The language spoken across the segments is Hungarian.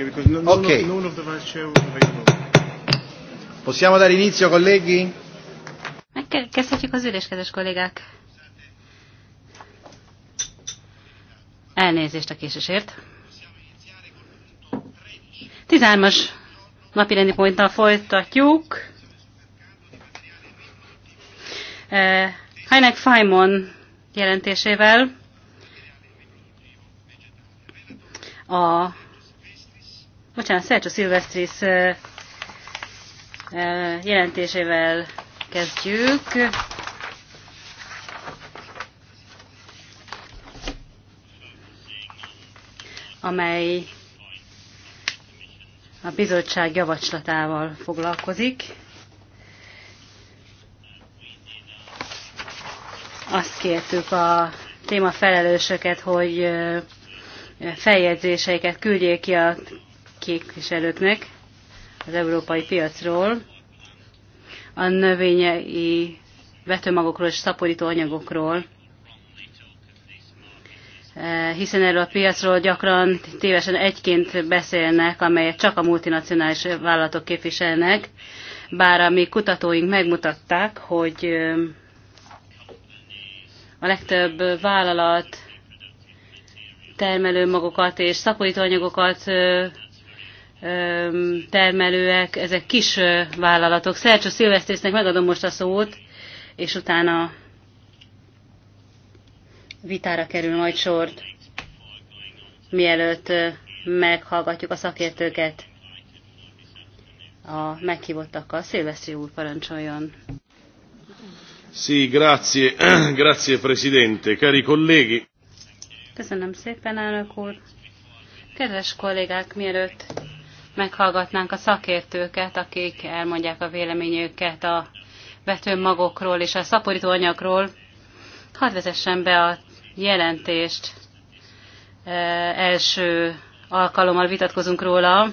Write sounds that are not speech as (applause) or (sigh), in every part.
Ok. Possiamo dare inizio, colleghi? Megkezdhetjük az ülés, kollégák. Elnézést a késésért. 13-as napirendi ponttal folytatjuk. Heinek eh, Feynman jelentésével a bocsánat, Sergio Szilvesztris jelentésével kezdjük. amely a bizottság javaslatával foglalkozik. Azt kértük a témafelelősöket, hogy feljegyzéseiket küldjék ki a képviselőknek az európai piacról, a növényi vetőmagokról és szaporító anyagokról, eh, hiszen erről a piacról gyakran tévesen egyként beszélnek, amelyet csak a multinacionális vállalatok képviselnek, bár a mi kutatóink megmutatták, hogy eh, a legtöbb vállalat termelő magokat és szaporítóanyagokat eh, termelőek, ezek kis vállalatok. Szercsó Szilvesztésznek megadom most a szót, és utána vitára kerül majd sort, mielőtt meghallgatjuk a szakértőket. A meghívottakkal. Szilveszti úr, parancsoljon. Sí, grazie, (clears throat) grazie presidente, cari colleghi. Köszönöm szépen, elnök úr. Kedves kollégák, mielőtt meghallgatnánk a szakértőket, akik elmondják a véleményüket a vetőmagokról és a szaporítóanyagról. Hadd vezessen be a jelentést. E, első alkalommal vitatkozunk róla.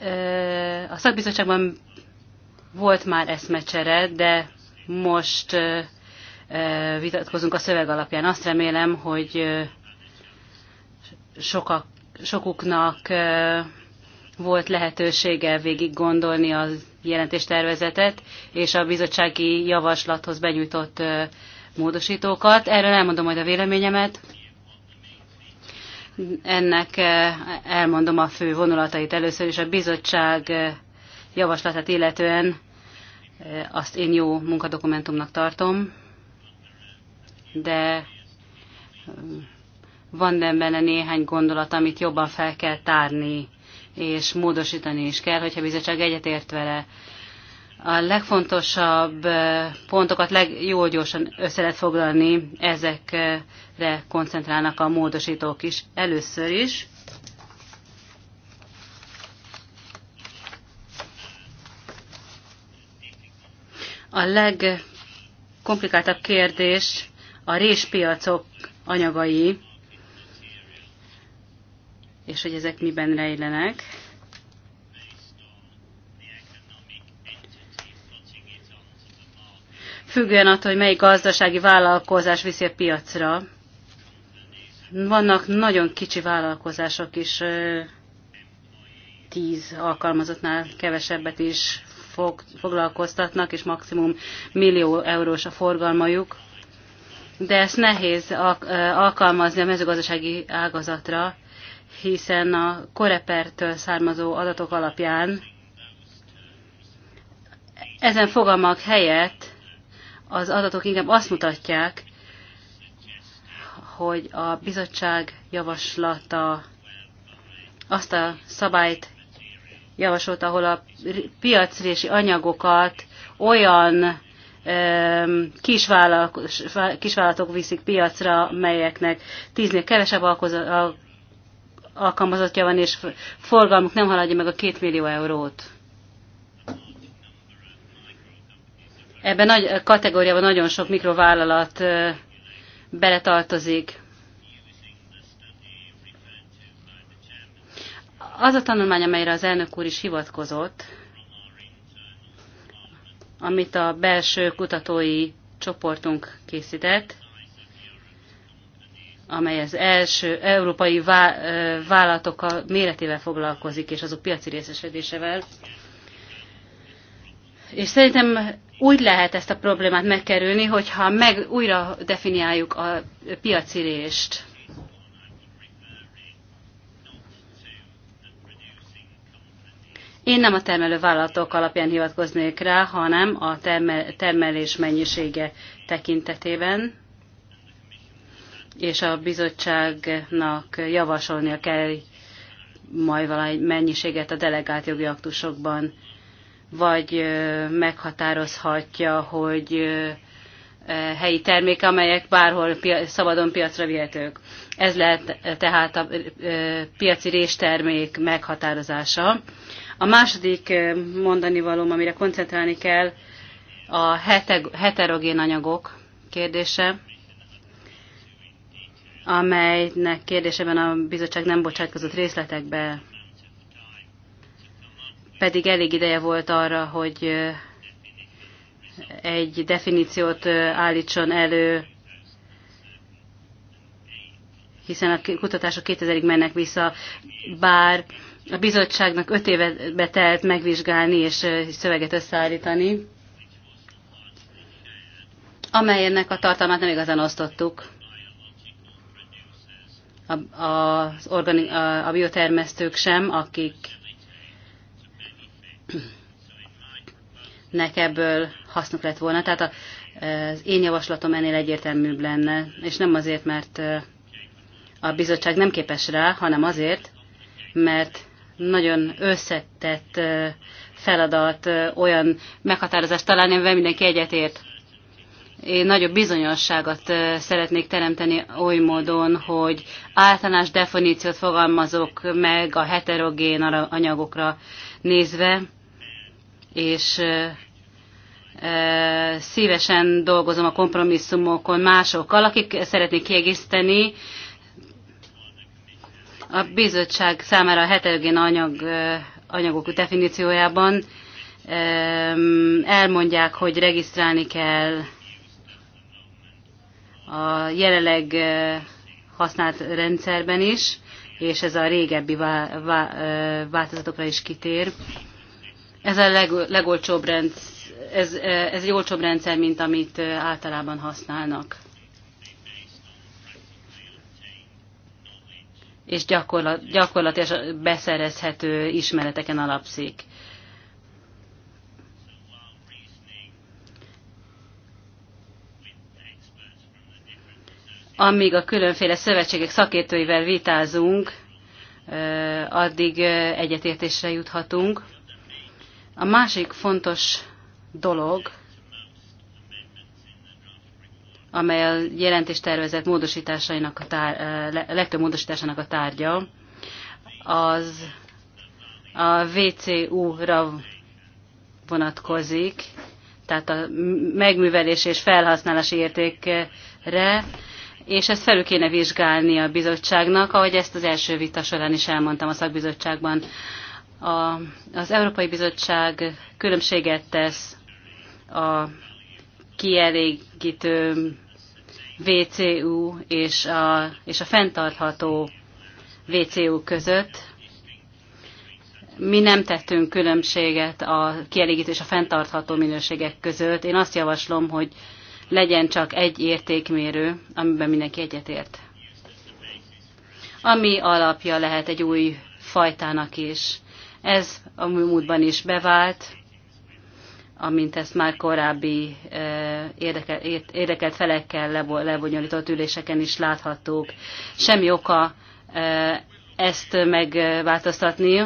E, a szakbizottságban volt már eszmecsere, de most e, vitatkozunk a szöveg alapján. Azt remélem, hogy sokak, sokuknak volt lehetősége végig gondolni a jelentéstervezetet és a bizottsági javaslathoz benyújtott módosítókat. Erről elmondom majd a véleményemet. Ennek elmondom a fő vonulatait először is a bizottság javaslatát illetően azt én jó munkadokumentumnak tartom, de van benne néhány gondolat, amit jobban fel kell tárni és módosítani is kell, hogyha bizottság egyetért vele. A legfontosabb eh, pontokat leg, gyorsan össze lehet foglalni, ezekre koncentrálnak a módosítók is. Először is a legkomplikáltabb kérdés a réspiacok anyagai, és hogy ezek miben rejlenek. Függően attól, hogy melyik gazdasági vállalkozás viszi a piacra. Vannak nagyon kicsi vállalkozások is, tíz alkalmazottnál kevesebbet is fog, foglalkoztatnak, és maximum millió eurós a forgalmajuk. De ezt nehéz alkalmazni a mezőgazdasági ágazatra, hiszen a korepertől származó adatok alapján ezen fogalmak helyett az adatok inkább azt mutatják, hogy a bizottság javaslata azt a szabályt javasolt, ahol a piacrési anyagokat olyan kisvállalatok viszik piacra, melyeknek tíznél kevesebb alkalmazottja van, és forgalmuk nem haladja meg a két millió eurót. Ebben nagy kategóriában nagyon sok mikrovállalat beletartozik. Az a tanulmány, amelyre az elnök úr is hivatkozott, amit a belső kutatói csoportunk készített, amely az első európai vállalatok a méretével foglalkozik, és azok piaci részesedésevel. És szerintem úgy lehet ezt a problémát megkerülni, hogyha meg újra definiáljuk a részt. Én nem a termelő vállalatok alapján hivatkoznék rá, hanem a termelés mennyisége tekintetében és a bizottságnak javasolnia kell majd valami mennyiséget a delegált jogi aktusokban, vagy meghatározhatja, hogy helyi termék, amelyek bárhol szabadon piacra vihetők. Ez lehet tehát a piaci réstermék meghatározása. A második mondani valóm, amire koncentrálni kell, a heterogén anyagok kérdése amelynek kérdésében a bizottság nem bocsátkozott részletekbe, pedig elég ideje volt arra, hogy egy definíciót állítson elő, hiszen a kutatások 2000-ig mennek vissza, bár a bizottságnak öt éve telt megvizsgálni és szöveget összeállítani, amelynek a tartalmát nem igazán osztottuk a, a, az organi, a, a biotermesztők sem, akik nek ebből hasznuk lett volna. Tehát a, az én javaslatom ennél egyértelműbb lenne, és nem azért, mert a bizottság nem képes rá, hanem azért, mert nagyon összetett feladat olyan meghatározást találni, amivel mindenki egyetért én nagyobb bizonyosságot szeretnék teremteni oly módon, hogy általános definíciót fogalmazok meg a heterogén anyagokra nézve, és szívesen dolgozom a kompromisszumokon másokkal, akik szeretnék kiegészíteni. A bizottság számára a heterogén anyag, anyagok definíciójában elmondják, hogy regisztrálni kell a jelenleg használt rendszerben is, és ez a régebbi vá vá változatokra is kitér. Ez a leg, legolcsóbb rendszer, ez, ez egy olcsóbb rendszer, mint amit általában használnak. És gyakorlat, gyakorlatilag beszerezhető ismereteken alapszik. amíg a különféle szövetségek szakértőivel vitázunk, addig egyetértésre juthatunk. A másik fontos dolog, amely a jelentéstervezet módosításainak a tár, legtöbb módosításának a tárgya, az a VCU-ra vonatkozik, tehát a megművelés és felhasználási értékre, és ezt felül kéne vizsgálni a bizottságnak, ahogy ezt az első vita során is elmondtam a szakbizottságban. A, az Európai Bizottság különbséget tesz a kielégítő VCU és a, és a fenntartható VCU között. Mi nem tettünk különbséget a kielégítő és a fenntartható minőségek között. Én azt javaslom, hogy legyen csak egy értékmérő, amiben mindenki egyetért. Ami alapja lehet egy új fajtának is. Ez a múltban is bevált, amint ezt már korábbi e, érdekelt, érdekelt felekkel lebonyolított üléseken is láthattuk. Semmi oka e, ezt megváltoztatni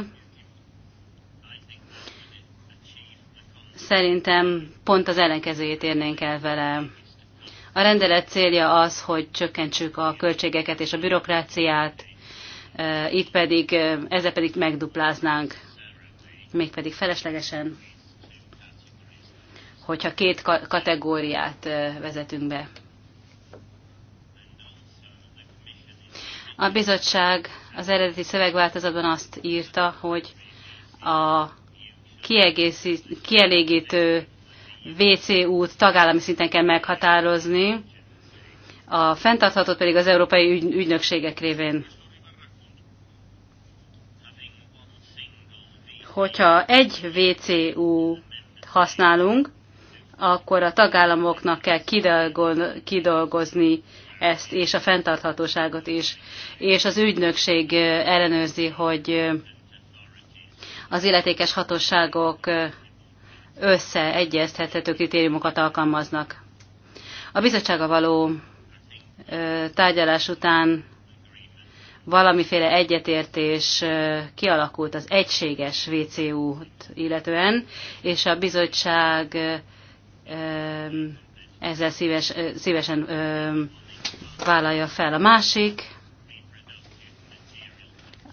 Szerintem pont az ellenkezőjét érnénk el vele. A rendelet célja az, hogy csökkentsük a költségeket és a bürokráciát, itt pedig, ezzel pedig megdupláznánk, mégpedig feleslegesen, hogyha két kategóriát vezetünk be. A bizottság az eredeti szövegváltozatban azt írta, hogy a kielégítő WC út tagállami szinten kell meghatározni, a fenntarthatót pedig az európai ügy, ügynökségek révén. Hogyha egy út használunk, akkor a tagállamoknak kell kidolgozni ezt, és a fenntarthatóságot is. És az ügynökség eh, ellenőrzi, hogy eh, az illetékes hatóságok összeegyeztethető kritériumokat alkalmaznak. A bizottsága való tárgyalás után valamiféle egyetértés kialakult az egységes WCU-t illetően, és a bizottság ezzel szíves, szívesen vállalja fel. A másik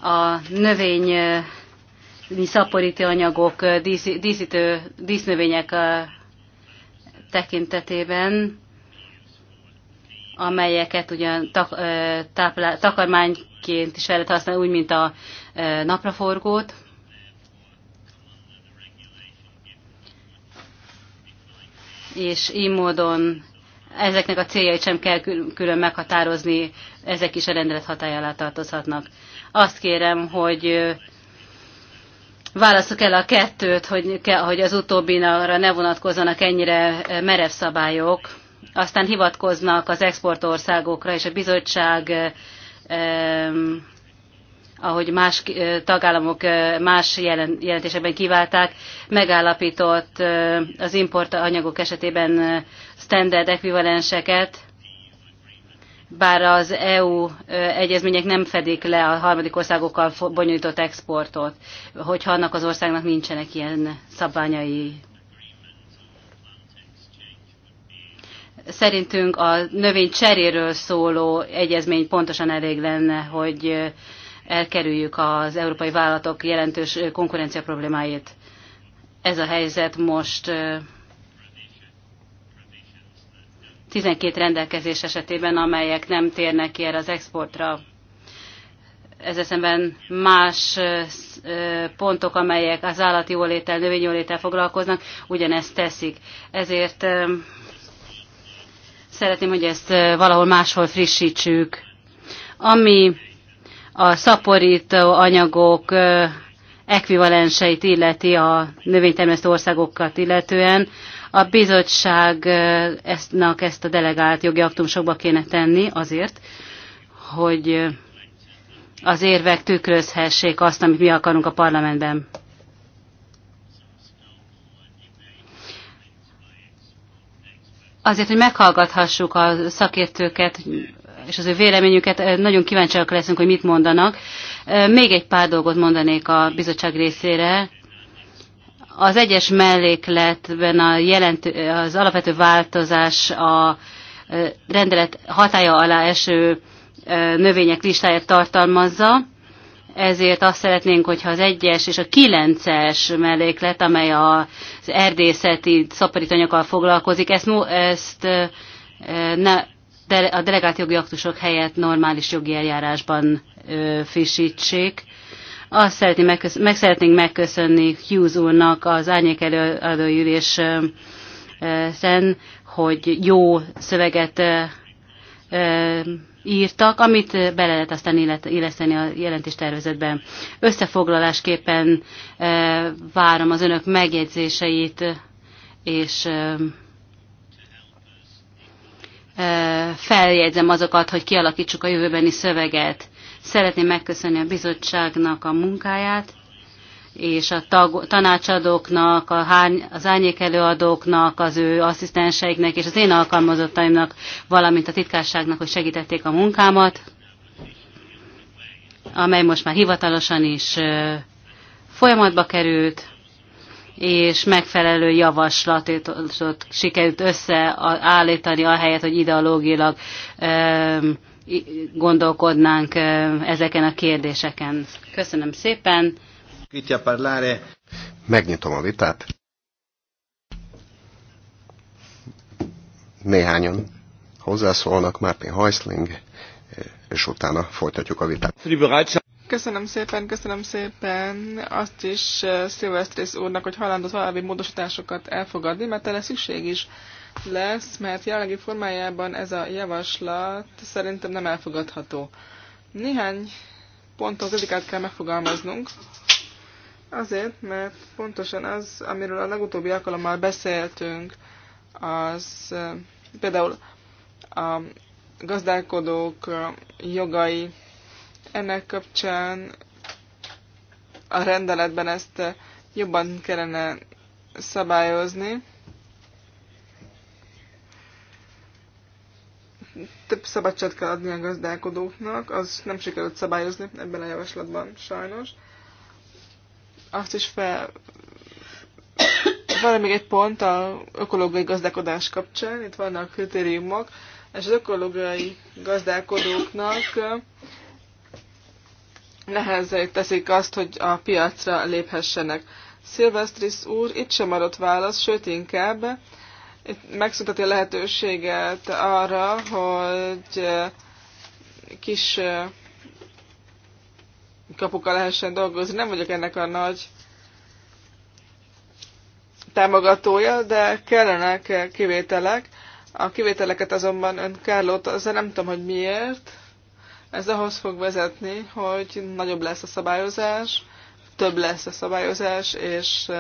a növény mi szaporíti anyagok, díszítő, dísznövények tekintetében, amelyeket ugyan tak, táplá, takarmányként is lehet használni, úgy, mint a napraforgót. És így módon ezeknek a céljait sem kell külön meghatározni, ezek is a rendelet hatája alá tartozhatnak. Azt kérem, hogy válaszok el a kettőt, hogy, hogy az utóbbinra ne vonatkozzanak ennyire eh, merev szabályok. Aztán hivatkoznak az exportországokra, és a bizottság, eh, ahogy más eh, tagállamok más jelentésekben kiválták, megállapított az import anyagok esetében standard ekvivalenseket, bár az EU egyezmények nem fedik le a harmadik országokkal bonyolított exportot, hogyha annak az országnak nincsenek ilyen szabványai. Szerintünk a növény cseréről szóló egyezmény pontosan elég lenne, hogy elkerüljük az európai vállalatok jelentős konkurencia problémáit. Ez a helyzet most 12 rendelkezés esetében, amelyek nem térnek ki erre az exportra. Ez szemben más pontok, amelyek az állati jólétel, jólétel foglalkoznak, ugyanezt teszik. Ezért szeretném, hogy ezt valahol máshol frissítsük. Ami a szaporító anyagok ekvivalenseit illeti a növénytermesztő országokat illetően, a bizottság eztnak ezt a delegált jogi aktumsokba kéne tenni azért, hogy az érvek tükrözhessék azt, amit mi akarunk a parlamentben. Azért, hogy meghallgathassuk a szakértőket és az ő véleményüket, nagyon kíváncsiak leszünk, hogy mit mondanak. Még egy pár dolgot mondanék a bizottság részére az egyes mellékletben a jelent az alapvető változás a rendelet hatája alá eső növények listáját tartalmazza, ezért azt szeretnénk, hogyha az egyes és a kilences melléklet, amely az erdészeti szaporítanyagokkal foglalkozik, ezt, ezt ne, de a delegált jogi aktusok helyett normális jogi eljárásban frissítsék. Azt szeretném megköszönni, meg szeretnénk megköszönni Hughes úrnak az árnyék előadóülésen, hogy jó szöveget írtak, amit bele lehet aztán illeszteni a jelentéstervezetben. Összefoglalásképpen várom az önök megjegyzéseit, és feljegyzem azokat, hogy kialakítsuk a jövőbeni szöveget. Szeretném megköszönni a bizottságnak a munkáját, és a tag, tanácsadóknak, a hány, az előadóknak, az ő asszisztenseiknek és az én alkalmazottaimnak, valamint a titkárságnak, hogy segítették a munkámat, amely most már hivatalosan is folyamatba került, és megfelelő javaslatot sikerült összeállítani, ahelyett, hogy ideológilag gondolkodnánk ezeken a kérdéseken. Köszönöm szépen. Megnyitom a vitát. Néhányan hozzászólnak, Martin Hajszling, és utána folytatjuk a vitát. Köszönöm szépen, köszönöm szépen azt is Szilvesztrész úrnak, hogy hajlandó valami módosításokat elfogadni, mert erre szükség is lesz, mert jelenlegi formájában ez a javaslat szerintem nem elfogadható. Néhány ponton kritikát kell megfogalmaznunk, azért, mert pontosan az, amiről a legutóbbi alkalommal beszéltünk, az például a gazdálkodók jogai, ennek kapcsán a rendeletben ezt jobban kellene szabályozni, több szabadságot kell adni a gazdálkodóknak, az nem sikerült szabályozni ebben a javaslatban, sajnos. Azt is fel... Van még egy pont a ökológiai gazdálkodás kapcsán, itt vannak kritériumok, és az ökológiai gazdálkodóknak nehezé teszik azt, hogy a piacra léphessenek. Szilvesztris úr itt sem adott választ, sőt inkább megszünteti a lehetőséget arra, hogy kis kapukkal lehessen dolgozni. Nem vagyok ennek a nagy támogatója, de kellenek kivételek. A kivételeket azonban ön Kárlót, azért nem tudom, hogy miért. Ez ahhoz fog vezetni, hogy nagyobb lesz a szabályozás, több lesz a szabályozás, és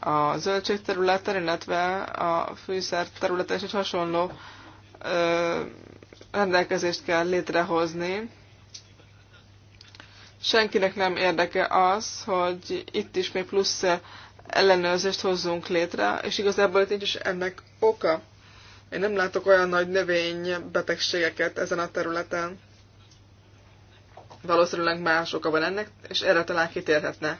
a zöldség területen, illetve a fűszer területen is egy hasonló ö, rendelkezést kell létrehozni. Senkinek nem érdeke az, hogy itt is még plusz ellenőrzést hozzunk létre, és igazából itt nincs is ennek oka. Én nem látok olyan nagy növénybetegségeket ezen a területen. Valószínűleg más oka van ennek, és erre talán kitérhetne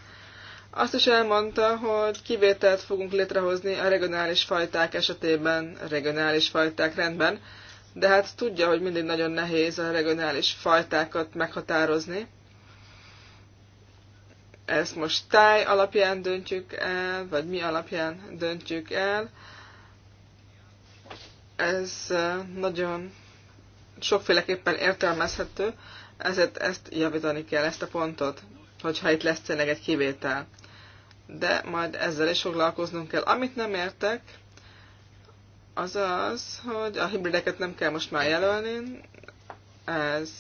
azt is elmondta, hogy kivételt fogunk létrehozni a regionális fajták esetében, regionális fajták rendben, de hát tudja, hogy mindig nagyon nehéz a regionális fajtákat meghatározni. Ezt most táj alapján döntjük el, vagy mi alapján döntjük el. Ez nagyon sokféleképpen értelmezhető, ezért ezt javítani kell, ezt a pontot, hogyha itt lesz tényleg egy kivétel de majd ezzel is foglalkoznunk kell. Amit nem értek, az az, hogy a hibrideket nem kell most már jelölni. Ez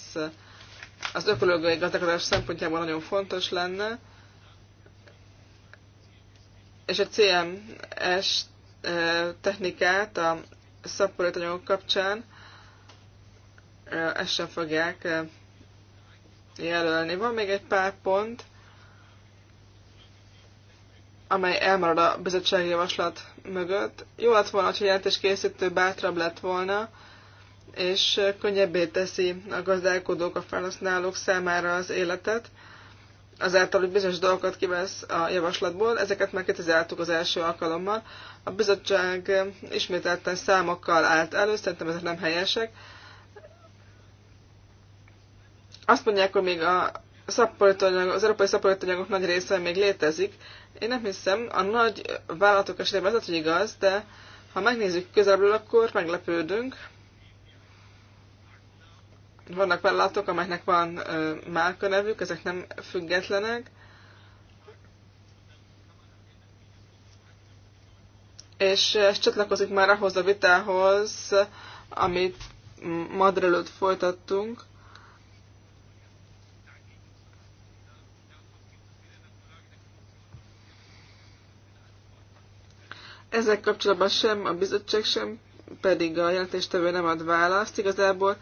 az ökológiai gazdagodás szempontjából nagyon fontos lenne. És a CMS eh, technikát a szaporítanyagok kapcsán eh, ezt sem fogják eh, jelölni. Van még egy pár pont, amely elmarad a bizottsági javaslat mögött. Jó lett volna, hogy a jelentés készítő bátrabb lett volna, és könnyebbé teszi a gazdálkodók, a felhasználók számára az életet, azáltal, hogy bizonyos dolgokat kivesz a javaslatból, ezeket már kritizáltuk az első alkalommal. A bizottság ismételten számokkal állt elő, szerintem ezek nem helyesek. Azt mondják, hogy még a az európai szaporítóanyagok nagy része még létezik. Én nem hiszem, a nagy vállalatok esetében ez az hogy igaz, de ha megnézzük közelebbről, akkor meglepődünk. Vannak vállalatok, amelynek van ö, márkanevük, ezek nem függetlenek. És ez csatlakozik már ahhoz a vitához, amit ma előtt folytattunk, Ezek kapcsolatban sem a bizottság, sem pedig a jelentéstevő nem ad választ. Igazából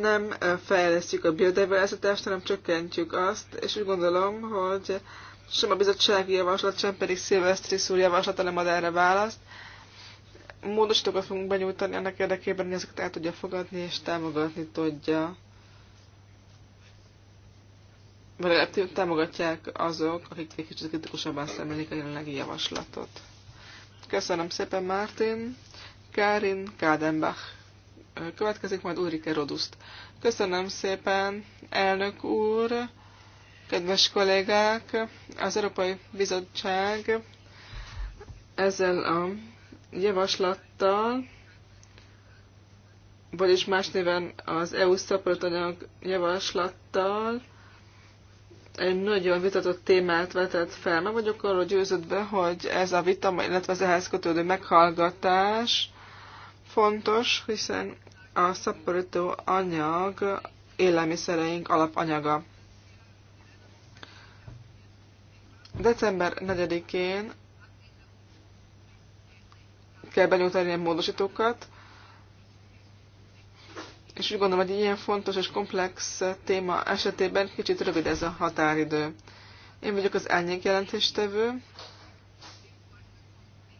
nem eh, fejlesztjük a biodiverzitást, hanem csökkentjük azt, és úgy gondolom, hogy sem a bizottsági javaslat, sem pedig Szilvesztri szúr javaslata nem ad erre választ. Módosítókat fogunk benyújtani annak érdekében, hogy ezeket el tudja fogadni és támogatni tudja. Vagy támogatják azok, akik egy kicsit kritikusabban szemlélik a jelenlegi javaslatot. Köszönöm szépen, Mártin. Kárin Kádenbach. Következik majd Ulrike Roduszt. Köszönöm szépen, elnök úr, kedves kollégák, az Európai Bizottság ezzel a javaslattal, vagyis más néven az EU szaporodanyag javaslattal egy nagyon vitatott témát vetett fel. Meg vagyok arról győződve, hogy ez a vita, illetve az ehhez kötődő meghallgatás fontos, hiszen a szaporító anyag élelmiszereink alapanyaga. December 4-én kell benyújtani a módosítókat, és úgy gondolom, hogy egy ilyen fontos és komplex téma esetében kicsit rövid ez a határidő. Én vagyok az elnyék jelentéstevő.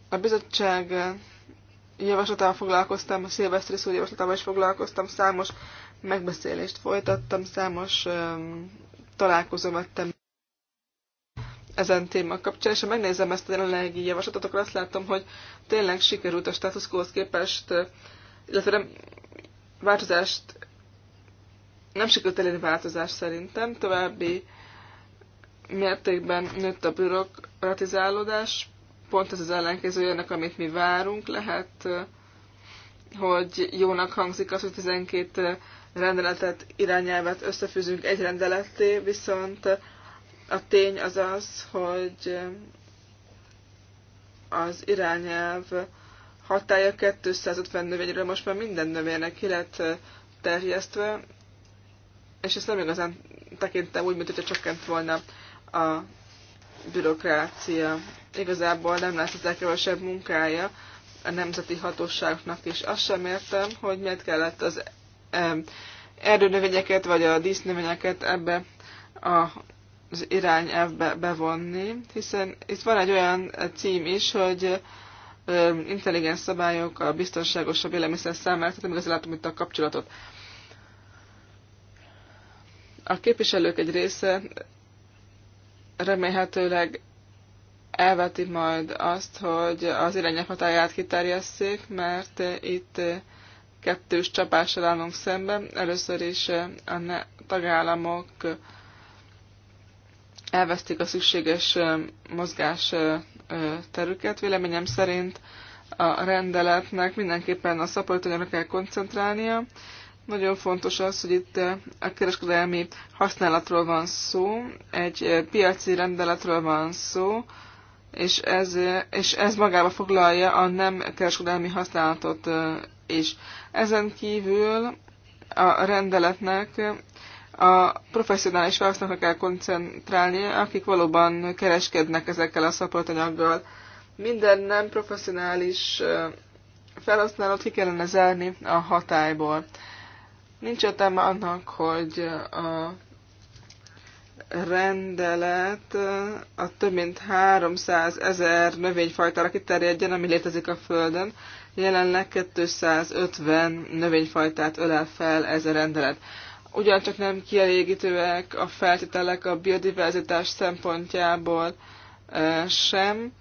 A bizottság javaslatával foglalkoztam, a szilveszteri szó javaslatával is foglalkoztam, számos megbeszélést folytattam, számos um, találkozó vettem ezen téma kapcsán, és ha megnézem ezt a jelenlegi javaslatot, akkor azt látom, hogy tényleg sikerült a státuszkóhoz képest, illetve nem, változást, nem sikerült elérni változást szerintem, további mértékben nőtt a bürokratizálódás, pont ez az ellenkező ennek, amit mi várunk, lehet, hogy jónak hangzik az, hogy 12 rendeletet, irányelvet összefűzünk egy rendeletté, viszont a tény az az, hogy az irányelv hatája 250 növényről most már minden növénynek ki lett terjesztve, és ezt nem igazán tekintem úgy, mintha csökkent volna a bürokrácia. Igazából nem lesz ezzel kevesebb munkája a nemzeti hatóságnak is. Azt sem értem, hogy miért kellett az erdőnövényeket vagy a dísznövényeket ebbe a az irányelvbe bevonni, hiszen itt van egy olyan cím is, hogy intelligens szabályok, a biztonságosabb élelmiszer számára, tehát igazán látom itt a kapcsolatot. A képviselők egy része remélhetőleg elveti majd azt, hogy az irányelv hatáját kiterjesszék, mert itt kettős csapással állunk szemben. Először is a tagállamok elvesztik a szükséges mozgás terüket. Véleményem szerint a rendeletnek mindenképpen a szaporítanyagra kell koncentrálnia. Nagyon fontos az, hogy itt a kereskedelmi használatról van szó, egy piaci rendeletről van szó, és ez, és ez magába foglalja a nem kereskedelmi használatot is. Ezen kívül a rendeletnek a professzionális felhasználókra kell koncentrálni, akik valóban kereskednek ezekkel a szaportanyaggal. Minden nem professzionális felhasználót ki kellene zárni a hatályból. Nincs értelme annak, hogy a rendelet a több mint 300 ezer növényfajtára kiterjedjen, ami létezik a Földön. Jelenleg 250 növényfajtát ölel fel ez a rendelet ugyancsak nem kielégítőek a feltételek a biodiverzitás szempontjából sem.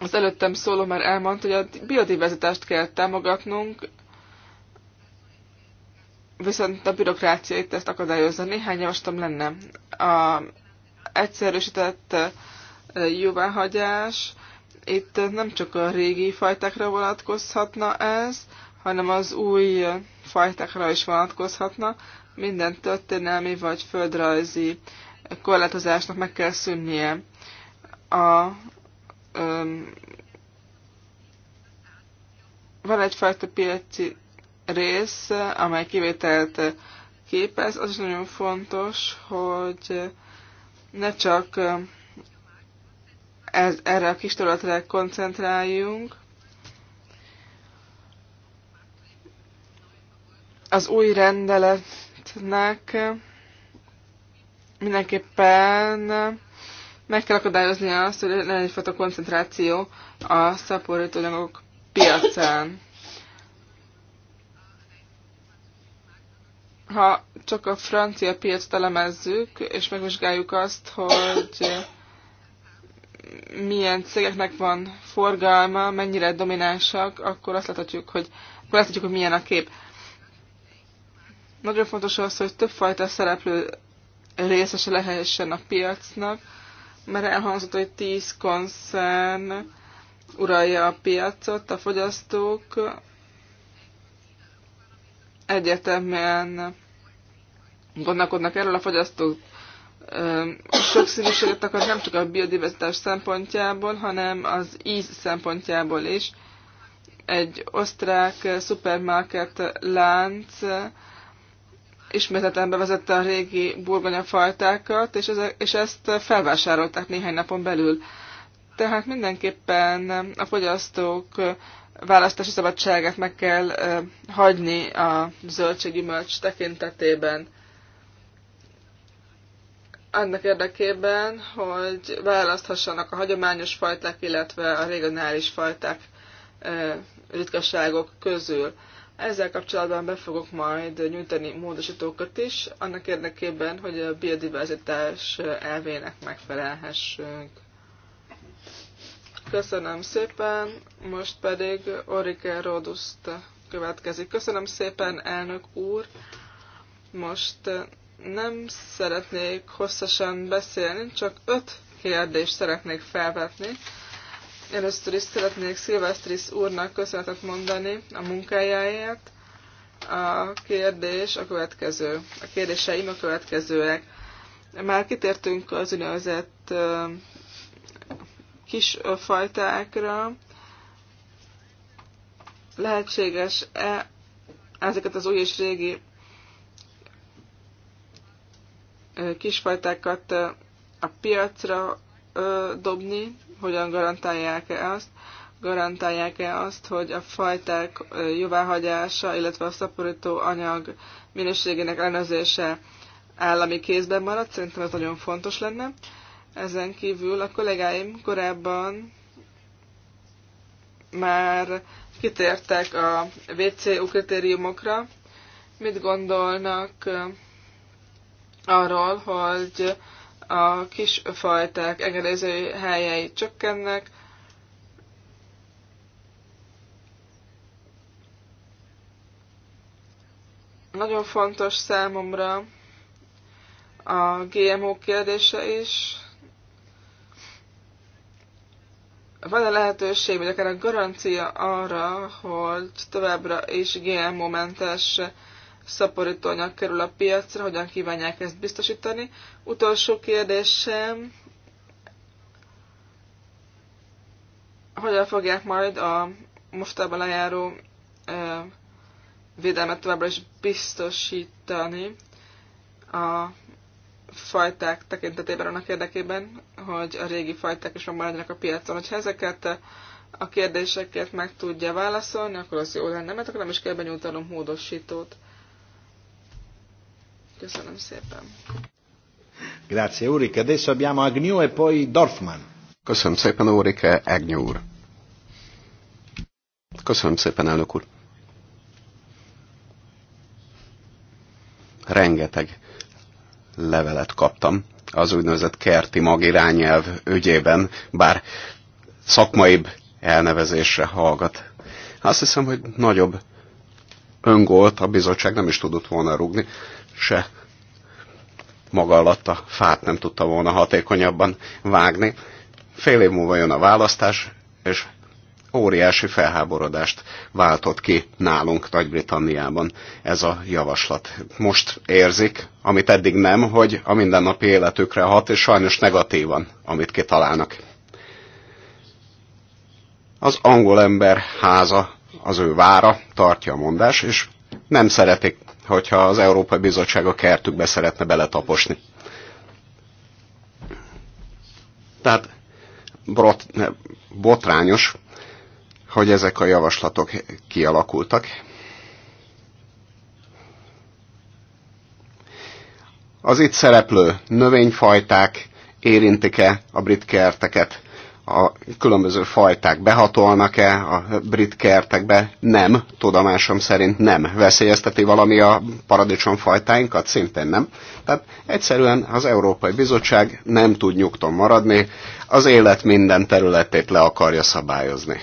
Az előttem szóló már elmondta, hogy a biodiverzitást kell támogatnunk, viszont a bürokrácia itt ezt akadályozza. Néhány javaslatom lenne. A egyszerűsített jóváhagyás, itt nem csak a régi fajtákra vonatkozhatna ez, hanem az új fajtákra is vonatkozhatna. Minden történelmi vagy földrajzi korlátozásnak meg kell szűnnie. A, um, van egyfajta piaci rész, amely kivételt képez. Az is nagyon fontos, hogy ne csak ez, erre a kis területre koncentráljunk, az új rendeletnek mindenképpen meg kell akadályozni azt, hogy legyen egyfajta koncentráció a szaporítóanyagok piacán. Ha csak a francia piacot elemezzük, és megvizsgáljuk azt, hogy milyen cégeknek van forgalma, mennyire dominánsak, akkor azt láthatjuk, hogy, akkor azt látjuk, hogy milyen a kép. Nagyon fontos az, hogy többfajta szereplő részese lehessen a piacnak, mert elhangzott, hogy 10 koncern uralja a piacot, a fogyasztók egyetemen gondolkodnak erről a fogyasztók a sokszínűséget akar nem csak a biodiverzitás szempontjából, hanem az íz szempontjából is. Egy osztrák szupermarket lánc ismételten bevezette a régi fajtákat, és, ez, és ezt felvásárolták néhány napon belül. Tehát mindenképpen a fogyasztók választási szabadságát meg kell hagyni a zöldséggyümölcs tekintetében. Annak érdekében, hogy választhassanak a hagyományos fajták, illetve a regionális fajták ritkaságok közül. Ezzel kapcsolatban be fogok majd nyújtani módosítókat is, annak érdekében, hogy a biodiverzitás elvének megfelelhessünk. Köszönöm szépen, most pedig Orike Roduszt következik. Köszönöm szépen, elnök úr. Most nem szeretnék hosszasan beszélni, csak öt kérdést szeretnék felvetni, Először is szeretnék Szilvesztris úrnak köszönetet mondani a munkájáért. A kérdés a következő. A kérdéseim a következőek. Már kitértünk az úgynevezett kis fajtákra. Lehetséges-e ezeket az új és régi kisfajtákat a piacra ö, dobni, hogyan garantálják-e azt, garantálják-e azt, hogy a fajták jóváhagyása, illetve a szaporító anyag minőségének ellenőrzése állami kézben maradt, szerintem ez nagyon fontos lenne. Ezen kívül a kollégáim korábban már kitértek a WCU kritériumokra. Mit gondolnak arról, hogy a kis fajták engedező helyei csökkennek, Nagyon fontos számomra a GMO kérdése is. Van-e lehetőség, vagy akár a garancia arra, hogy továbbra is GMO-mentes szaporítóanyag kerül a piacra, hogyan kívánják ezt biztosítani. Utolsó kérdésem, hogyan fogják majd a mostában lejáró ö, védelmet továbbra is biztosítani a fajták tekintetében annak érdekében, hogy a régi fajták is maradjanak a piacon. Hogyha ezeket a kérdéseket meg tudja válaszolni, akkor az jó lenne, mert akkor nem is kell benyújtanom módosítót. Köszönöm szépen. Grazie Ulrike. Adesso abbiamo Agnew e poi Dorfman. Köszönöm szépen Ulrike, Agnew úr. Köszönöm szépen, elnök úr. Rengeteg levelet kaptam az úgynevezett kerti magirányelv ügyében, bár szakmaibb elnevezésre hallgat. Azt hiszem, hogy nagyobb öngolt a bizottság nem is tudott volna rúgni se maga alatt a fát nem tudta volna hatékonyabban vágni. Fél év múlva jön a választás, és óriási felháborodást váltott ki nálunk Nagy-Britanniában ez a javaslat. Most érzik, amit eddig nem, hogy a mindennapi életükre hat, és sajnos negatívan, amit kitalálnak. Az angol ember háza, az ő vára, tartja a mondás, és nem szeretik hogyha az Európai Bizottság a kertükbe szeretne beletaposni. Tehát brot, ne, botrányos, hogy ezek a javaslatok kialakultak. Az itt szereplő növényfajták érintik-e a brit kerteket? a különböző fajták behatolnak-e a brit kertekbe? Nem, tudomásom szerint nem. Veszélyezteti valami a paradicsom fajtáinkat? Szintén nem. Tehát egyszerűen az Európai Bizottság nem tud nyugton maradni, az élet minden területét le akarja szabályozni.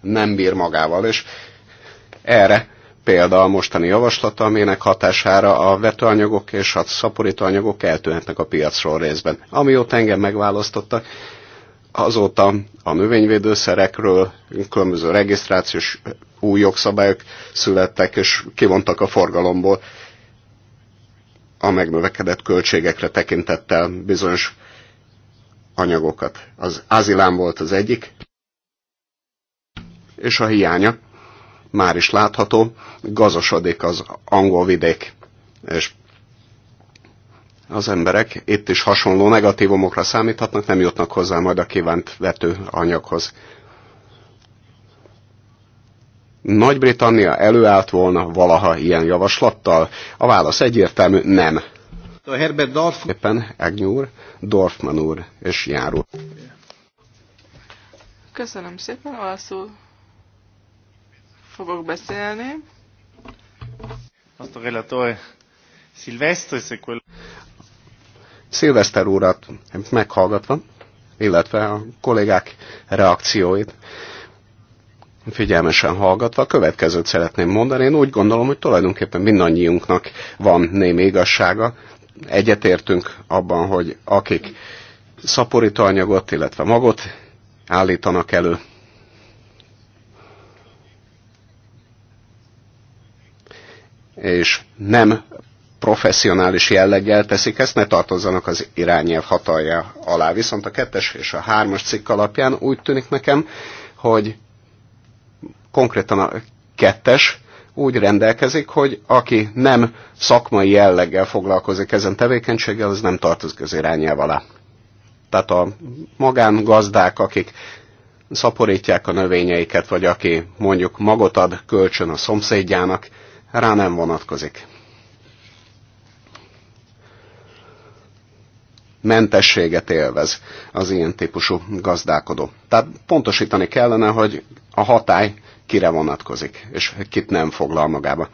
Nem bír magával, és erre példa a mostani javaslata, aminek hatására a vetőanyagok és a szaporítóanyagok eltűnhetnek a piacról részben. Amióta engem megválasztottak, azóta a növényvédőszerekről különböző regisztrációs új jogszabályok születtek, és kivontak a forgalomból a megnövekedett költségekre tekintettel bizonyos anyagokat. Az azilán volt az egyik, és a hiánya már is látható, gazasodik az angol vidék, és az emberek itt is hasonló negatívumokra számíthatnak, nem jutnak hozzá majd a kívánt anyaghoz. Nagy-Britannia előállt volna valaha ilyen javaslattal? A válasz egyértelmű nem. A Herbert Dorf... Éppen Agnew úr, Dorfman úr és Jár Köszönöm szépen, alszul fogok beszélni. Szilveszter úrat meghallgatva, illetve a kollégák reakcióit figyelmesen hallgatva a következőt szeretném mondani. Én úgy gondolom, hogy tulajdonképpen mindannyiunknak van némi igazsága. Egyetértünk abban, hogy akik szaporító anyagot, illetve magot állítanak elő, és nem professzionális jelleggel teszik ezt, ne tartozzanak az irányelv hatalja alá. Viszont a kettes és a hármas cikk alapján úgy tűnik nekem, hogy konkrétan a kettes úgy rendelkezik, hogy aki nem szakmai jelleggel foglalkozik ezen tevékenységgel, az nem tartozik az irányelv alá. Tehát a magángazdák, akik szaporítják a növényeiket, vagy aki mondjuk magot ad kölcsön a szomszédjának, rá nem vonatkozik. mentességet élvez az ilyen típusú gazdálkodó. Tehát pontosítani kellene, hogy a hatály kire vonatkozik, és kit nem foglal magába.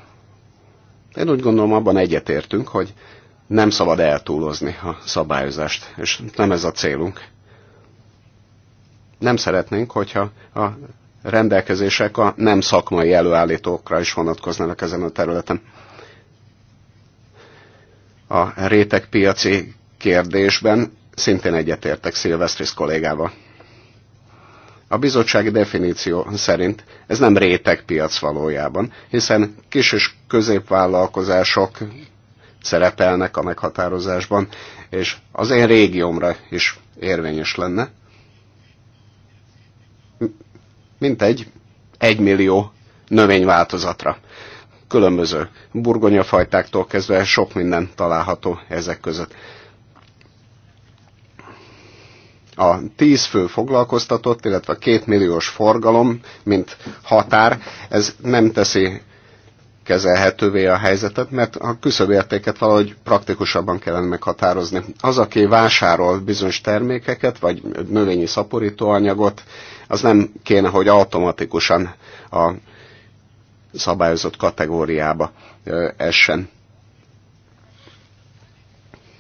Én úgy gondolom, abban egyetértünk, hogy nem szabad eltúlozni a szabályozást, és nem ez a célunk. Nem szeretnénk, hogyha a rendelkezések a nem szakmai előállítókra is vonatkoznak ezen a területen. A rétegpiaci kérdésben szintén egyetértek Szilvesztris kollégával. A bizottsági definíció szerint ez nem rétegpiac valójában, hiszen kis és középvállalkozások szerepelnek a meghatározásban, és az én régiómra is érvényes lenne mintegy 1 millió növényváltozatra. Különböző burgonyafajtáktól kezdve sok minden található ezek között. A 10 fő foglalkoztatott, illetve a 2 milliós forgalom, mint határ, ez nem teszi kezelhetővé a helyzetet, mert a küszöbértéket valahogy praktikusabban kellene meghatározni. Az, aki vásárol bizonyos termékeket, vagy növényi szaporítóanyagot, az nem kéne, hogy automatikusan a szabályozott kategóriába essen.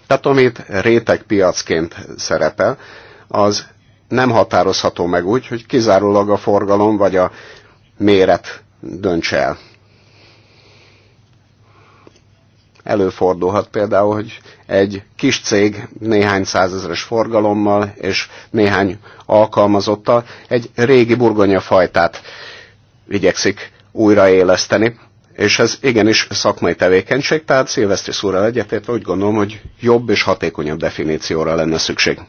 Tehát amit rétegpiacként szerepel, az nem határozható meg úgy, hogy kizárólag a forgalom vagy a méret döntse el. Előfordulhat például, hogy egy kis cég néhány százezres forgalommal és néhány alkalmazottal egy régi burgonya fajtát igyekszik újraéleszteni. És ez igenis szakmai tevékenység, tehát Szilveszti szúra egyetértve úgy gondolom, hogy jobb és hatékonyabb definícióra lenne szükség.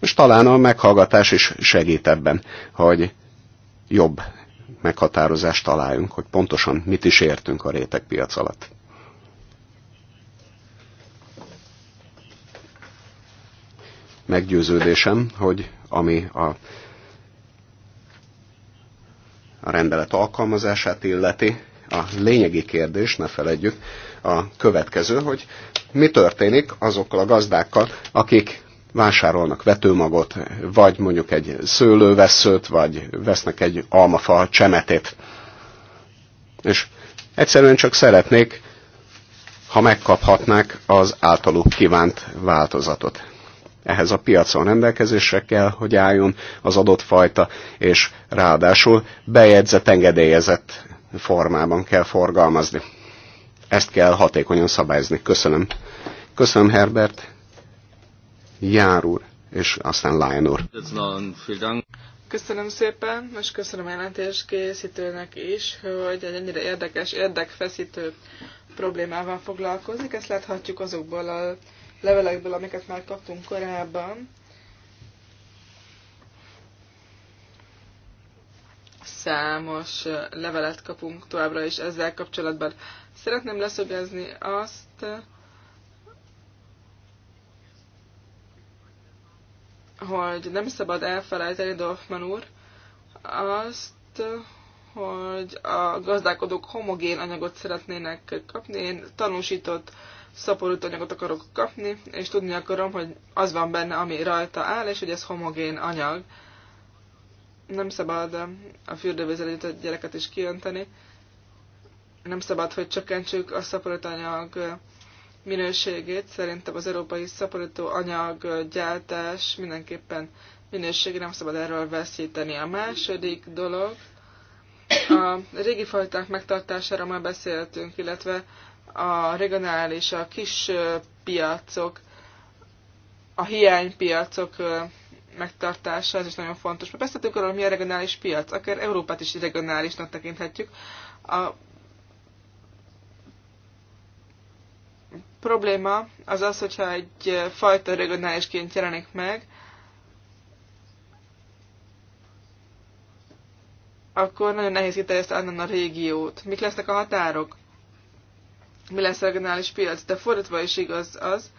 És talán a meghallgatás is segít ebben, hogy jobb meghatározást találjunk, hogy pontosan mit is értünk a rétegpiac alatt. meggyőződésem, hogy ami a, a rendelet alkalmazását illeti, a lényegi kérdés, ne feledjük, a következő, hogy mi történik azokkal a gazdákkal, akik vásárolnak vetőmagot, vagy mondjuk egy szőlőveszőt, vagy vesznek egy almafa csemetét. És egyszerűen csak szeretnék, ha megkaphatnák az általuk kívánt változatot ehhez a piacon rendelkezésre kell, hogy álljon az adott fajta, és ráadásul bejegyzett, engedélyezett formában kell forgalmazni. Ezt kell hatékonyan szabályozni. Köszönöm. Köszönöm, Herbert. Jár úr, és aztán Lion úr. Köszönöm szépen, és köszönöm a jelentéskészítőnek is, hogy egy ennyire érdekes, érdekfeszítő problémával foglalkozik. Ezt láthatjuk azokból a levelekből, amiket már kaptunk korábban. Számos levelet kapunk továbbra is ezzel kapcsolatban. Szeretném leszögezni azt, hogy nem szabad elfelejteni Dorfman úr azt, hogy a gazdálkodók homogén anyagot szeretnének kapni. Én tanúsított uh, szaporult anyagot akarok kapni, és tudni akarom, hogy az van benne, ami rajta áll, és hogy ez homogén anyag. Nem szabad a fürdővízzel a gyereket is kiönteni. Nem szabad, hogy csökkentsük a szaporító anyag minőségét. Szerintem az európai szaporító anyag gyártás mindenképpen minőségi nem szabad erről veszíteni. A második dolog, a régi fajták megtartására már beszéltünk, illetve a regionális, a kis piacok, a hiánypiacok megtartása, ez is nagyon fontos. Mert beszéltünk arról, mi a regionális piac, akár Európát is regionálisnak tekinthetjük. A probléma az az, hogyha egy fajta regionálisként jelenik meg, akkor nagyon nehéz kiterjeszteni a régiót. Mik lesznek a határok? mi lesz a regionális piac, de fordítva is igaz az,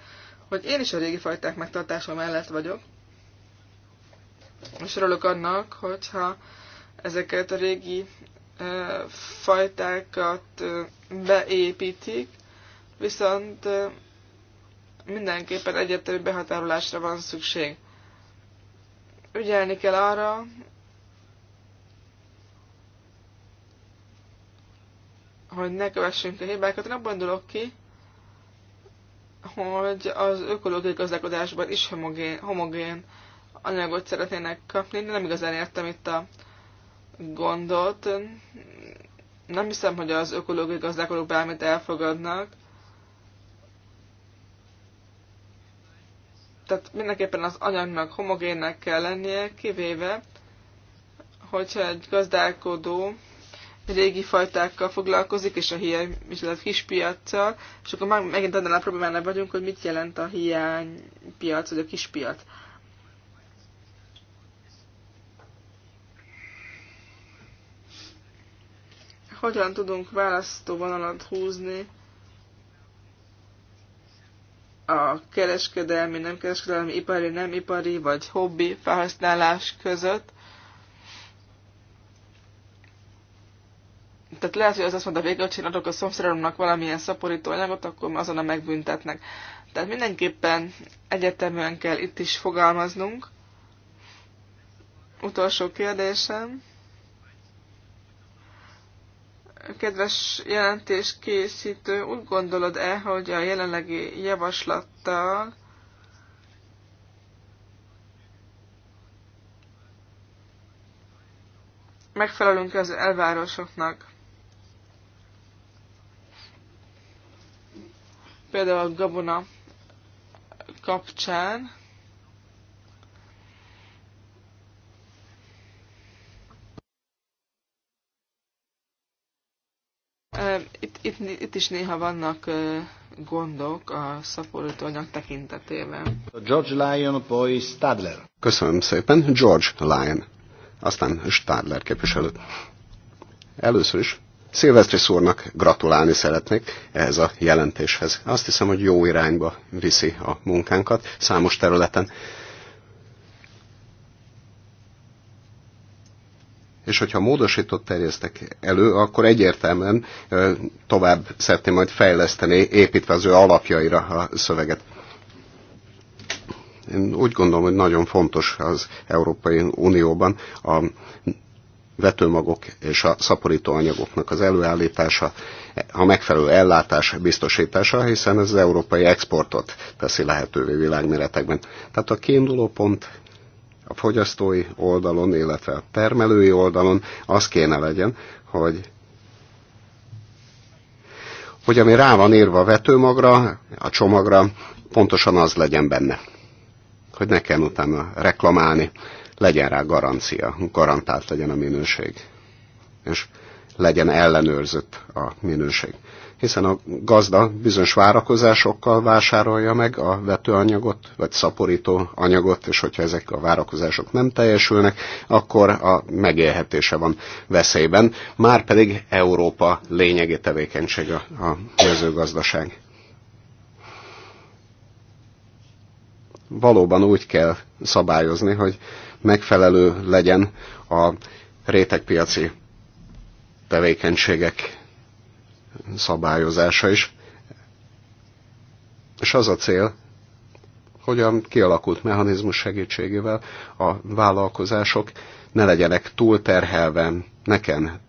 hogy én is a régi fajták megtartása mellett vagyok, és örülök annak, hogyha ezeket a régi ö, fajtákat ö, beépítik, viszont ö, mindenképpen egyértelmű behatárolásra van szükség. Ügyelni kell arra, hogy ne kövessünk a hibákat, én abban indulok ki, hogy az ökológiai gazdálkodásban is homogén, homogén anyagot szeretnének kapni, de nem igazán értem itt a gondot. Nem hiszem, hogy az ökológiai gazdálkodók bármit elfogadnak. Tehát mindenképpen az anyagnak homogénnek kell lennie, kivéve, hogyha egy gazdálkodó régi fajtákkal foglalkozik, és a hiány, és a piaccal, és akkor már megint annál a problémánál vagyunk, hogy mit jelent a hiánypiac, vagy a kispiac. Hogyan tudunk választóvonalat húzni a kereskedelmi, nem kereskedelmi, ipari, nem ipari, vagy hobbi felhasználás között, Tehát lehet, hogy az azt mondta végül, hogy én adok a szomszédomnak valamilyen szaporító anyagot, akkor azon a megbüntetnek. Tehát mindenképpen egyeteműen kell itt is fogalmaznunk. Utolsó kérdésem. Kedves jelentéskészítő, úgy gondolod-e, hogy a jelenlegi javaslattal megfelelünk az elvárásoknak? például a gabona kapcsán, Itt, itt, itt is néha vannak gondok a szaporítóanyag tekintetében. George Lyon, poi Stadler. Köszönöm szépen, George Lyon, aztán Stadler képviselő. Először is Szilvesztri szúrnak gratulálni szeretnék ehhez a jelentéshez. Azt hiszem, hogy jó irányba viszi a munkánkat számos területen. és hogyha módosított terjesztek elő, akkor egyértelműen tovább szeretném majd fejleszteni, építve az ő alapjaira a szöveget. Én úgy gondolom, hogy nagyon fontos az Európai Unióban a vetőmagok és a szaporító anyagoknak az előállítása, a megfelelő ellátás biztosítása, hiszen ez az európai exportot teszi lehetővé világméretekben. Tehát a kiinduló pont a fogyasztói oldalon, illetve a termelői oldalon az kéne legyen, hogy hogy ami rá van írva a vetőmagra, a csomagra, pontosan az legyen benne. Hogy ne kell utána reklamálni legyen rá garancia, garantált legyen a minőség, és legyen ellenőrzött a minőség. Hiszen a gazda bizonyos várakozásokkal vásárolja meg a vetőanyagot, vagy szaporító anyagot, és hogyha ezek a várakozások nem teljesülnek, akkor a megélhetése van veszélyben. Márpedig Európa lényegi tevékenység a mezőgazdaság. valóban úgy kell szabályozni, hogy megfelelő legyen a rétegpiaci tevékenységek szabályozása is. És az a cél, hogy a kialakult mechanizmus segítségével a vállalkozások ne legyenek túl terhelve, neken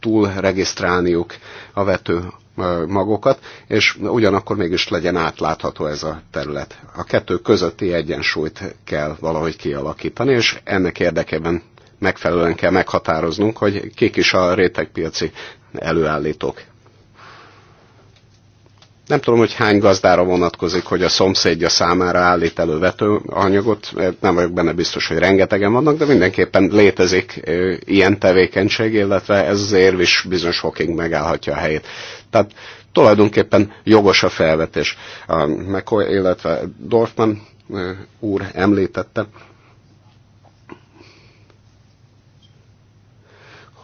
túl regisztrálniuk a vető magokat, és ugyanakkor mégis legyen átlátható ez a terület. A kettő közötti egyensúlyt kell valahogy kialakítani, és ennek érdekében megfelelően kell meghatároznunk, hogy kik is a rétegpiaci előállítók. Nem tudom, hogy hány gazdára vonatkozik, hogy a szomszédja számára állít elő vetőanyagot, nem vagyok benne biztos, hogy rengetegen vannak, de mindenképpen létezik ilyen tevékenység, illetve ez az érv is bizonyos fokig megállhatja a helyét. Tehát tulajdonképpen jogos a felvetés. A McCoy, illetve Dorfman úr említette,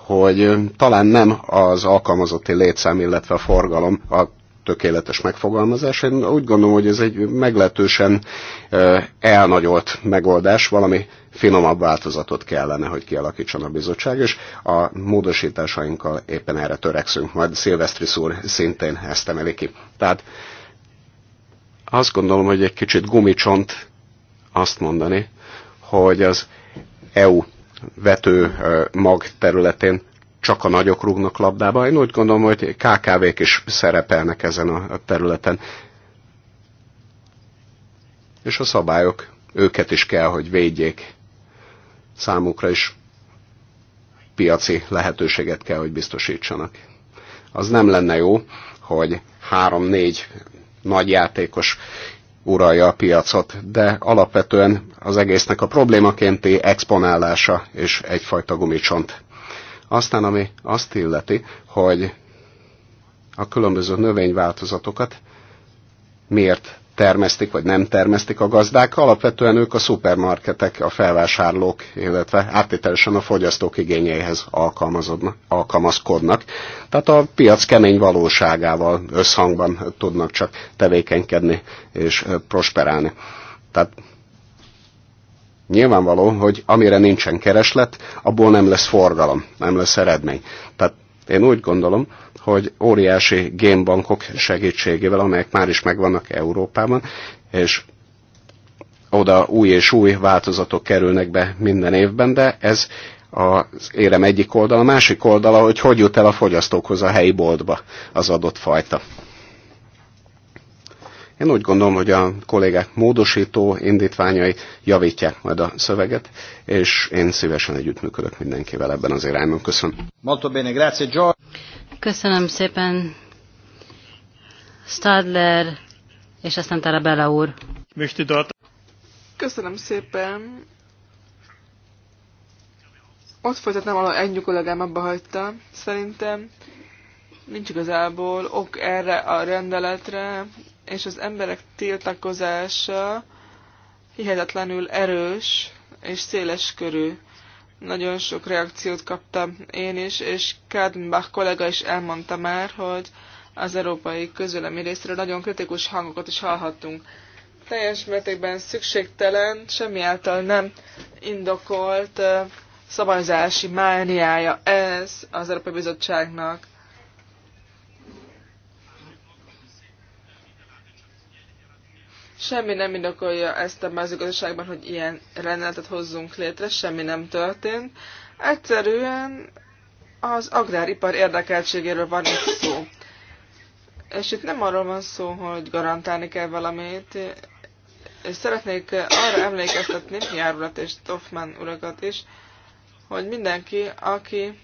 hogy talán nem az alkalmazotti létszám, illetve a forgalom a tökéletes megfogalmazás. Én úgy gondolom, hogy ez egy meglehetősen elnagyolt megoldás, valami finomabb változatot kellene, hogy kialakítson a bizottság, és a módosításainkkal éppen erre törekszünk. Majd Szilvesztri úr szintén ezt emeli ki. Tehát azt gondolom, hogy egy kicsit gumicsont azt mondani, hogy az EU vető mag területén csak a nagyok rúgnak labdába. Én úgy gondolom, hogy KKV-k is szerepelnek ezen a területen. És a szabályok őket is kell, hogy védjék számukra is piaci lehetőséget kell, hogy biztosítsanak. Az nem lenne jó, hogy három-négy nagy játékos uralja a piacot, de alapvetően az egésznek a problémakénti exponálása és egyfajta gumicsont. Aztán, ami azt illeti, hogy a különböző növényváltozatokat miért termesztik vagy nem termesztik a gazdák, alapvetően ők a szupermarketek, a felvásárlók, illetve áttételesen a fogyasztók igényeihez alkalmazkodnak. Tehát a piac kemény valóságával összhangban tudnak csak tevékenykedni és prosperálni. Tehát nyilvánvaló, hogy amire nincsen kereslet, abból nem lesz forgalom, nem lesz eredmény. Tehát én úgy gondolom, hogy óriási génbankok segítségével, amelyek már is megvannak Európában, és oda új és új változatok kerülnek be minden évben, de ez az érem egyik oldala, a másik oldala, hogy hogy jut el a fogyasztókhoz a helyi boltba az adott fajta. Én úgy gondolom, hogy a kollégák módosító indítványai javítják majd a szöveget, és én szívesen együttműködök mindenkivel ebben az irányban. Köszönöm. Molto bene, grazie George. Köszönöm szépen Stadler és aztán Tarabella úr. Köszönöm szépen. Ott folytatnám, ahol egy kollégám abba hagyta. Szerintem nincs igazából ok erre a rendeletre, és az emberek tiltakozása hihetetlenül erős és széles körül. Nagyon sok reakciót kaptam én is, és Kádenbach kollega is elmondta már, hogy az európai közvélemény részéről nagyon kritikus hangokat is hallhattunk. Teljes mértékben szükségtelen, semmi által nem indokolt szabályozási mániája ez az Európai Bizottságnak. Semmi nem indokolja ezt a mezőgazdaságban, hogy ilyen rendeletet hozzunk létre, semmi nem történt. Egyszerűen az agráripar érdekeltségéről van itt szó. És itt nem arról van szó, hogy garantálni kell valamit, és szeretnék arra emlékeztetni, járulat és Toffman urakat is, hogy mindenki, aki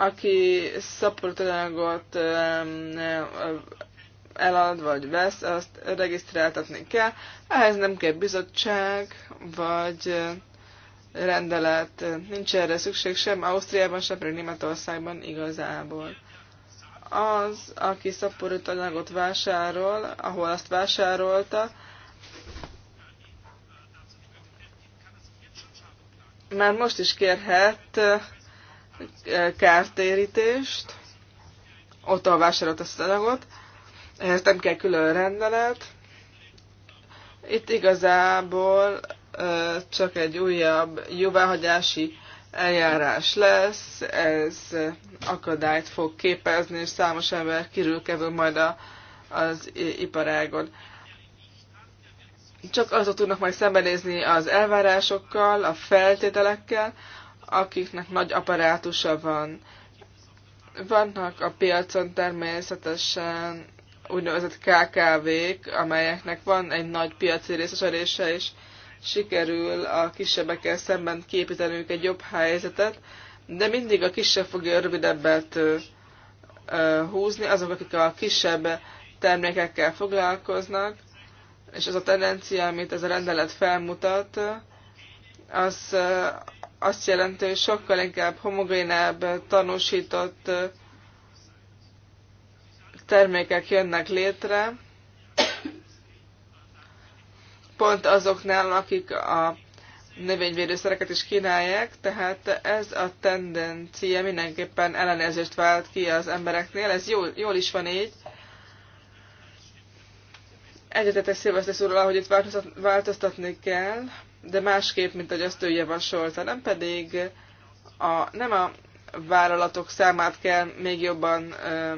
aki szaporítanyagot elad vagy vesz, azt regisztráltatni kell. Ehhez nem kell bizottság vagy eh, rendelet. Nincs erre szükség sem Ausztriában, sem pedig Németországban igazából. Az, aki szaporítanyagot vásárol, ahol azt vásárolta, már most is kérhet eh, kártérítést, ott, a vásárolt ezt az Ehhez nem kell külön rendelet. Itt igazából csak egy újabb jóváhagyási eljárás lesz, ez akadályt fog képezni, és számos ember kirül majd a, az iparágon. Csak azok tudnak majd szembenézni az elvárásokkal, a feltételekkel, akiknek nagy apparátusa van. Vannak a piacon természetesen úgynevezett KKV-k, amelyeknek van egy nagy piaci részesedése, és sikerül a kisebbekkel szemben képítenünk egy jobb helyzetet, de mindig a kisebb fogja a rövidebbet húzni, azok, akik a kisebb termékekkel foglalkoznak, és az a tendencia, amit ez a rendelet felmutat, az azt jelenti, hogy sokkal inkább homogénebb, tanúsított termékek jönnek létre, pont azoknál, akik a növényvédőszereket is kínálják, tehát ez a tendencia mindenképpen ellenérzést vált ki az embereknél, ez jól, jól is van így. Egyetetek Szilveszter úrral, hogy itt változtatni kell, de másképp, mint ahogy azt ő javasolta, nem pedig a, nem a vállalatok számát kell még jobban ö,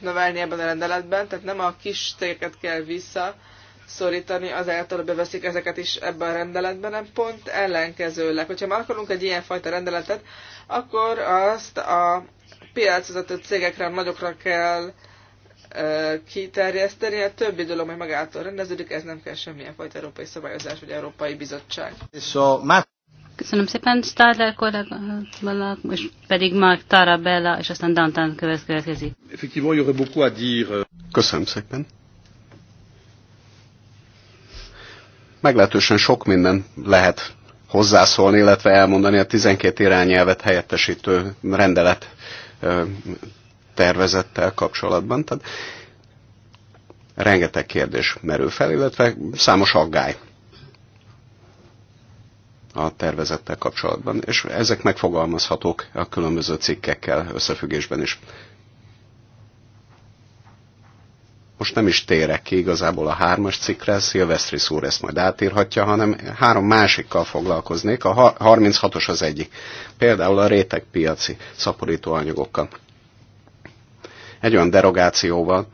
növelni ebben a rendeletben, tehát nem a kis cégeket kell visszaszorítani, azáltal beveszik ezeket is ebben a rendeletben, nem pont ellenkezőleg. Hogyha már akarunk egy ilyenfajta rendeletet, akkor azt a piacvezető cégekre, nagyokra kell kiterjeszteni, a többi dolog majd magától rendeződik, ez nem kell semmilyen fajta európai szabályozás vagy európai bizottság. Köszönöm szépen, Stadler kollega, és pedig Mark Tarabella, és aztán Dantan következik. Köszönöm szépen. Meglehetősen sok minden lehet hozzászólni, illetve elmondani a 12 irányelvet helyettesítő rendelet tervezettel kapcsolatban. Tehát rengeteg kérdés merül fel, illetve számos aggály a tervezettel kapcsolatban, és ezek megfogalmazhatók a különböző cikkekkel összefüggésben is. Most nem is térek ki igazából a hármas cikkre, Szilvesztri szúr ezt majd átírhatja, hanem három másikkal foglalkoznék, a 36-os az egyik, például a rétegpiaci szaporítóanyagokkal egy olyan derogációval,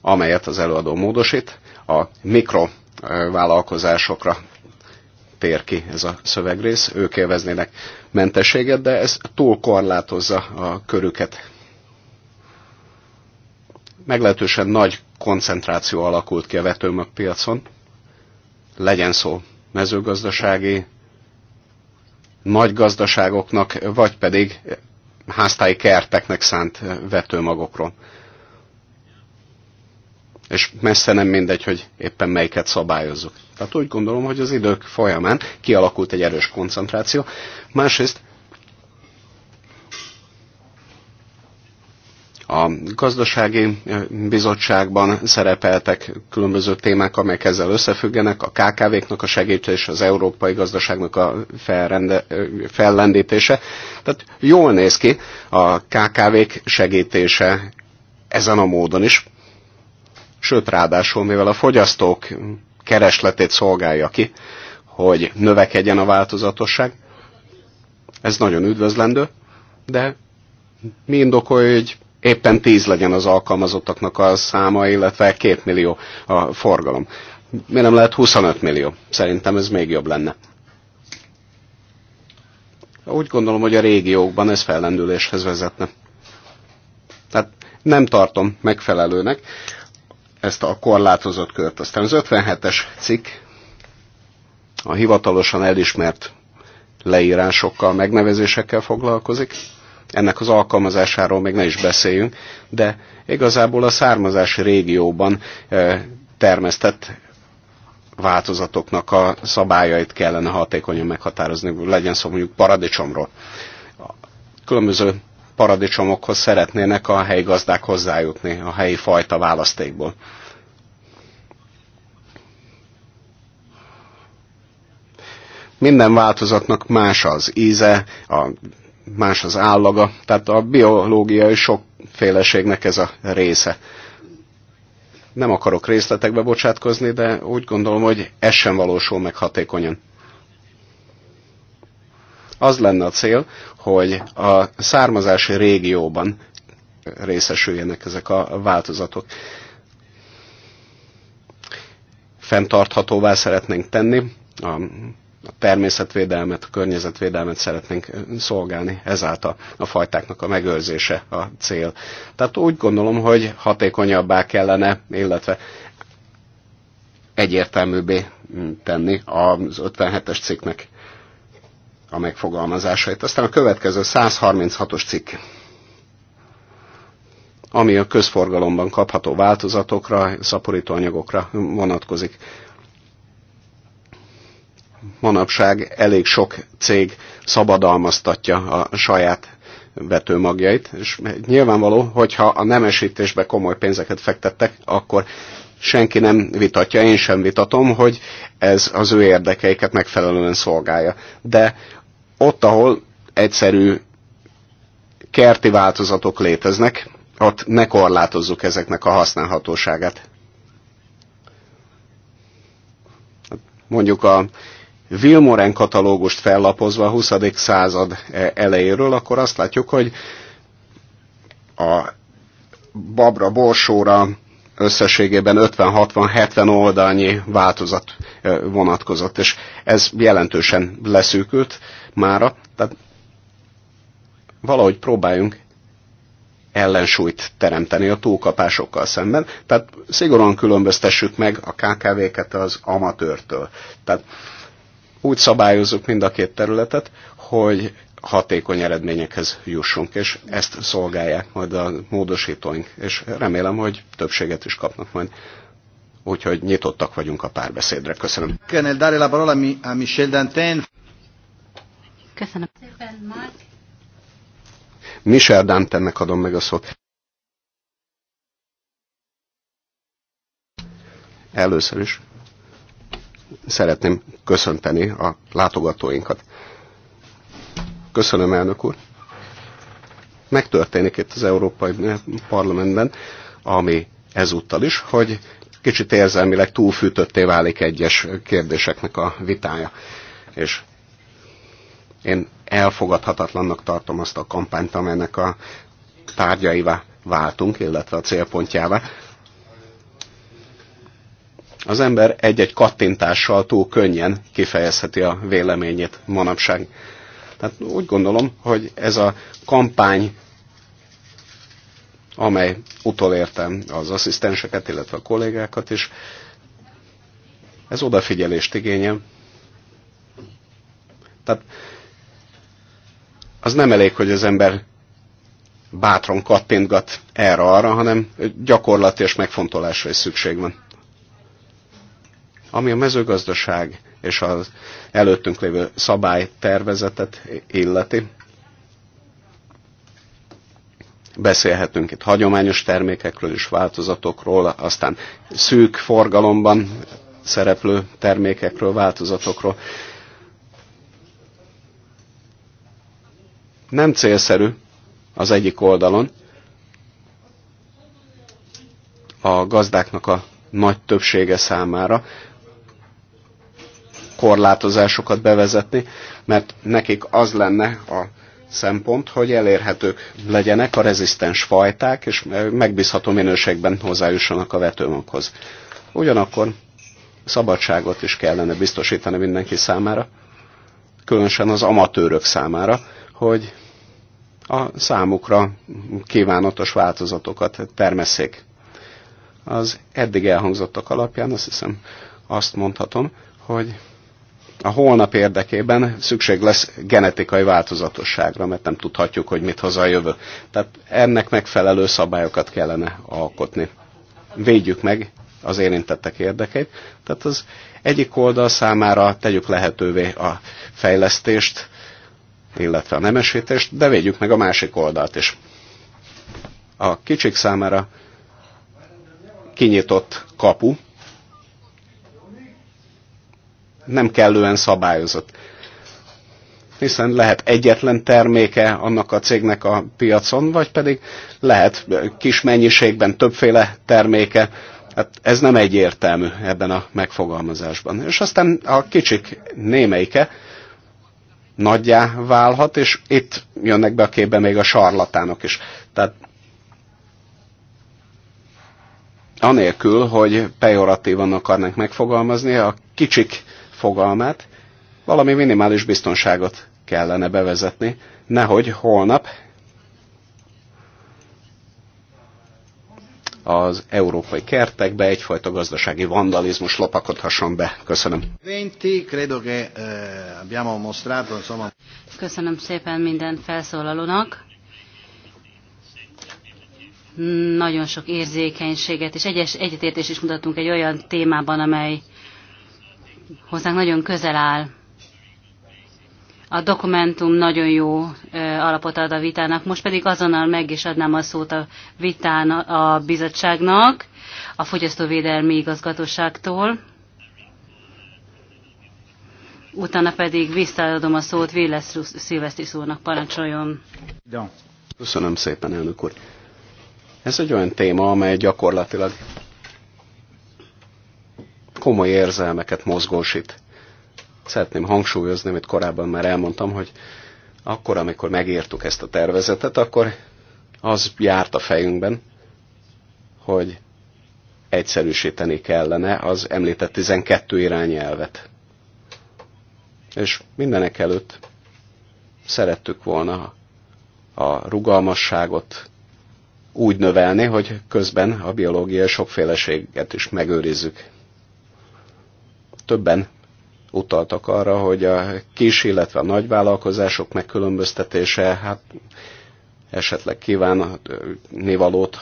amelyet az előadó módosít, a mikrovállalkozásokra tér ki ez a szövegrész, ők élveznének mentességet, de ez túl korlátozza a körüket. Meglehetősen nagy koncentráció alakult ki a vetőmök piacon, legyen szó mezőgazdasági, nagy gazdaságoknak, vagy pedig háztáji kerteknek szánt vetőmagokról. És messze nem mindegy, hogy éppen melyiket szabályozzuk. Tehát úgy gondolom, hogy az idők folyamán kialakult egy erős koncentráció. Másrészt a gazdasági bizottságban szerepeltek különböző témák, amelyek ezzel összefüggenek, a KKV-knak a segítés, az európai gazdaságnak a felrende, fellendítése. Tehát jól néz ki a KKV-k segítése ezen a módon is, sőt ráadásul, mivel a fogyasztók keresletét szolgálja ki, hogy növekedjen a változatosság, ez nagyon üdvözlendő, de mi indokolja, hogy éppen 10 legyen az alkalmazottaknak a száma, illetve 2 millió a forgalom. Mi nem lehet 25 millió? Szerintem ez még jobb lenne. Úgy gondolom, hogy a régiókban ez fellendüléshez vezetne. Tehát nem tartom megfelelőnek ezt a korlátozott kört. Aztán az 57-es cikk a hivatalosan elismert leírásokkal, megnevezésekkel foglalkozik ennek az alkalmazásáról még ne is beszéljünk, de igazából a származási régióban eh, termesztett változatoknak a szabályait kellene hatékonyan meghatározni, legyen szó mondjuk paradicsomról. Különböző paradicsomokhoz szeretnének a helyi gazdák hozzájutni a helyi fajta választékból. Minden változatnak más az íze, a más az állaga. Tehát a biológiai sokféleségnek ez a része. Nem akarok részletekbe bocsátkozni, de úgy gondolom, hogy ez sem valósul meg hatékonyan. Az lenne a cél, hogy a származási régióban részesüljenek ezek a változatok. Fentarthatóvá szeretnénk tenni a a természetvédelmet, a környezetvédelmet szeretnénk szolgálni, ezáltal a fajtáknak a megőrzése a cél. Tehát úgy gondolom, hogy hatékonyabbá kellene, illetve egyértelműbbé tenni az 57-es cikknek a megfogalmazásait. Aztán a következő 136-os cikk ami a közforgalomban kapható változatokra, szaporítóanyagokra vonatkozik manapság elég sok cég szabadalmaztatja a saját vetőmagjait, és nyilvánvaló, hogyha a nemesítésbe komoly pénzeket fektettek, akkor senki nem vitatja, én sem vitatom, hogy ez az ő érdekeiket megfelelően szolgálja. De ott, ahol egyszerű kerti változatok léteznek, ott ne korlátozzuk ezeknek a használhatóságát. Mondjuk a Vilmoren katalógust fellapozva a 20. század e, elejéről, akkor azt látjuk, hogy a babra, borsóra összességében 50-60-70 oldalnyi változat e, vonatkozott, és ez jelentősen leszűkült mára, tehát valahogy próbáljunk ellensúlyt teremteni a túlkapásokkal szemben. Tehát szigorúan különböztessük meg a KKV-ket az amatőrtől. Tehát úgy szabályozzuk mind a két területet, hogy hatékony eredményekhez jussunk, és ezt szolgálják majd a módosítóink, és remélem, hogy többséget is kapnak majd. Úgyhogy nyitottak vagyunk a párbeszédre. Köszönöm. Köszönöm szépen, Mark. Michel Dantennek adom meg a szót. Először is szeretném köszönteni a látogatóinkat. Köszönöm, elnök úr. Megtörténik itt az Európai Parlamentben, ami ezúttal is, hogy kicsit érzelmileg túlfűtötté válik egyes kérdéseknek a vitája. És én elfogadhatatlannak tartom azt a kampányt, amelynek a tárgyaivá váltunk, illetve a célpontjává az ember egy-egy kattintással túl könnyen kifejezheti a véleményét manapság. Tehát úgy gondolom, hogy ez a kampány, amely utolértem az asszisztenseket, illetve a kollégákat is, ez odafigyelést igényel. Tehát az nem elég, hogy az ember bátran kattintgat erre-arra, hanem gyakorlati és megfontolásra is szükség van. Ami a mezőgazdaság és az előttünk lévő szabálytervezetet illeti, beszélhetünk itt hagyományos termékekről és változatokról, aztán szűk forgalomban szereplő termékekről, változatokról. Nem célszerű az egyik oldalon a gazdáknak a nagy többsége számára korlátozásokat bevezetni, mert nekik az lenne a szempont, hogy elérhetők legyenek a rezisztens fajták, és megbízható minőségben hozzájussanak a vetőmaghoz. Ugyanakkor szabadságot is kellene biztosítani mindenki számára, különösen az amatőrök számára, hogy a számukra kívánatos változatokat termesszék. Az eddig elhangzottak alapján azt hiszem azt mondhatom, hogy a holnap érdekében szükség lesz genetikai változatosságra, mert nem tudhatjuk, hogy mit hoz a jövő. Tehát ennek megfelelő szabályokat kellene alkotni. Védjük meg az érintettek érdekeit. Tehát az egyik oldal számára tegyük lehetővé a fejlesztést, illetve a nemesítést, de védjük meg a másik oldalt is. A kicsik számára kinyitott kapu, nem kellően szabályozott. Hiszen lehet egyetlen terméke annak a cégnek a piacon, vagy pedig lehet kis mennyiségben többféle terméke. Hát ez nem egyértelmű ebben a megfogalmazásban. És aztán a kicsik némelyike nagyjá válhat, és itt jönnek be a képbe még a sarlatánok is. Tehát anélkül, hogy pejoratívan akarnak megfogalmazni, a kicsik fogalmát, valami minimális biztonságot kellene bevezetni, nehogy holnap az európai kertekbe egyfajta gazdasági vandalizmus lopakodhasson be. Köszönöm. Eh, Köszönöm szépen minden felszólalónak. Nagyon sok érzékenységet és egyes egyetértés is mutattunk egy olyan témában, amely hozzánk nagyon közel áll. A dokumentum nagyon jó alapot ad a vitának, most pedig azonnal meg is adnám a szót a vitán a bizottságnak, a Fogyasztóvédelmi Igazgatóságtól. Utána pedig visszaadom a szót Véles Szilveszti szónak, parancsoljon. Köszönöm szépen, elnök úr. Ez egy olyan téma, amely gyakorlatilag komoly érzelmeket mozgósít. Szeretném hangsúlyozni, amit korábban már elmondtam, hogy akkor, amikor megírtuk ezt a tervezetet, akkor az járt a fejünkben, hogy egyszerűsíteni kellene az említett 12 irányelvet. És mindenek előtt szerettük volna a rugalmasságot úgy növelni, hogy közben a biológiai sokféleséget is megőrizzük többen utaltak arra, hogy a kis, illetve a nagyvállalkozások megkülönböztetése hát esetleg kíván névalót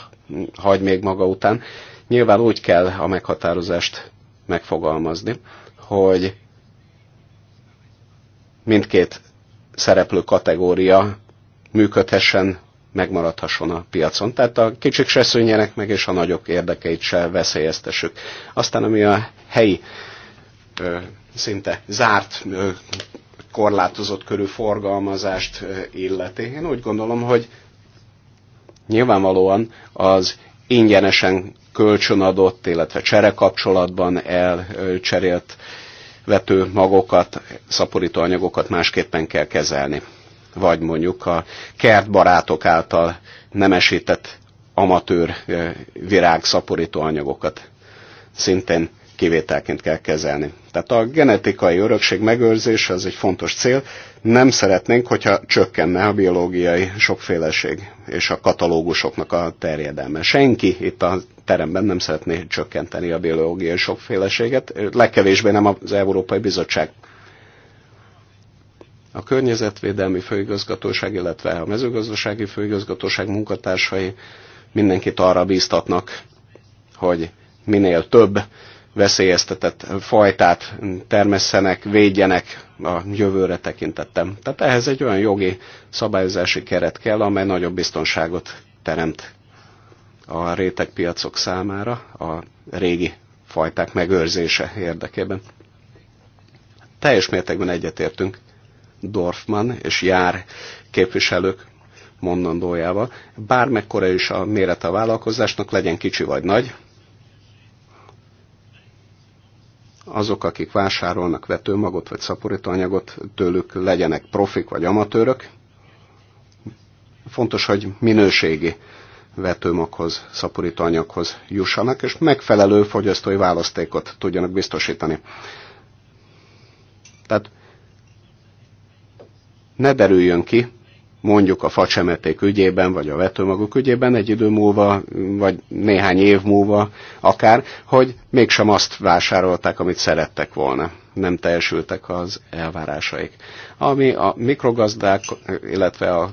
hagy még maga után. Nyilván úgy kell a meghatározást megfogalmazni, hogy mindkét szereplő kategória működhessen, megmaradhasson a piacon. Tehát a kicsik se szűnjenek meg, és a nagyok érdekeit se veszélyeztessük. Aztán ami a helyi szinte zárt, korlátozott körű forgalmazást illeti. Én úgy gondolom, hogy nyilvánvalóan az ingyenesen kölcsönadott, illetve cserekapcsolatban elcserélt vető magokat, szaporító anyagokat másképpen kell kezelni. Vagy mondjuk a kertbarátok által nemesített amatőr virág szaporító anyagokat szintén kivételként kell kezelni. Tehát a genetikai örökség megőrzése az egy fontos cél. Nem szeretnénk, hogyha csökkenne a biológiai sokféleség és a katalógusoknak a terjedelme. Senki itt a teremben nem szeretné csökkenteni a biológiai sokféleséget, legkevésbé nem az Európai Bizottság. A Környezetvédelmi Főigazgatóság, illetve a Mezőgazdasági Főigazgatóság munkatársai mindenkit arra bíztatnak, hogy minél több veszélyeztetett fajtát termesszenek, védjenek a jövőre tekintettem. Tehát ehhez egy olyan jogi szabályozási keret kell, amely nagyobb biztonságot teremt a rétegpiacok számára a régi fajták megőrzése érdekében. Teljes mértékben egyetértünk Dorfman és Jár képviselők mondandójával. Bármekkora is a mérete a vállalkozásnak, legyen kicsi vagy nagy, azok, akik vásárolnak vetőmagot vagy szaporítóanyagot, tőlük legyenek profik vagy amatőrök. Fontos, hogy minőségi vetőmaghoz, szaporítóanyaghoz jussanak, és megfelelő fogyasztói választékot tudjanak biztosítani. Tehát ne derüljön ki, mondjuk a facsemeték ügyében, vagy a vetőmagok ügyében egy idő múlva, vagy néhány év múlva akár, hogy mégsem azt vásárolták, amit szerettek volna. Nem teljesültek az elvárásaik. Ami a mikrogazdák, illetve a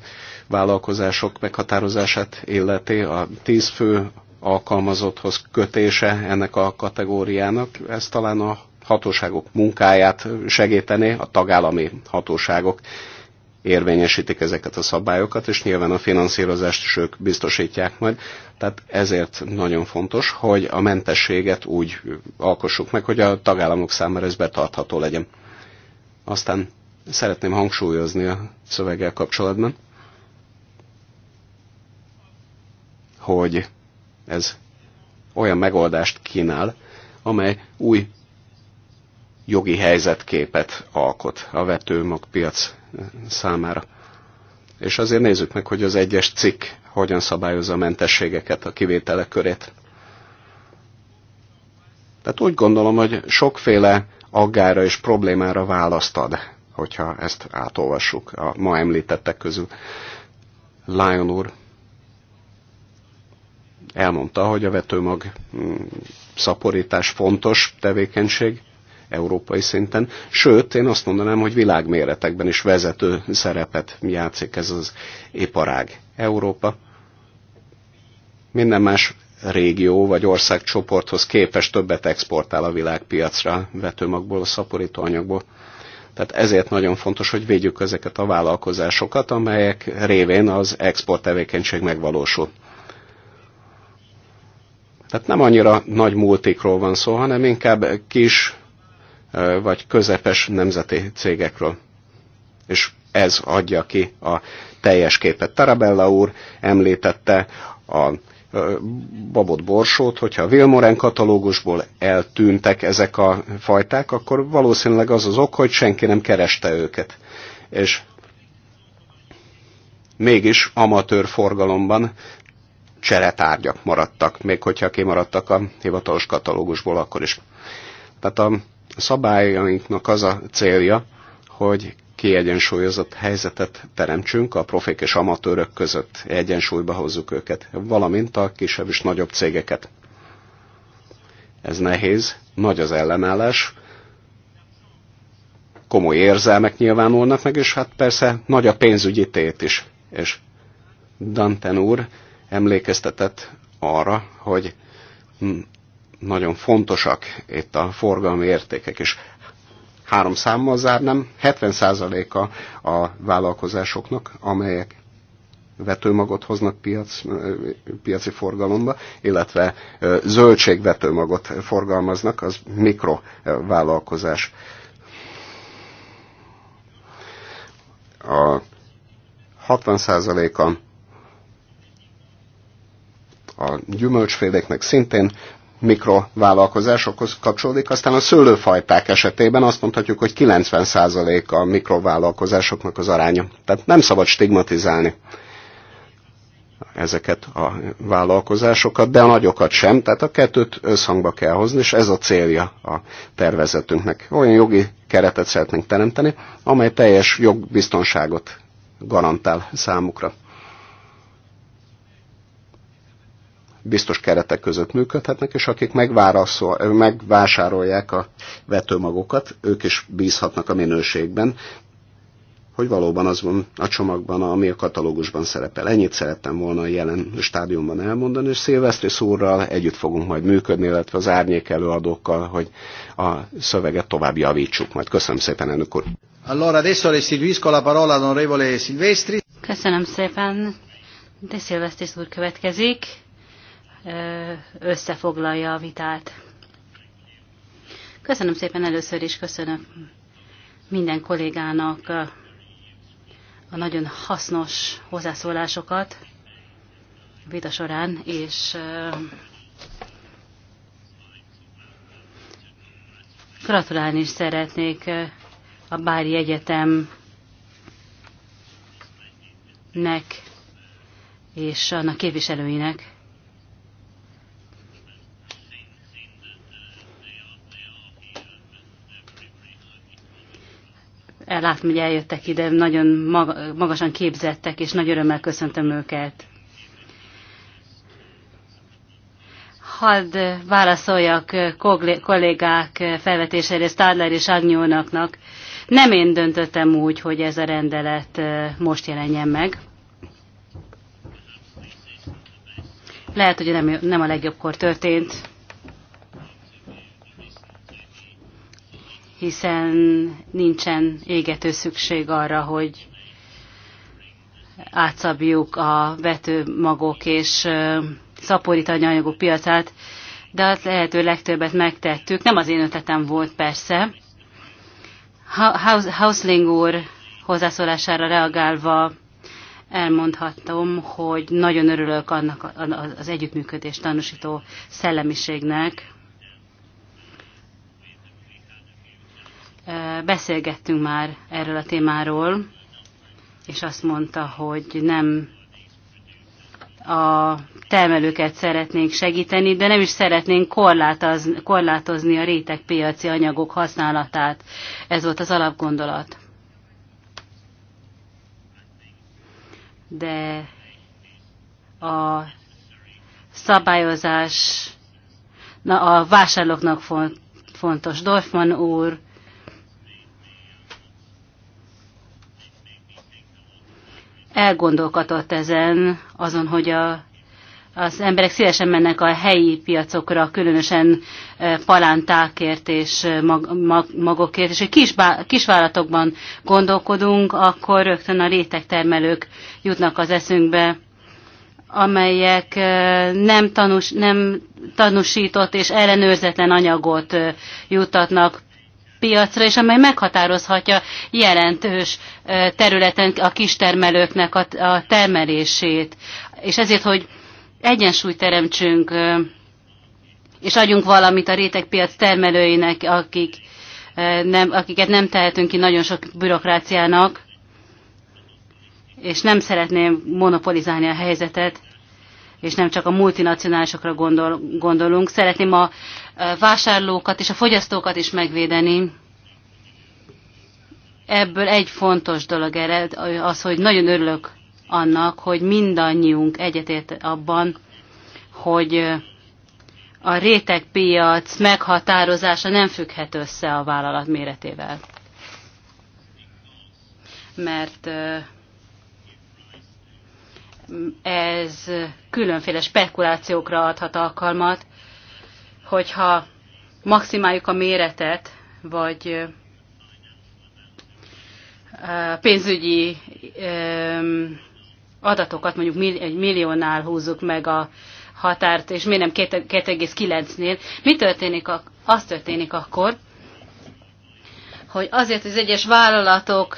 vállalkozások meghatározását illeti, a tíz fő alkalmazotthoz kötése ennek a kategóriának, ez talán a hatóságok munkáját segítené, a tagállami hatóságok érvényesítik ezeket a szabályokat, és nyilván a finanszírozást is ők biztosítják majd. Tehát ezért nagyon fontos, hogy a mentességet úgy alkossuk meg, hogy a tagállamok számára ez betartható legyen. Aztán szeretném hangsúlyozni a szöveggel kapcsolatban, hogy ez olyan megoldást kínál, amely új jogi helyzetképet alkot a vetőmagpiac számára. És azért nézzük meg, hogy az egyes cikk hogyan szabályozza a mentességeket, a kivételek körét. Tehát úgy gondolom, hogy sokféle aggára és problémára választ ad, hogyha ezt átolvassuk a ma említettek közül. Lion úr elmondta, hogy a vetőmag mm, szaporítás fontos tevékenység, európai szinten, sőt, én azt mondanám, hogy világméretekben is vezető szerepet játszik ez az iparág. Európa minden más régió vagy országcsoporthoz képes többet exportál a világpiacra vetőmagból, a szaporítóanyagból. Tehát ezért nagyon fontos, hogy védjük ezeket a vállalkozásokat, amelyek révén az export tevékenység megvalósul. Tehát nem annyira nagy múltikról van szó, hanem inkább kis vagy közepes nemzeti cégekről. És ez adja ki a teljes képet. Tarabella úr említette a babot borsót, hogyha a Vilmoren katalógusból eltűntek ezek a fajták, akkor valószínűleg az az ok, hogy senki nem kereste őket. És mégis amatőr forgalomban cseretárgyak maradtak, még hogyha kimaradtak a hivatalos katalógusból akkor is. Tehát a a szabályainknak az a célja, hogy kiegyensúlyozott helyzetet teremtsünk a profék és amatőrök között, egyensúlyba hozzuk őket, valamint a kisebb és nagyobb cégeket. Ez nehéz, nagy az ellenállás, komoly érzelmek nyilvánulnak meg, és hát persze nagy a pénzügyi tét is. És Danten úr emlékeztetett arra, hogy nagyon fontosak itt a forgalmi értékek is. Három számmal zárnám, 70%-a a vállalkozásoknak, amelyek vetőmagot hoznak piac, piaci forgalomba, illetve zöldségvetőmagot forgalmaznak, az mikrovállalkozás. A 60%-a a gyümölcsféléknek szintén mikrovállalkozásokhoz kapcsolódik. Aztán a szőlőfajták esetében azt mondhatjuk, hogy 90% a mikrovállalkozásoknak az aránya. Tehát nem szabad stigmatizálni ezeket a vállalkozásokat, de a nagyokat sem, tehát a kettőt összhangba kell hozni, és ez a célja a tervezetünknek. Olyan jogi keretet szeretnénk teremteni, amely teljes jogbiztonságot garantál számukra. biztos keretek között működhetnek, és akik megvásárolják a vetőmagokat, ők is bízhatnak a minőségben, hogy valóban az van a csomagban, ami a katalógusban szerepel. Ennyit szerettem volna a jelen stádiumban elmondani, és Szilveszti szúrral együtt fogunk majd működni, illetve az árnyék előadókkal, hogy a szöveget tovább javítsuk. Majd köszönöm szépen, elnök úr. Allora adesso restituisco la parola ad onorevole Silvestri. Köszönöm szépen. De Szilveszti úr következik összefoglalja a vitát. Köszönöm szépen először is, köszönöm minden kollégának a nagyon hasznos hozzászólásokat a vita során, és gratulálni is szeretnék a Bári Egyetemnek és annak képviselőinek. Látom, hogy eljöttek ide, nagyon magasan képzettek, és nagy örömmel köszöntöm őket. Hadd válaszoljak kollégák felvetésére, Stadler és Agnyónaknak. Nem én döntöttem úgy, hogy ez a rendelet most jelenjen meg. Lehet, hogy nem, nem a legjobbkor történt, hiszen nincsen égető szükség arra, hogy átszabjuk a vetőmagok és szaporítani anyagok piacát, de az lehető legtöbbet megtettük. Nem az én ötletem volt persze. Hausling úr hozzászólására reagálva elmondhatom, hogy nagyon örülök annak az együttműködést tanúsító szellemiségnek, Beszélgettünk már erről a témáról, és azt mondta, hogy nem a termelőket szeretnénk segíteni, de nem is szeretnénk korlátozni, a rétegpiaci anyagok használatát. Ez volt az alapgondolat. De a szabályozás na, a vásárlóknak fontos. Dorfman úr elgondolkodott ezen, azon, hogy a, az emberek szívesen mennek a helyi piacokra, különösen e, palántákért és e, mag, mag, magokért, és hogy kis, kisvállalatokban gondolkodunk, akkor rögtön a rétegtermelők jutnak az eszünkbe, amelyek e, nem, tanús, nem tanúsított és ellenőrzetlen anyagot juttatnak piacra, és amely meghatározhatja jelentős területen a kistermelőknek a termelését. És ezért, hogy egyensúlyt teremtsünk, és adjunk valamit a rétegpiac termelőinek, akik nem, akiket nem tehetünk ki nagyon sok bürokráciának, és nem szeretném monopolizálni a helyzetet, és nem csak a multinacionálisokra gondol, gondolunk. Szeretném a vásárlókat és a fogyasztókat is megvédeni. Ebből egy fontos dolog ered, az, hogy nagyon örülök annak, hogy mindannyiunk egyetért abban, hogy a rétegpiac meghatározása nem függhet össze a vállalat méretével. Mert ez különféle spekulációkra adhat alkalmat, hogyha maximáljuk a méretet, vagy pénzügyi adatokat, mondjuk egy milliónál húzzuk meg a határt, és miért nem 2,9-nél, mi történik? Az történik akkor, hogy azért, hogy az egyes vállalatok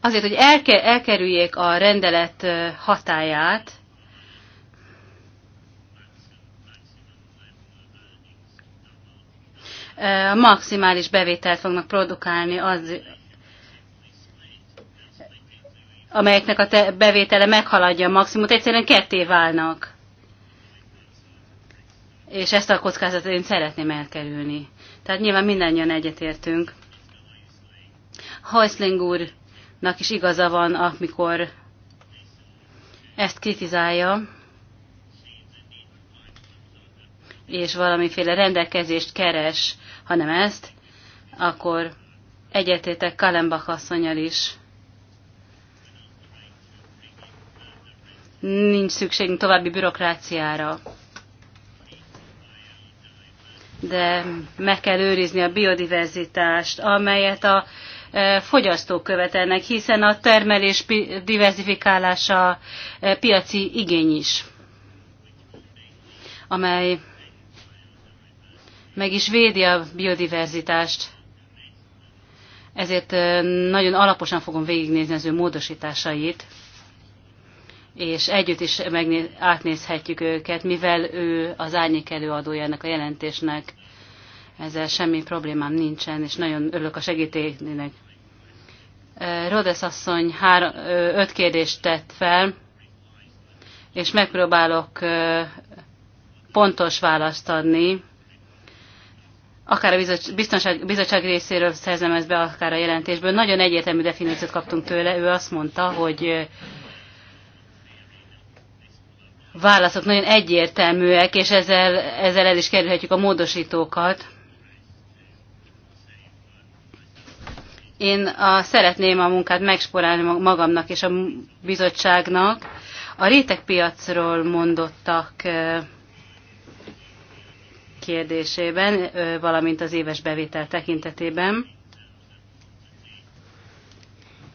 azért, hogy elkerüljék a rendelet hatáját, maximális bevételt fognak produkálni az, amelyeknek a te bevétele meghaladja a maximumot, egyszerűen ketté válnak. És ezt a kockázatot én szeretném elkerülni. Tehát nyilván mindannyian egyetértünk. Heusling úrnak is igaza van, amikor ezt kritizálja, és valamiféle rendelkezést keres hanem ezt, akkor egyetétek Kalembach asszonyal is. Nincs szükségünk további bürokráciára. De meg kell őrizni a biodiverzitást, amelyet a e, fogyasztók követelnek, hiszen a termelés diversifikálása e, piaci igény is, amely meg is védi a biodiverzitást. Ezért nagyon alaposan fogom végignézni az ő módosításait, és együtt is megnéz, átnézhetjük őket, mivel ő az árnyék előadója ennek a jelentésnek. Ezzel semmi problémám nincsen, és nagyon örülök a segítének. Rodesz asszony három, öt kérdést tett fel, és megpróbálok pontos választ adni akár a biztonság, bizottság részéről szerzem ezt be, akár a jelentésből. Nagyon egyértelmű definíciót kaptunk tőle. Ő azt mondta, hogy válaszok nagyon egyértelműek, és ezzel, ezzel el is kerülhetjük a módosítókat. Én a, szeretném a munkát megsporálni magamnak és a bizottságnak. A rétegpiacról mondottak kérdésében, valamint az éves bevétel tekintetében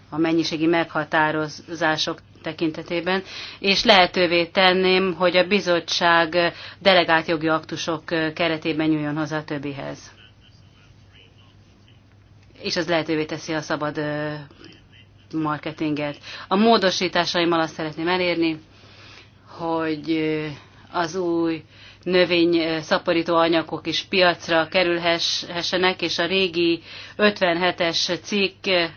a mennyiségi meghatározások tekintetében, és lehetővé tenném, hogy a bizottság delegált jogi aktusok keretében nyúljon hozzá a többihez. És az lehetővé teszi a szabad marketinget. A módosításaimmal azt szeretném elérni, hogy az új növény eh, szaporító anyagok is piacra kerülhessenek, és a régi 57-es cikk eh,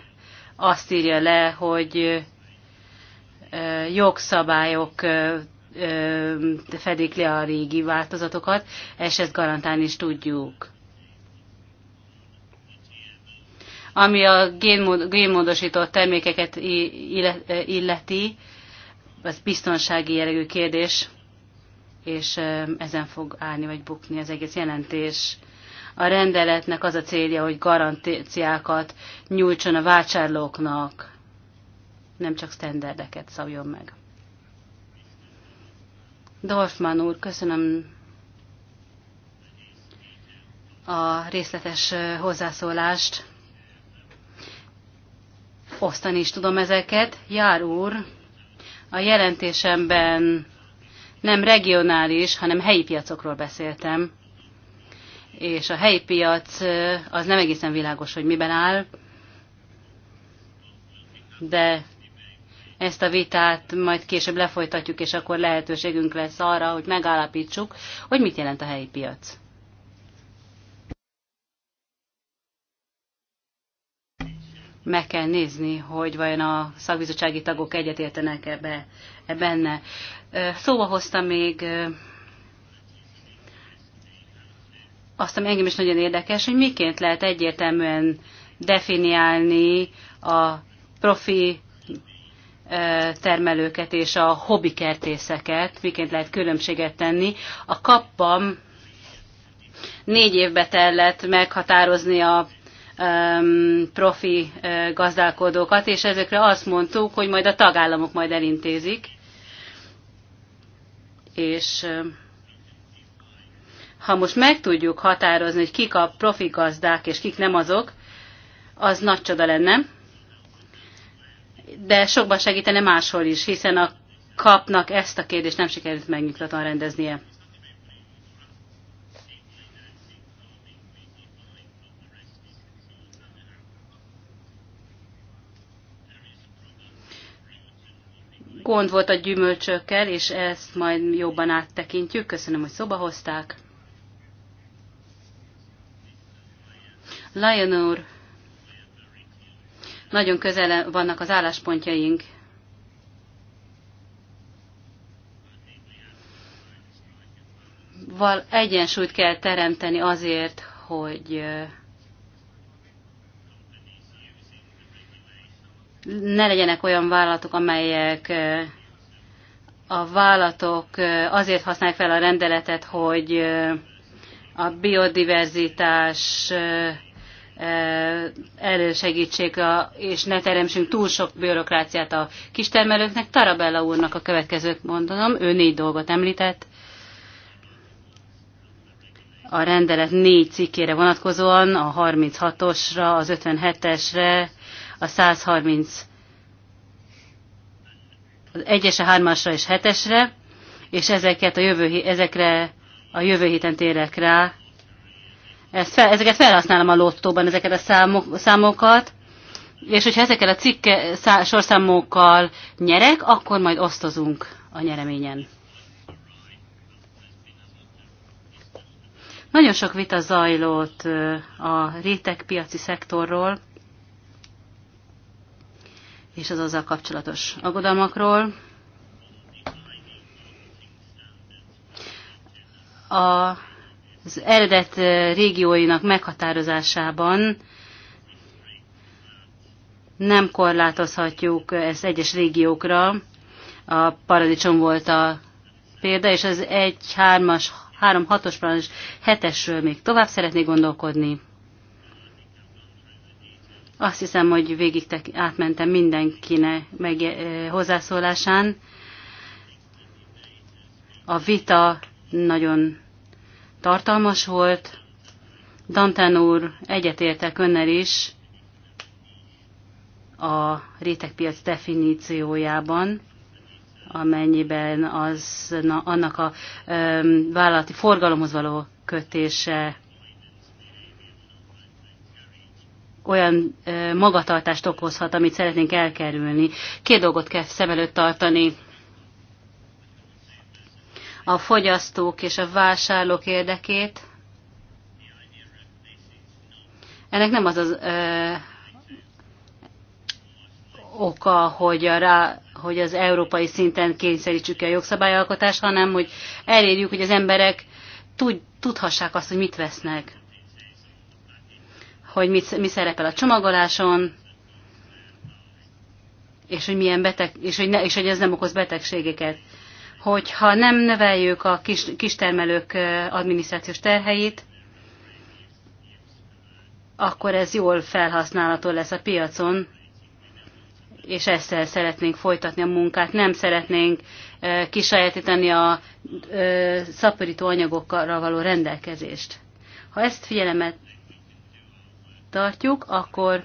azt írja le, hogy eh, jogszabályok fedik le a régi változatokat, és ezt garantálni is tudjuk. Ami a génmódosított termékeket illeti, az biztonsági jellegű kérdés és ezen fog állni vagy bukni az egész jelentés. A rendeletnek az a célja, hogy garanciákat nyújtson a vásárlóknak, nem csak sztenderdeket szabjon meg. Dorfman úr, köszönöm a részletes hozzászólást. Osztani is tudom ezeket. Jár úr, a jelentésemben nem regionális, hanem helyi piacokról beszéltem. És a helyi piac az nem egészen világos, hogy miben áll, de ezt a vitát majd később lefolytatjuk, és akkor lehetőségünk lesz arra, hogy megállapítsuk, hogy mit jelent a helyi piac. meg kell nézni, hogy vajon a szakbizottsági tagok egyetértenek ebbe, e benne. Szóba hoztam még azt, ami engem is nagyon érdekes, hogy miként lehet egyértelműen definiálni a profi termelőket és a hobbi kertészeket, miként lehet különbséget tenni. A kappam négy évbe tellett meghatározni a profi gazdálkodókat, és ezekre azt mondtuk, hogy majd a tagállamok majd elintézik és ha most meg tudjuk határozni, hogy kik a profi gazdák és kik nem azok, az nagy csoda lenne, de sokban segítene máshol is, hiszen a kapnak ezt a kérdést nem sikerült megnyugtatóan rendeznie. gond volt a gyümölcsökkel, és ezt majd jobban áttekintjük. Köszönöm, hogy szoba hozták. Lion úr, nagyon közel vannak az álláspontjaink. Val egyensúlyt kell teremteni azért, hogy ne legyenek olyan vállalatok, amelyek a vállalatok azért használják fel a rendeletet, hogy a biodiverzitás elősegítsék, a, és ne teremtsünk túl sok bürokráciát a kistermelőknek. Tarabella úrnak a következőt mondanom, ő négy dolgot említett. A rendelet négy cikkére vonatkozóan, a 36-osra, az 57-esre, a 130 az 1 a 3-asra és 7-esre, és ezeket a jövő, ezekre a jövő héten térek rá. Ezt fel, ezeket felhasználom a lottóban, ezeket a számok, számokat, és hogyha ezekkel a cikke szá, sorszámokkal nyerek, akkor majd osztozunk a nyereményen. Nagyon sok vita zajlott a rétegpiaci szektorról, és az azzal kapcsolatos aggodalmakról. Az eredet régióinak meghatározásában nem korlátozhatjuk ezt egyes régiókra. A paradicsom volt a példa, és az 1-3-as, 3-6-os, 7-esről még tovább szeretnék gondolkodni. Azt hiszem, hogy végig átmentem mindenkinek meg, eh, hozzászólásán. A vita nagyon tartalmas volt. Dantán úr egyetértek önnel is a rétegpiac definíciójában, amennyiben az na, annak a um, vállalati forgalomhoz való kötése olyan magatartást okozhat, amit szeretnénk elkerülni. Két dolgot kell szem előtt tartani. A fogyasztók és a vásárlók érdekét. Ennek nem az az ö, oka, hogy, a rá, hogy az európai szinten kényszerítsük -e a jogszabályalkotást, hanem hogy elérjük, hogy az emberek tud, tudhassák azt, hogy mit vesznek hogy mit, mi szerepel a csomagoláson, és hogy, milyen beteg, és, hogy ne, és hogy ez nem okoz betegségeket. Hogyha nem növeljük a kis, kistermelők adminisztrációs terheit, akkor ez jól felhasználható lesz a piacon, és ezzel szeretnénk folytatni a munkát. Nem szeretnénk kisajátítani a szaporító anyagokra való rendelkezést. Ha ezt figyelemet tartjuk, akkor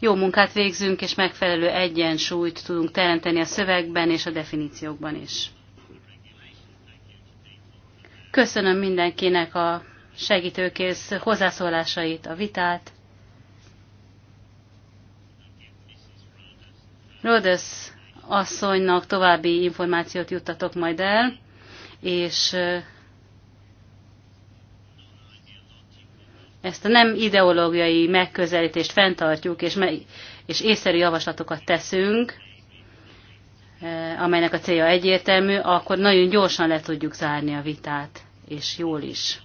jó munkát végzünk, és megfelelő egyensúlyt tudunk teremteni a szövegben és a definíciókban is. Köszönöm mindenkinek a segítőkész hozzászólásait, a vitát. Rodes asszonynak további információt juttatok majd el, és ezt a nem ideológiai megközelítést fenntartjuk, és, me és észszerű javaslatokat teszünk, eh, amelynek a célja egyértelmű, akkor nagyon gyorsan le tudjuk zárni a vitát, és jól is.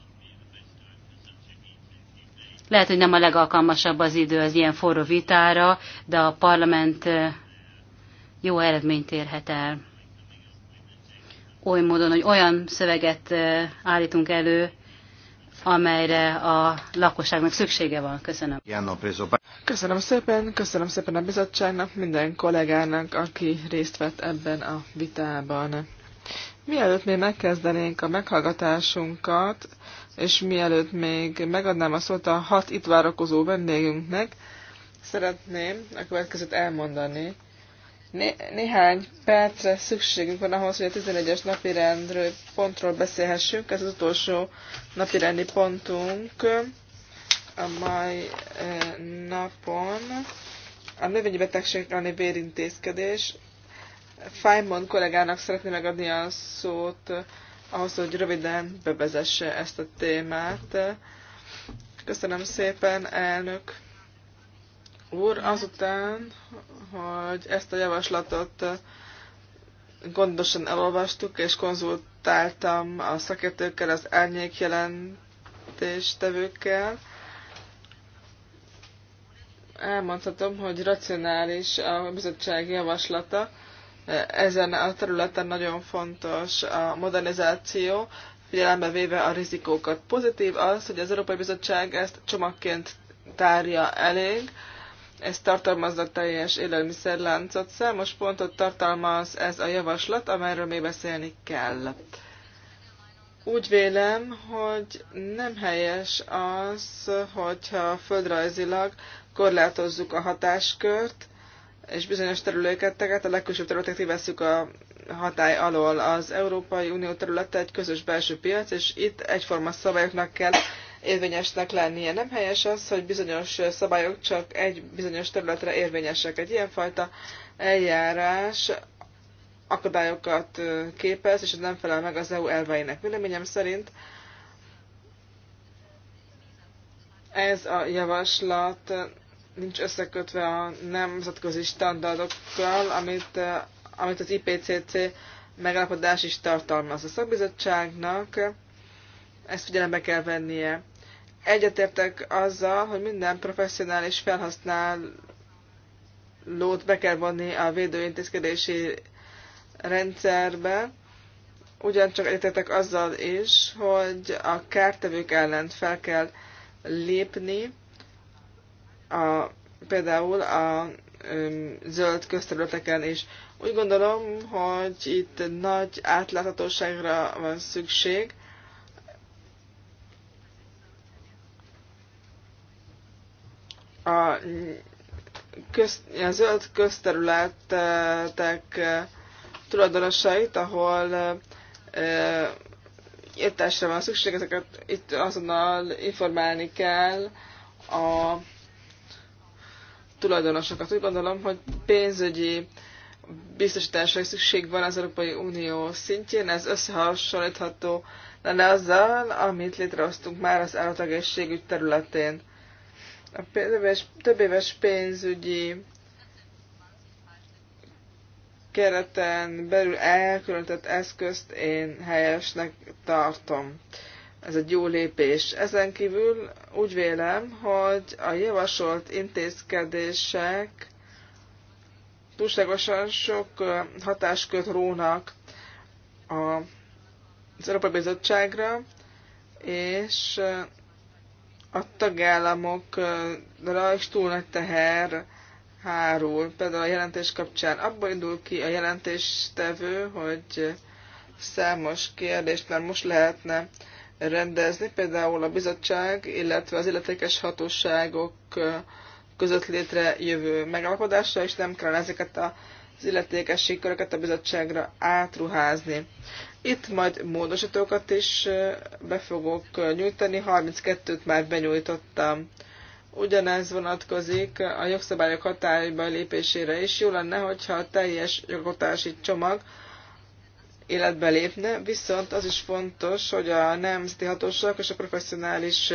Lehet, hogy nem a legalkalmasabb az idő az ilyen forró vitára, de a parlament eh, jó eredményt érhet el. Oly módon, hogy olyan szöveget eh, állítunk elő, amelyre a lakosságnak szüksége van. Köszönöm. Köszönöm szépen, köszönöm szépen a bizottságnak, minden kollégának, aki részt vett ebben a vitában. Mielőtt még megkezdenénk a meghallgatásunkat, és mielőtt még megadnám a szót a hat itt várakozó vendégünknek, szeretném a következőt elmondani. Né- néhány percre szükségünk van ahhoz, hogy a 11-es napirendről pontról beszélhessünk. Ez az utolsó napirendi pontunk a mai eh, napon. A növényi betegség elleni vérintézkedés. Fájmon kollégának szeretné megadni a szót eh, ahhoz, hogy röviden bevezesse ezt a témát. Köszönöm szépen, elnök úr. Azután, hogy ezt a javaslatot eh, gondosan elolvastuk, és konzultáltam a szakértőkkel, az árnyékjelentéstevőkkel. Elmondhatom, hogy racionális a bizottság javaslata. Eh, ezen a területen nagyon fontos a modernizáció, figyelembe véve a rizikókat. Pozitív az, hogy az Európai Bizottság ezt csomagként tárja elég, ez tartalmazza a teljes élelmiszerláncot. Számos pontot tartalmaz ez a javaslat, amelyről még beszélni kell. Úgy vélem, hogy nem helyes az, hogyha földrajzilag korlátozzuk a hatáskört, és bizonyos területeket, a legkülsőbb területeket kiveszünk a hatály alól. Az Európai Unió területe egy közös belső piac, és itt egyforma szabályoknak kell érvényesnek lennie. Nem helyes az, hogy bizonyos szabályok csak egy bizonyos területre érvényesek. Egy ilyenfajta eljárás akadályokat képez, és ez nem felel meg az EU elveinek. Véleményem szerint ez a javaslat nincs összekötve a nemzetközi standardokkal, amit, amit az IPCC megállapodás is tartalmaz. A szakbizottságnak ezt figyelembe kell vennie. Egyetértek azzal, hogy minden professzionális felhasználót be kell vonni a védőintézkedési rendszerbe, ugyancsak egyetértek azzal is, hogy a kártevők ellen fel kell lépni, a, például a zöld közterületeken is. Úgy gondolom, hogy itt nagy átláthatóságra van szükség, a, köz, a zöld közterületek eh, tulajdonosait, ahol eh, értésre van szükség, ezeket itt azonnal informálni kell a tulajdonosokat. Úgy gondolom, hogy pénzügyi biztosításra is szükség van az Európai Unió szintjén, ez összehasonlítható lenne azzal, amit létrehoztunk már az állatagészségügy területén a több éves pénzügyi kereten belül elkülönített eszközt én helyesnek tartom. Ez egy jó lépés. Ezen kívül úgy vélem, hogy a javasolt intézkedések túlságosan sok hatásköt rónak az Európai Bizottságra, és a tagállamokra is túl nagy teher hárul. Például a jelentés kapcsán Abban indul ki a jelentéstevő, hogy számos kérdést már most lehetne rendezni, például a bizottság, illetve az illetékes hatóságok között létrejövő megalapodásra, és nem kell ezeket a az illetékesség köröket a bizottságra átruházni. Itt majd módosítókat is be fogok nyújtani, 32-t már benyújtottam. Ugyanez vonatkozik a jogszabályok hatályba lépésére is. Jó lenne, hogyha a teljes jogotási csomag életbe lépne, viszont az is fontos, hogy a nemzeti hatóságok és a professzionális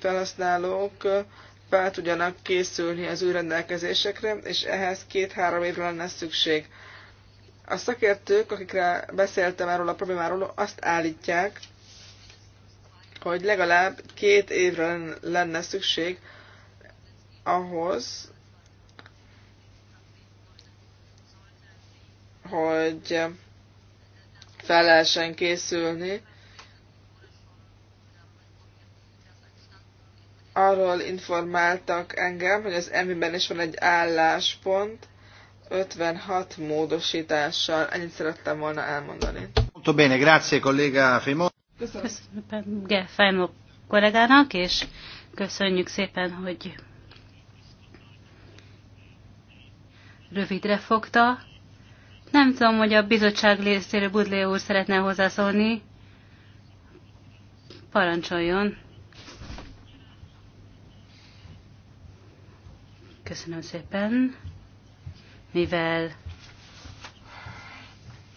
felhasználók fel tudjanak készülni az új rendelkezésekre, és ehhez két-három évre lenne szükség. A szakértők, akikre beszéltem erről a problémáról, azt állítják, hogy legalább két évre lenne szükség ahhoz, hogy fel lehessen készülni arról informáltak engem, hogy az EMI-ben is van egy álláspont, 56 módosítással. Ennyit szerettem volna elmondani. Molto bene, grazie collega Fimo. Köszönöm kollégának, és köszönjük szépen, hogy rövidre fogta. Nem tudom, hogy a bizottság részéről Budlé úr szeretne hozzászólni. Parancsoljon. Köszönöm szépen. Mivel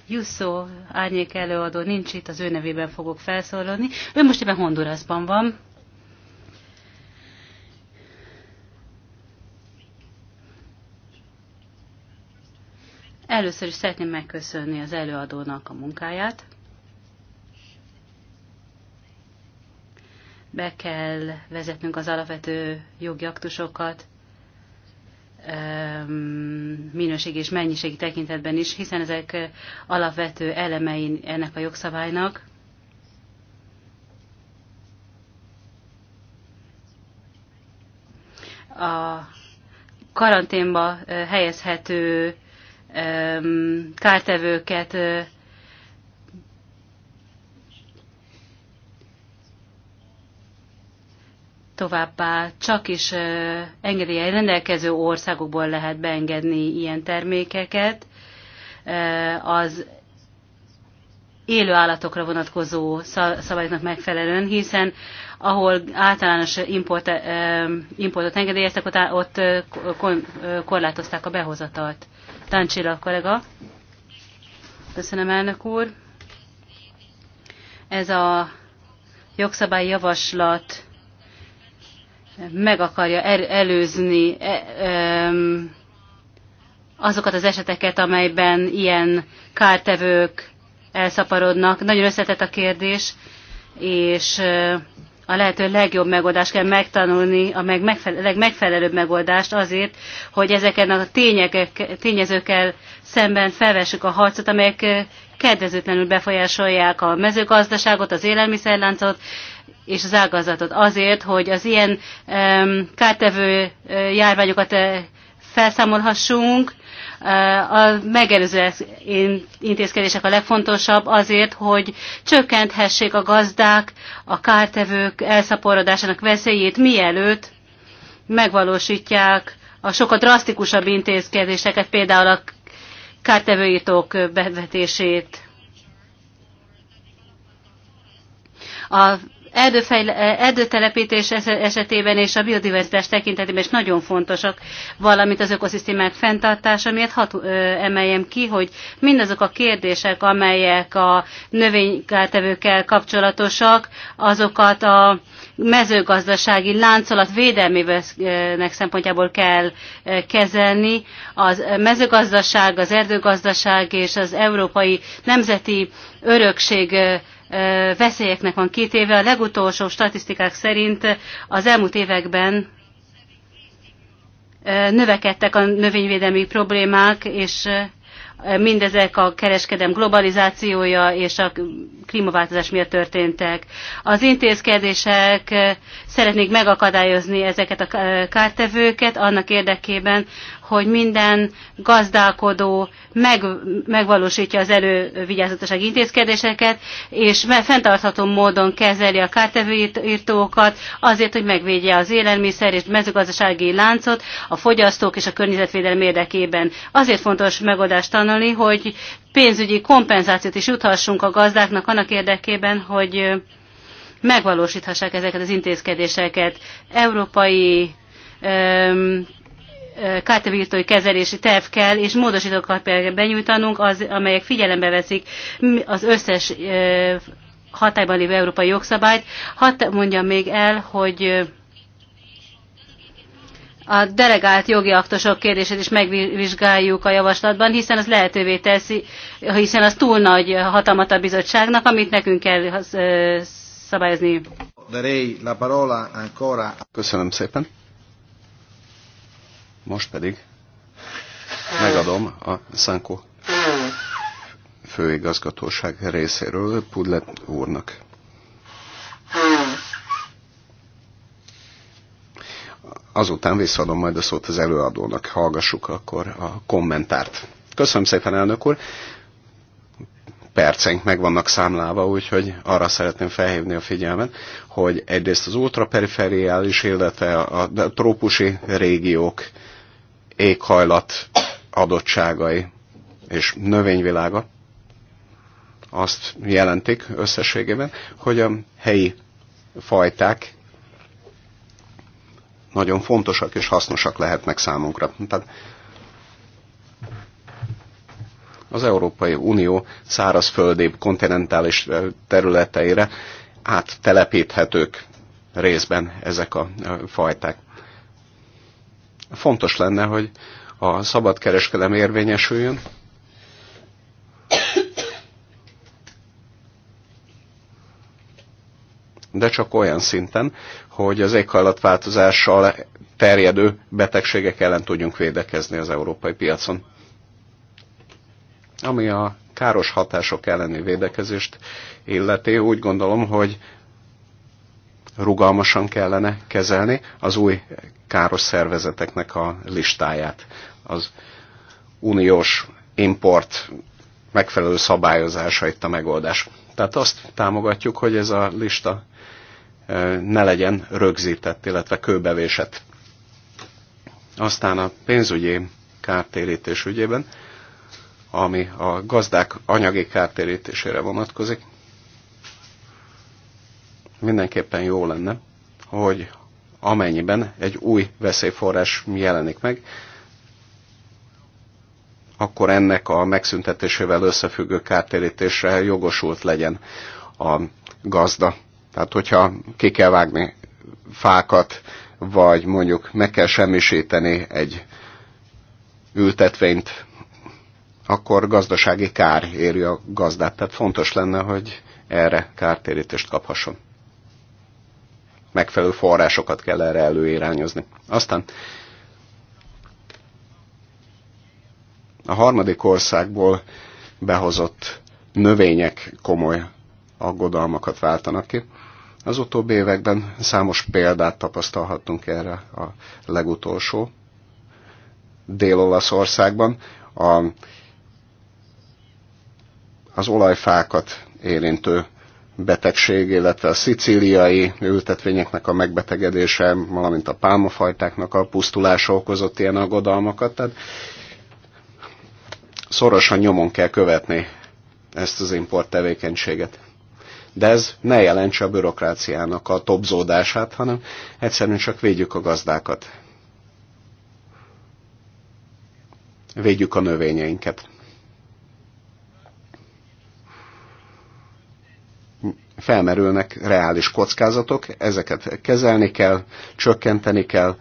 Jusszó árnyék előadó nincs itt, az ő nevében fogok felszólalni. Ő most éppen Hondurasban van. Először is szeretném megköszönni az előadónak a munkáját. Be kell vezetnünk az alapvető jogi aktusokat, minőségi és mennyiségi tekintetben is, hiszen ezek alapvető elemein ennek a jogszabálynak. A karanténba eh, helyezhető kártevőket eh, Továbbá csak is engedélye rendelkező országokból lehet beengedni ilyen termékeket. Az élő állatokra vonatkozó szabályoknak megfelelően, hiszen ahol általános import, importot engedélyeztek, ott, ott korlátozták a behozatalt. Táncsila kollega. Köszönöm, elnök úr. Ez a jogszabályjavaslat meg akarja er-, előzni e-, azokat az eseteket, amelyben ilyen kártevők elszaporodnak. Nagyon összetett a kérdés, és a lehető legjobb megoldást kell megtanulni, a meg legmegfelelőbb megoldást azért, hogy ezeken a tényekek, tényezőkkel szemben felvessük a harcot, amelyek kedvezőtlenül befolyásolják a mezőgazdaságot, az élelmiszerláncot, és az ágazatot azért, hogy az ilyen kártevő járványokat felszámolhassunk. A megelőző intézkedések a legfontosabb azért, hogy csökkenthessék a gazdák a kártevők elszaporodásának veszélyét, mielőtt megvalósítják a sokkal drasztikusabb intézkedéseket, például a kártevőítók bevetését. A erdőfejle, e, erdőtelepítés esetében és a biodiverzitás tekintetében is nagyon fontosak, valamint az ökoszisztémák fenntartása miatt hat emeljem ki, hogy mindazok a kérdések, amelyek a növénykártevőkkel kapcsolatosak, azokat a mezőgazdasági láncolat védelmének szempontjából kell e, kezelni. Az mezőgazdaság, az erdőgazdaság és az európai nemzeti örökség e, veszélyeknek van két éve. A legutolsó statisztikák szerint az elmúlt években növekedtek a növényvédelmi problémák, és mindezek a kereskedem globalizációja és a klímaváltozás miatt történtek. Az intézkedések szeretnék megakadályozni ezeket a kártevőket annak érdekében, hogy minden gazdálkodó meg, megvalósítja az elővigyázatosság intézkedéseket, és fenntartható módon kezeli a kártevőírtókat azért, hogy megvédje az élelmiszer és mezőgazdasági láncot a fogyasztók és a környezetvédelem érdekében. Azért fontos megoldást tanulni, hogy pénzügyi kompenzációt is juthassunk a gazdáknak annak érdekében, hogy megvalósíthassák ezeket az intézkedéseket. Európai kártyavírtói kezelési terv kell, és módosítókat kell benyújtanunk, az, amelyek figyelembe veszik az összes hatályban lévő európai jogszabályt. Hadd mondjam még el, hogy a delegált jogi aktusok kérdését is megvizsgáljuk a javaslatban, hiszen az lehetővé teszi, hiszen az túl nagy hatalmat a bizottságnak, amit nekünk kell szabályozni. Köszönöm szépen. Most pedig megadom a Szánkó főigazgatóság részéről Pudlet úrnak. Azután visszaadom majd a szót az előadónak, hallgassuk akkor a kommentárt. Köszönöm szépen, elnök úr! percenk meg vannak számlálva, úgyhogy arra szeretném felhívni a figyelmet, hogy egyrészt az ultraperiferiális, illetve a trópusi régiók éghajlat adottságai és növényvilága azt jelentik összességében, hogy a helyi fajták nagyon fontosak és hasznosak lehetnek számunkra. Tehát az Európai Unió szárazföldi kontinentális területeire áttelepíthetők részben ezek a fajták. Fontos lenne, hogy a szabad kereskedelem érvényesüljön. De csak olyan szinten, hogy az éghajlatváltozással terjedő betegségek ellen tudjunk védekezni az európai piacon. Ami a káros hatások elleni védekezést illeti, úgy gondolom, hogy rugalmasan kellene kezelni az új káros szervezeteknek a listáját. Az uniós import megfelelő szabályozása itt a megoldás. Tehát azt támogatjuk, hogy ez a lista ne legyen rögzített, illetve kőbevésett. Aztán a pénzügyi kártérítés ügyében, ami a gazdák anyagi kártérítésére vonatkozik, mindenképpen jó lenne, hogy amennyiben egy új veszélyforrás jelenik meg, akkor ennek a megszüntetésével összefüggő kártérítésre jogosult legyen a gazda. Tehát, hogyha ki kell vágni fákat, vagy mondjuk meg kell semmisíteni egy ültetvényt, akkor gazdasági kár éri a gazdát. Tehát fontos lenne, hogy erre kártérítést kaphasson megfelelő forrásokat kell erre előirányozni. Aztán a harmadik országból behozott növények komoly aggodalmakat váltanak ki. Az utóbbi években számos példát tapasztalhattunk erre a legutolsó. Dél-Olaszországban az olajfákat érintő betegség, illetve a szicíliai ültetvényeknek a megbetegedése, valamint a pálmafajtáknak a pusztulása okozott ilyen aggodalmakat. Tehát szorosan nyomon kell követni ezt az import tevékenységet. De ez ne jelentse a bürokráciának a topzódását, hanem egyszerűen csak védjük a gazdákat. Védjük a növényeinket. felmerülnek reális kockázatok, ezeket kezelni kell, csökkenteni kell,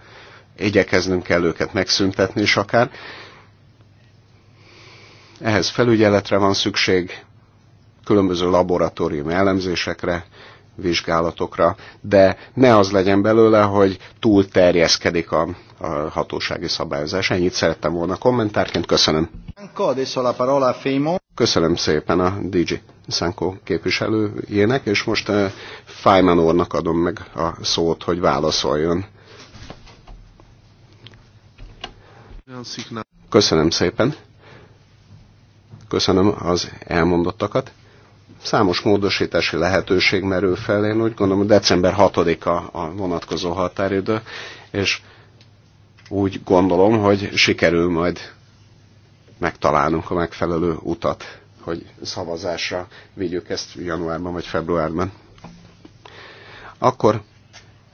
igyekeznünk kell őket megszüntetni is akár. Ehhez felügyeletre van szükség, különböző laboratóriumi elemzésekre, vizsgálatokra, de ne az legyen belőle, hogy túl terjeszkedik a, a hatósági szabályozás. Ennyit szerettem volna kommentárként, köszönöm. Köszönöm szépen a DJ Szenko képviselőjének, és most eh, Fájman úrnak adom meg a szót, hogy válaszoljon. Köszönöm szépen. Köszönöm az elmondottakat. Számos módosítási lehetőség merül fel, én úgy gondolom, december 6-a a vonatkozó határidő, és úgy gondolom, hogy sikerül majd megtalálnunk a megfelelő utat, hogy szavazásra vigyük ezt januárban vagy februárban. Akkor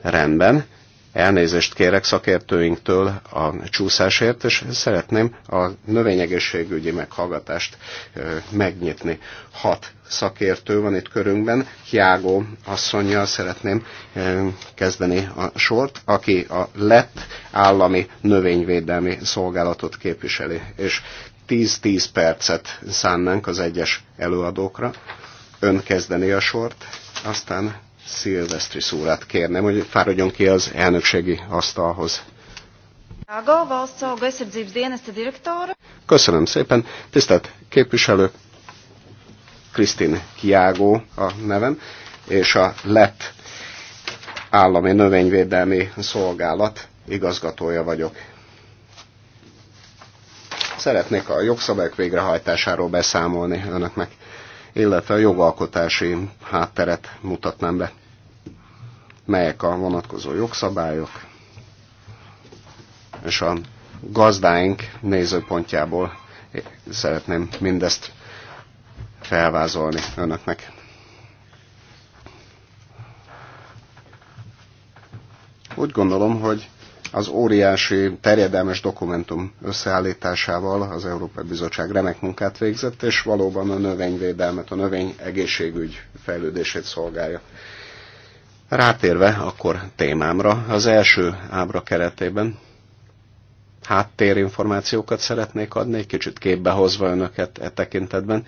rendben, elnézést kérek szakértőinktől a csúszásért, és szeretném a növényegészségügyi meghallgatást megnyitni. Hat szakértő van itt körünkben. Kiágó asszonyjal szeretném kezdeni a sort, aki a lett állami növényvédelmi szolgálatot képviseli, és 10-10 percet szánnánk az egyes előadókra. Ön kezdené a sort, aztán Szilvesztri szórát kérnem, hogy fáradjon ki az elnökségi asztalhoz. Köszönöm szépen. Tisztelt képviselő, Krisztin Kiágó a nevem, és a lett állami növényvédelmi szolgálat igazgatója vagyok. Szeretnék a jogszabályok végrehajtásáról beszámolni önöknek, illetve a jogalkotási hátteret mutatnám be. Melyek a vonatkozó jogszabályok, és a gazdáink nézőpontjából szeretném mindezt felvázolni önöknek. Úgy gondolom, hogy az óriási terjedelmes dokumentum összeállításával az Európai Bizottság remek munkát végzett, és valóban a növényvédelmet, a növény egészségügy fejlődését szolgálja. Rátérve akkor témámra, az első ábra keretében háttérinformációkat szeretnék adni, egy kicsit képbe hozva önöket e tekintetben.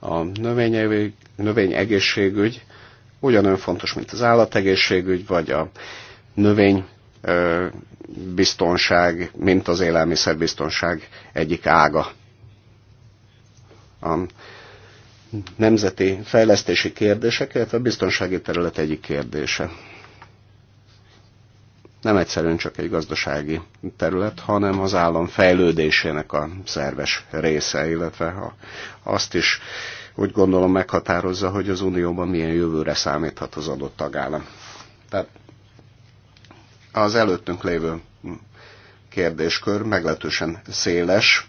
A növényegészségügy ugyanolyan fontos, mint az állategészségügy, vagy a növény biztonság, mint az élelmiszerbiztonság egyik ága. A nemzeti fejlesztési kérdések, illetve a biztonsági terület egyik kérdése. Nem egyszerűen csak egy gazdasági terület, hanem az állam fejlődésének a szerves része, illetve azt is úgy gondolom meghatározza, hogy az Unióban milyen jövőre számíthat az adott tagállam. Tehát az előttünk lévő kérdéskör meglehetősen széles.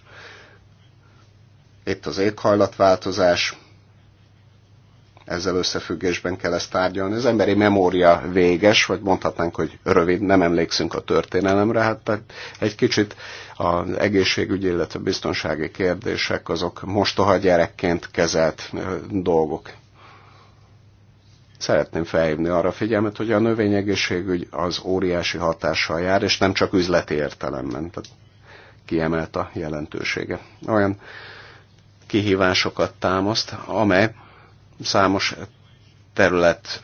Itt az éghajlatváltozás, ezzel összefüggésben kell ezt tárgyalni. Az emberi memória véges, vagy mondhatnánk, hogy rövid, nem emlékszünk a történelemre, hát egy kicsit az egészségügyi, illetve biztonsági kérdések azok mostoha gyerekként kezelt dolgok. Szeretném felhívni arra a figyelmet, hogy a növényegészségügy az óriási hatással jár, és nem csak üzleti értelemben, tehát kiemelt a jelentősége. Olyan kihívásokat támaszt, amely számos terület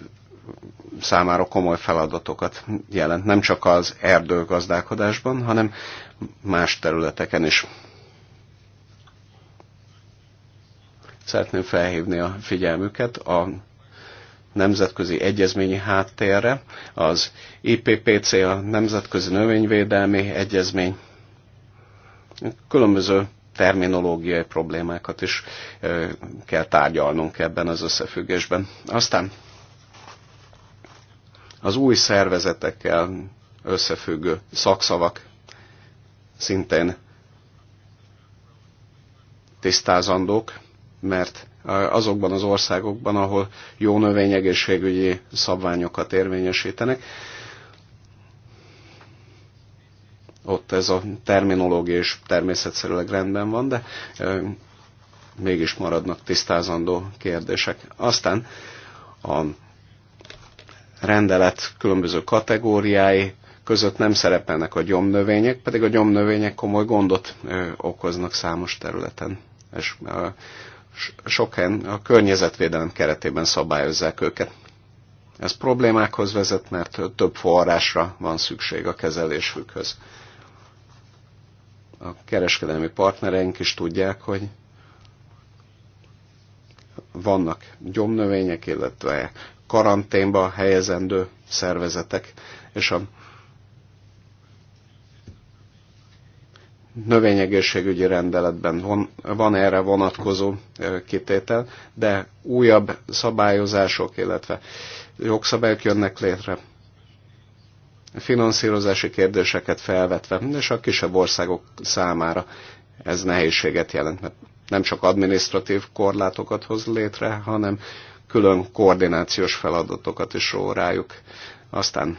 számára komoly feladatokat jelent, nem csak az erdőgazdálkodásban, hanem más területeken is. Szeretném felhívni a figyelmüket a nemzetközi egyezményi háttérre, az IPPC, a Nemzetközi Növényvédelmi Egyezmény különböző terminológiai problémákat is kell tárgyalnunk ebben az összefüggésben. Aztán az új szervezetekkel összefüggő szakszavak szintén tisztázandók, mert azokban az országokban, ahol jó növényegészségügyi szabványokat érvényesítenek. Ott ez a terminológia is természetszerűleg rendben van, de mégis maradnak tisztázandó kérdések. Aztán a rendelet különböző kategóriái között nem szerepelnek a gyomnövények, pedig a gyomnövények komoly gondot okoznak számos területen. És sok helyen a környezetvédelem keretében szabályozzák őket. Ez problémákhoz vezet, mert több forrásra van szükség a kezelésükhöz. A kereskedelmi partnereink is tudják, hogy vannak gyomnövények, illetve karanténba helyezendő szervezetek, és a növényegészségügyi rendeletben van, van erre vonatkozó kitétel, de újabb szabályozások, illetve jogszabályok jönnek létre finanszírozási kérdéseket felvetve, és a kisebb országok számára ez nehézséget jelent, mert nem csak administratív korlátokat hoz létre, hanem külön koordinációs feladatokat is ró rájuk. Aztán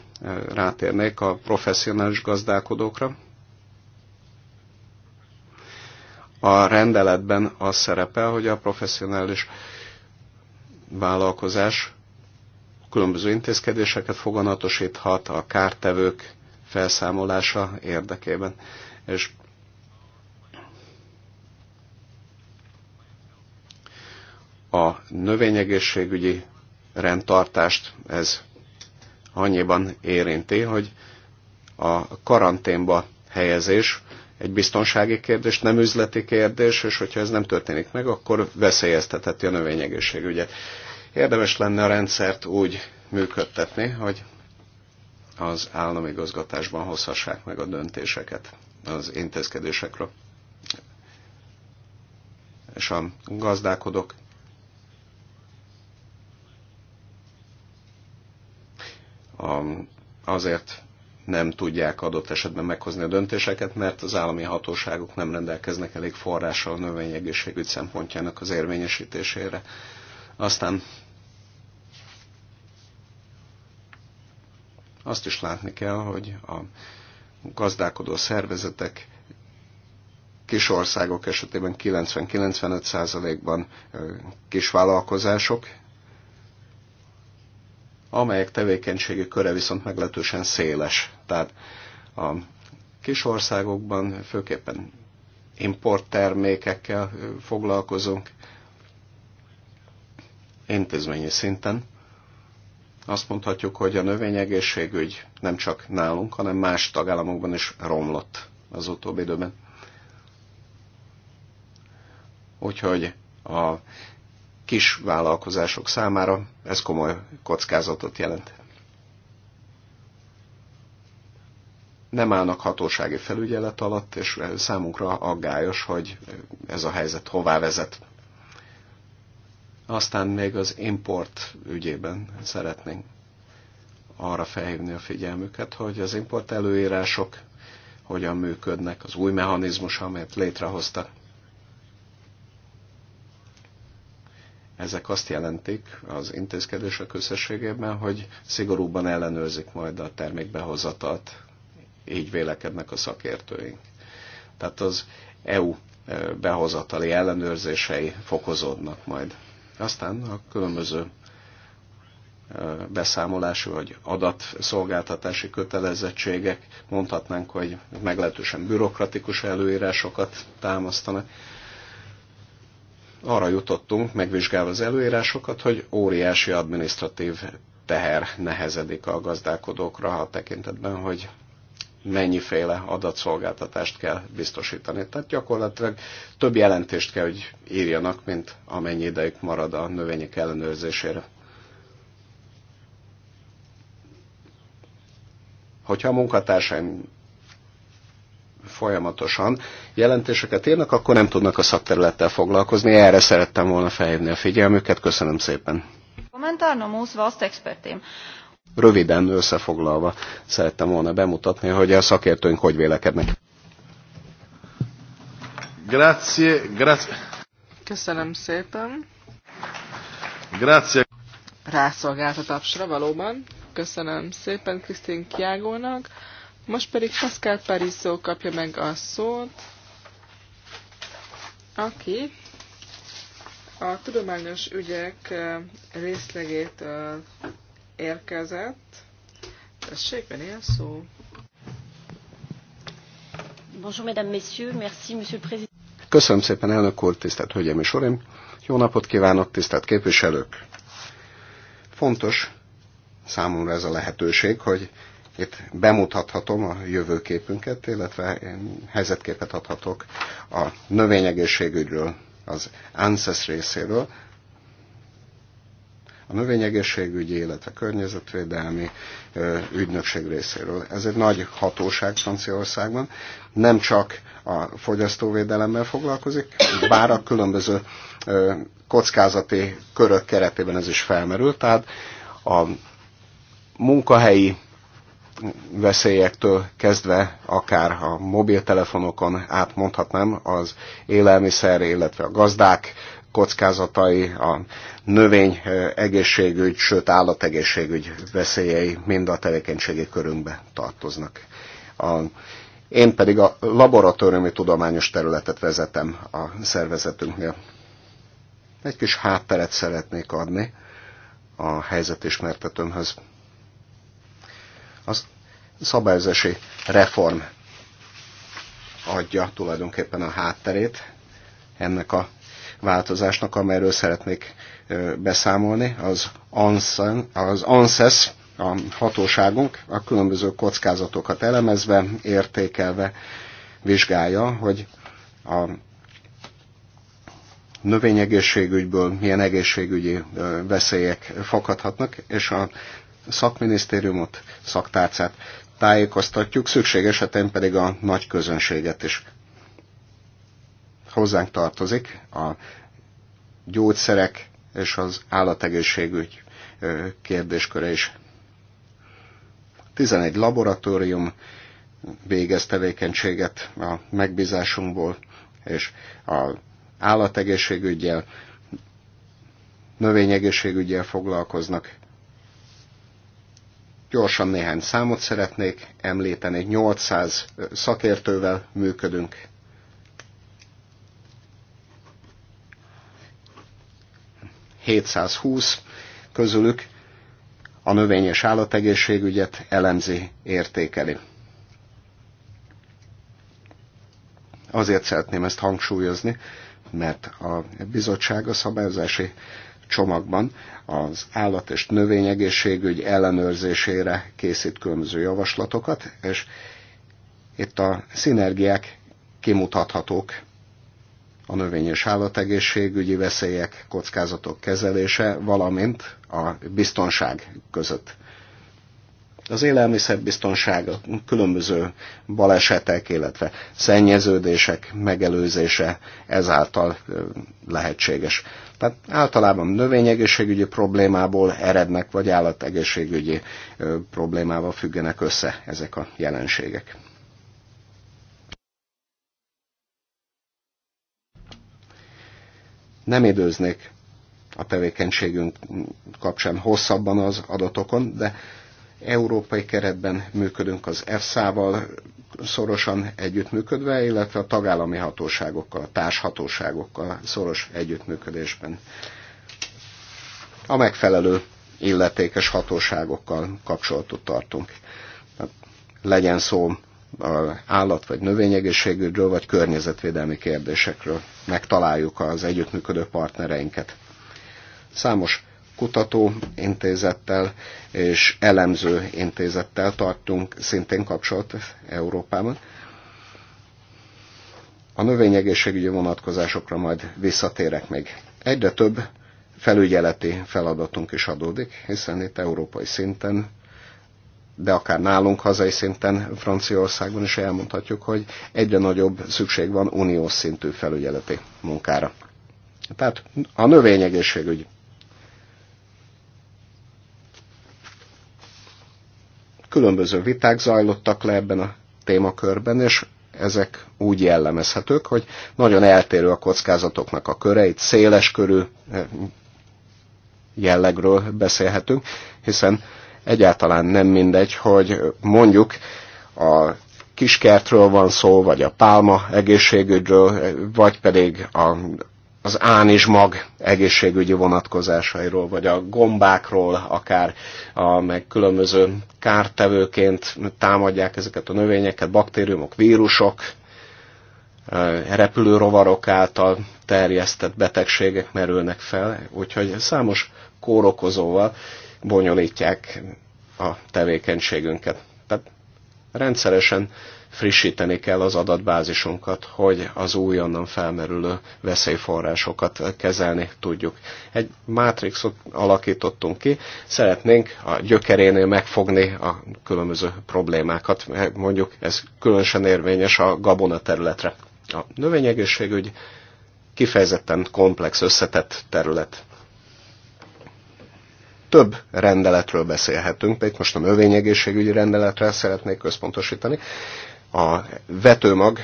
rátérnék a professzionális gazdálkodókra, A rendeletben az szerepel, hogy a professzionális vállalkozás különböző intézkedéseket foganatosíthat a kártevők felszámolása érdekében. És a növényegészségügyi rendtartást ez annyiban érinti, hogy a karanténba helyezés egy biztonsági kérdés, nem üzleti kérdés, és hogyha ez nem történik meg, akkor veszélyeztetheti a növényegészségügyet. Érdemes lenne a rendszert úgy működtetni, hogy az állami igazgatásban hozhassák meg a döntéseket az intézkedésekről. És a gazdálkodók azért nem tudják adott esetben meghozni a döntéseket, mert az állami hatóságok nem rendelkeznek elég forrással a növényegészségügy szempontjának az érvényesítésére. Aztán azt is látni kell, hogy a gazdálkodó szervezetek kis országok esetében 90-95%-ban kis vállalkozások, amelyek tevékenységi köre viszont meglehetősen széles. Tehát a kis országokban főképpen importtermékekkel foglalkozunk intézményi szinten. Azt mondhatjuk, hogy a növényegészségügy nem csak nálunk, hanem más tagállamokban is romlott az utóbbi időben. Úgyhogy a kis vállalkozások számára ez komoly kockázatot jelent. Nem állnak hatósági felügyelet alatt, és számunkra aggályos, hogy ez a helyzet hová vezet. Aztán még az import ügyében szeretnénk arra felhívni a figyelmüket, hogy az import előírások hogyan működnek, az új mechanizmus, amelyet létrehoztak Ezek azt jelentik az intézkedések összességében, hogy szigorúban ellenőrzik majd a termékbehozatat, így vélekednek a szakértőink. Tehát az EU e, behozatali ellenőrzései fokozódnak majd. Aztán a különböző e, beszámolási vagy adatszolgáltatási kötelezettségek, mondhatnánk, hogy meglehetősen bürokratikus előírásokat támasztanak, arra jutottunk, megvizsgálva az előírásokat, hogy óriási administratív teher nehezedik a gazdálkodókra a tekintetben, hogy mennyiféle adatszolgáltatást kell biztosítani. Tehát gyakorlatilag több jelentést kell, hogy írjanak, mint amennyi idejük marad a növények ellenőrzésére. Hogyha a munkatársaim folyamatosan jelentéseket írnak, akkor nem tudnak a szakterülettel foglalkozni. Erre szerettem volna felhívni a figyelmüket. Köszönöm szépen. Röviden összefoglalva szerettem volna bemutatni, hogy a szakértőink hogy vélekednek. Grazie, grazie. Köszönöm szépen. Grazie. Rászolgált a tapsra, valóban. Köszönöm szépen Krisztin Kiágónak. Most pedig Pascal Parisot kapja meg a szót, aki a tudományos ügyek részlegét érkezett. Tessék, benne a szó. Bonjour, mesdames, messieurs, merci, monsieur le président. Köszönöm szépen, elnök úr, tisztelt hölgyeim és uraim! Jó napot kívánok, tisztelt képviselők! Fontos számomra ez a lehetőség, hogy itt bemutathatom a jövőképünket, illetve én helyzetképet adhatok a növényegészségügyről, az ANSES részéről. A növényegészségügyi, illetve környezetvédelmi ügynökség részéről. Ez egy nagy hatóság Franciaországban. Nem csak a fogyasztóvédelemmel foglalkozik, bár a különböző kockázati körök keretében ez is felmerült. Tehát a munkahelyi veszélyektől kezdve akár a mobiltelefonokon átmondhatnám az élelmiszer, illetve a gazdák kockázatai, a növény egészségügy, sőt állategészségügy veszélyei mind a tevékenységi körünkbe tartoznak. A, én pedig a laboratóriumi tudományos területet vezetem a szervezetünknél. Egy kis hátteret szeretnék adni a helyzetismertetőmhöz. Az szabályozási reform adja tulajdonképpen a hátterét ennek a változásnak, amelyről szeretnék beszámolni, az, ANSEN, az ANSES, a hatóságunk a különböző kockázatokat elemezve, értékelve vizsgálja, hogy a növényegészségügyből milyen egészségügyi veszélyek fakadhatnak, és a szakminisztériumot, szaktárcát tájékoztatjuk, szükség esetén pedig a nagy közönséget is. Hozzánk tartozik a gyógyszerek és az állategészségügy kérdésköre is. 11 laboratórium végez tevékenységet a megbízásunkból, és az állategészségügyjel, növényegészségügyjel foglalkoznak, Gyorsan néhány számot szeretnék említeni. 800 szakértővel működünk. ...720 közülük a növény- és állategészségügyet elemzi, értékeli. Azért szeretném ezt hangsúlyozni, mert a bizottság a szabályozási csomagban az állat és növényegészségügy ellenőrzésére készít különböző javaslatokat, és itt a szinergiák kimutathatók a növény- és állategészségügyi veszélyek, kockázatok kezelése, valamint a biztonság között az élelmiszerbiztonsága, különböző balesetek, illetve szennyeződések megelőzése ezáltal lehetséges. Tehát általában növényegészségügyi problémából erednek, vagy állategészségügyi problémával függenek össze ezek a jelenségek. Nem időznék a tevékenységünk kapcsán hosszabban az adatokon, de európai keretben működünk az EFSA-val szorosan együttműködve, illetve a tagállami hatóságokkal, a társhatóságokkal szoros együttműködésben. A megfelelő illetékes hatóságokkal kapcsolatot tartunk. Legyen szó állat- vagy növényegészségügyről, vagy környezetvédelmi kérdésekről. Megtaláljuk az együttműködő partnereinket. Számos kutató intézettel és elemző intézettel tartunk szintén kapcsolat Európában. A növényegészségügyi vonatkozásokra majd visszatérek még. Egyre több felügyeleti feladatunk is adódik, hiszen itt európai szinten, de akár nálunk hazai szinten, Franciaországban is elmondhatjuk, hogy egyre nagyobb szükség van uniós szintű felügyeleti munkára. Tehát a növényegészségügy Különböző viták zajlottak le ebben a témakörben, és ezek úgy jellemezhetők, hogy nagyon eltérő a kockázatoknak a köre, itt széles körű eh, jellegről beszélhetünk, hiszen egyáltalán nem mindegy, hogy mondjuk a kiskertről van szó, vagy a pálma egészségügyről, eh, vagy pedig a az ánizsmag egészségügyi vonatkozásairól, vagy a gombákról, akár a, meg különböző kártevőként támadják ezeket a növényeket, baktériumok, vírusok, repülő rovarok által terjesztett betegségek merülnek fel, úgyhogy számos kórokozóval bonyolítják a tevékenységünket. Tehát rendszeresen frissíteni kell az adatbázisunkat, hogy az újonnan felmerülő veszélyforrásokat kezelni tudjuk. Egy mátrixot alakítottunk ki, szeretnénk a gyökerénél megfogni a különböző problémákat, mondjuk ez különösen érvényes a gabona területre. A növényegészségügy kifejezetten komplex, összetett terület több rendeletről beszélhetünk, de itt most a növényegészségügyi rendeletre szeretnék központosítani. A vetőmag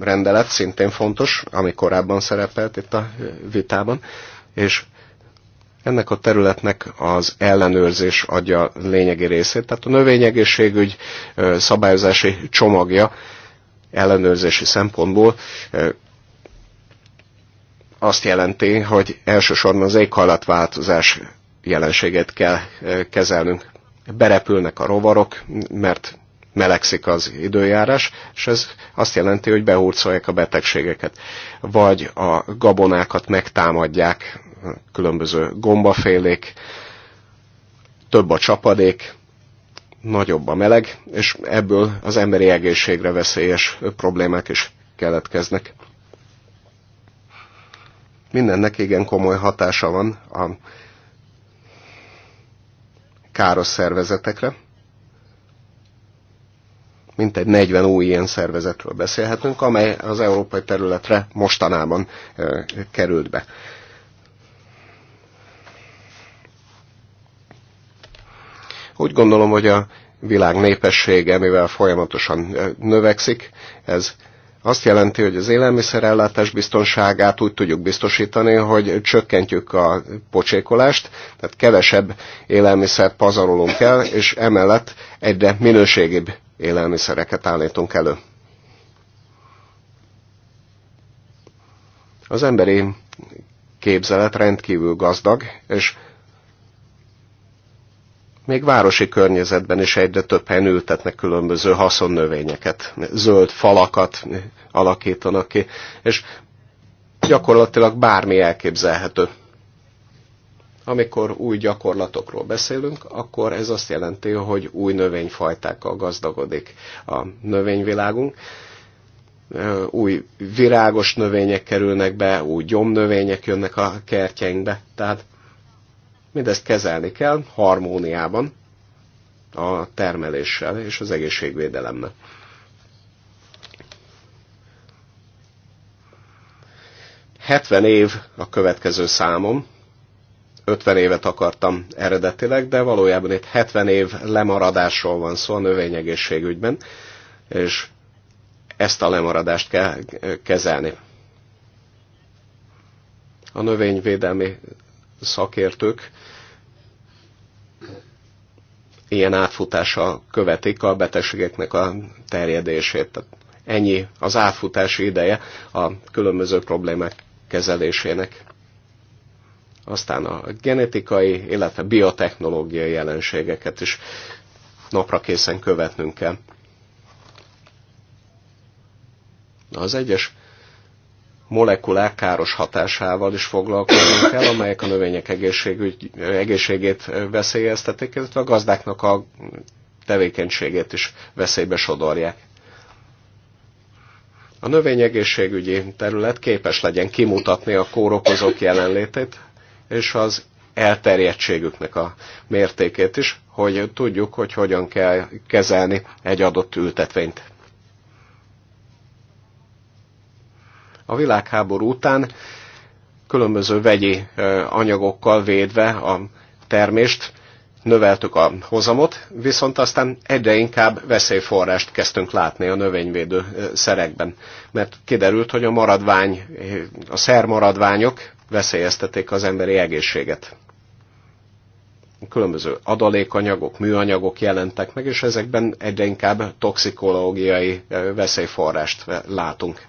rendelet szintén fontos, ami korábban szerepelt itt a vitában, és ennek a területnek az ellenőrzés adja lényegi részét. Tehát a növényegészségügy szabályozási csomagja ellenőrzési szempontból azt jelenti, hogy elsősorban az éghajlatváltozás jelenséget kell kezelnünk. Berepülnek a rovarok, mert melegszik az időjárás, és ez azt jelenti, hogy behurcolják a betegségeket. Vagy a gabonákat megtámadják különböző gombafélék, több a csapadék, nagyobb a meleg, és ebből az emberi egészségre veszélyes problémák is keletkeznek. Mindennek igen komoly hatása van a káros szervezetekre, mintegy 40 új ilyen szervezetről beszélhetünk, amely az európai területre mostanában került be. Úgy gondolom, hogy a világ népessége, mivel folyamatosan növekszik, ez azt jelenti, hogy az élelmiszerellátás biztonságát úgy tudjuk biztosítani, hogy csökkentjük a pocsékolást, tehát kevesebb élelmiszert pazarolunk el, és emellett egyre minőségibb élelmiszereket állítunk elő. Az emberi képzelet rendkívül gazdag, és még városi környezetben is egyre több helyen ültetnek különböző haszonnövényeket, zöld falakat alakítanak ki, és gyakorlatilag bármi elképzelhető. Amikor új gyakorlatokról beszélünk, akkor ez azt jelenti, hogy új növényfajtákkal gazdagodik a növényvilágunk. Új virágos növények kerülnek be, új gyomnövények jönnek a kertjeinkbe. Tehát Mindezt kezelni kell harmóniában a termeléssel és az egészségvédelemmel. Hetven év a következő számom, 50 évet akartam eredetileg, de valójában itt 70 év lemaradásról van szó a növényegészségügyben, és ezt a lemaradást kell kezelni. A növényvédelmi szakértők ilyen átfutással követik a betegségeknek a terjedését. Tehát ennyi az átfutási ideje a különböző problémák kezelésének. Aztán a genetikai, illetve biotechnológiai jelenségeket is napra készen követnünk kell. Az egyes molekulák káros hatásával is foglalkozunk, kell, amelyek a növények egészségügy, egészségét veszélyeztetik, illetve a gazdáknak a tevékenységét is veszélybe sodorják. A növényegészségügyi terület képes legyen kimutatni a kórokozók jelenlétét, és az elterjedtségüknek a mértékét is, hogy tudjuk, hogy hogyan kell kezelni egy adott ültetvényt. A világháború után különböző vegyi anyagokkal védve a termést növeltük a hozamot, viszont aztán egyre inkább veszélyforrást kezdtünk látni a növényvédő szerekben, mert kiderült, hogy a maradvány, a szermaradványok veszélyeztették az emberi egészséget. Különböző adalékanyagok, műanyagok jelentek meg, és ezekben egyre inkább toxikológiai veszélyforrást látunk.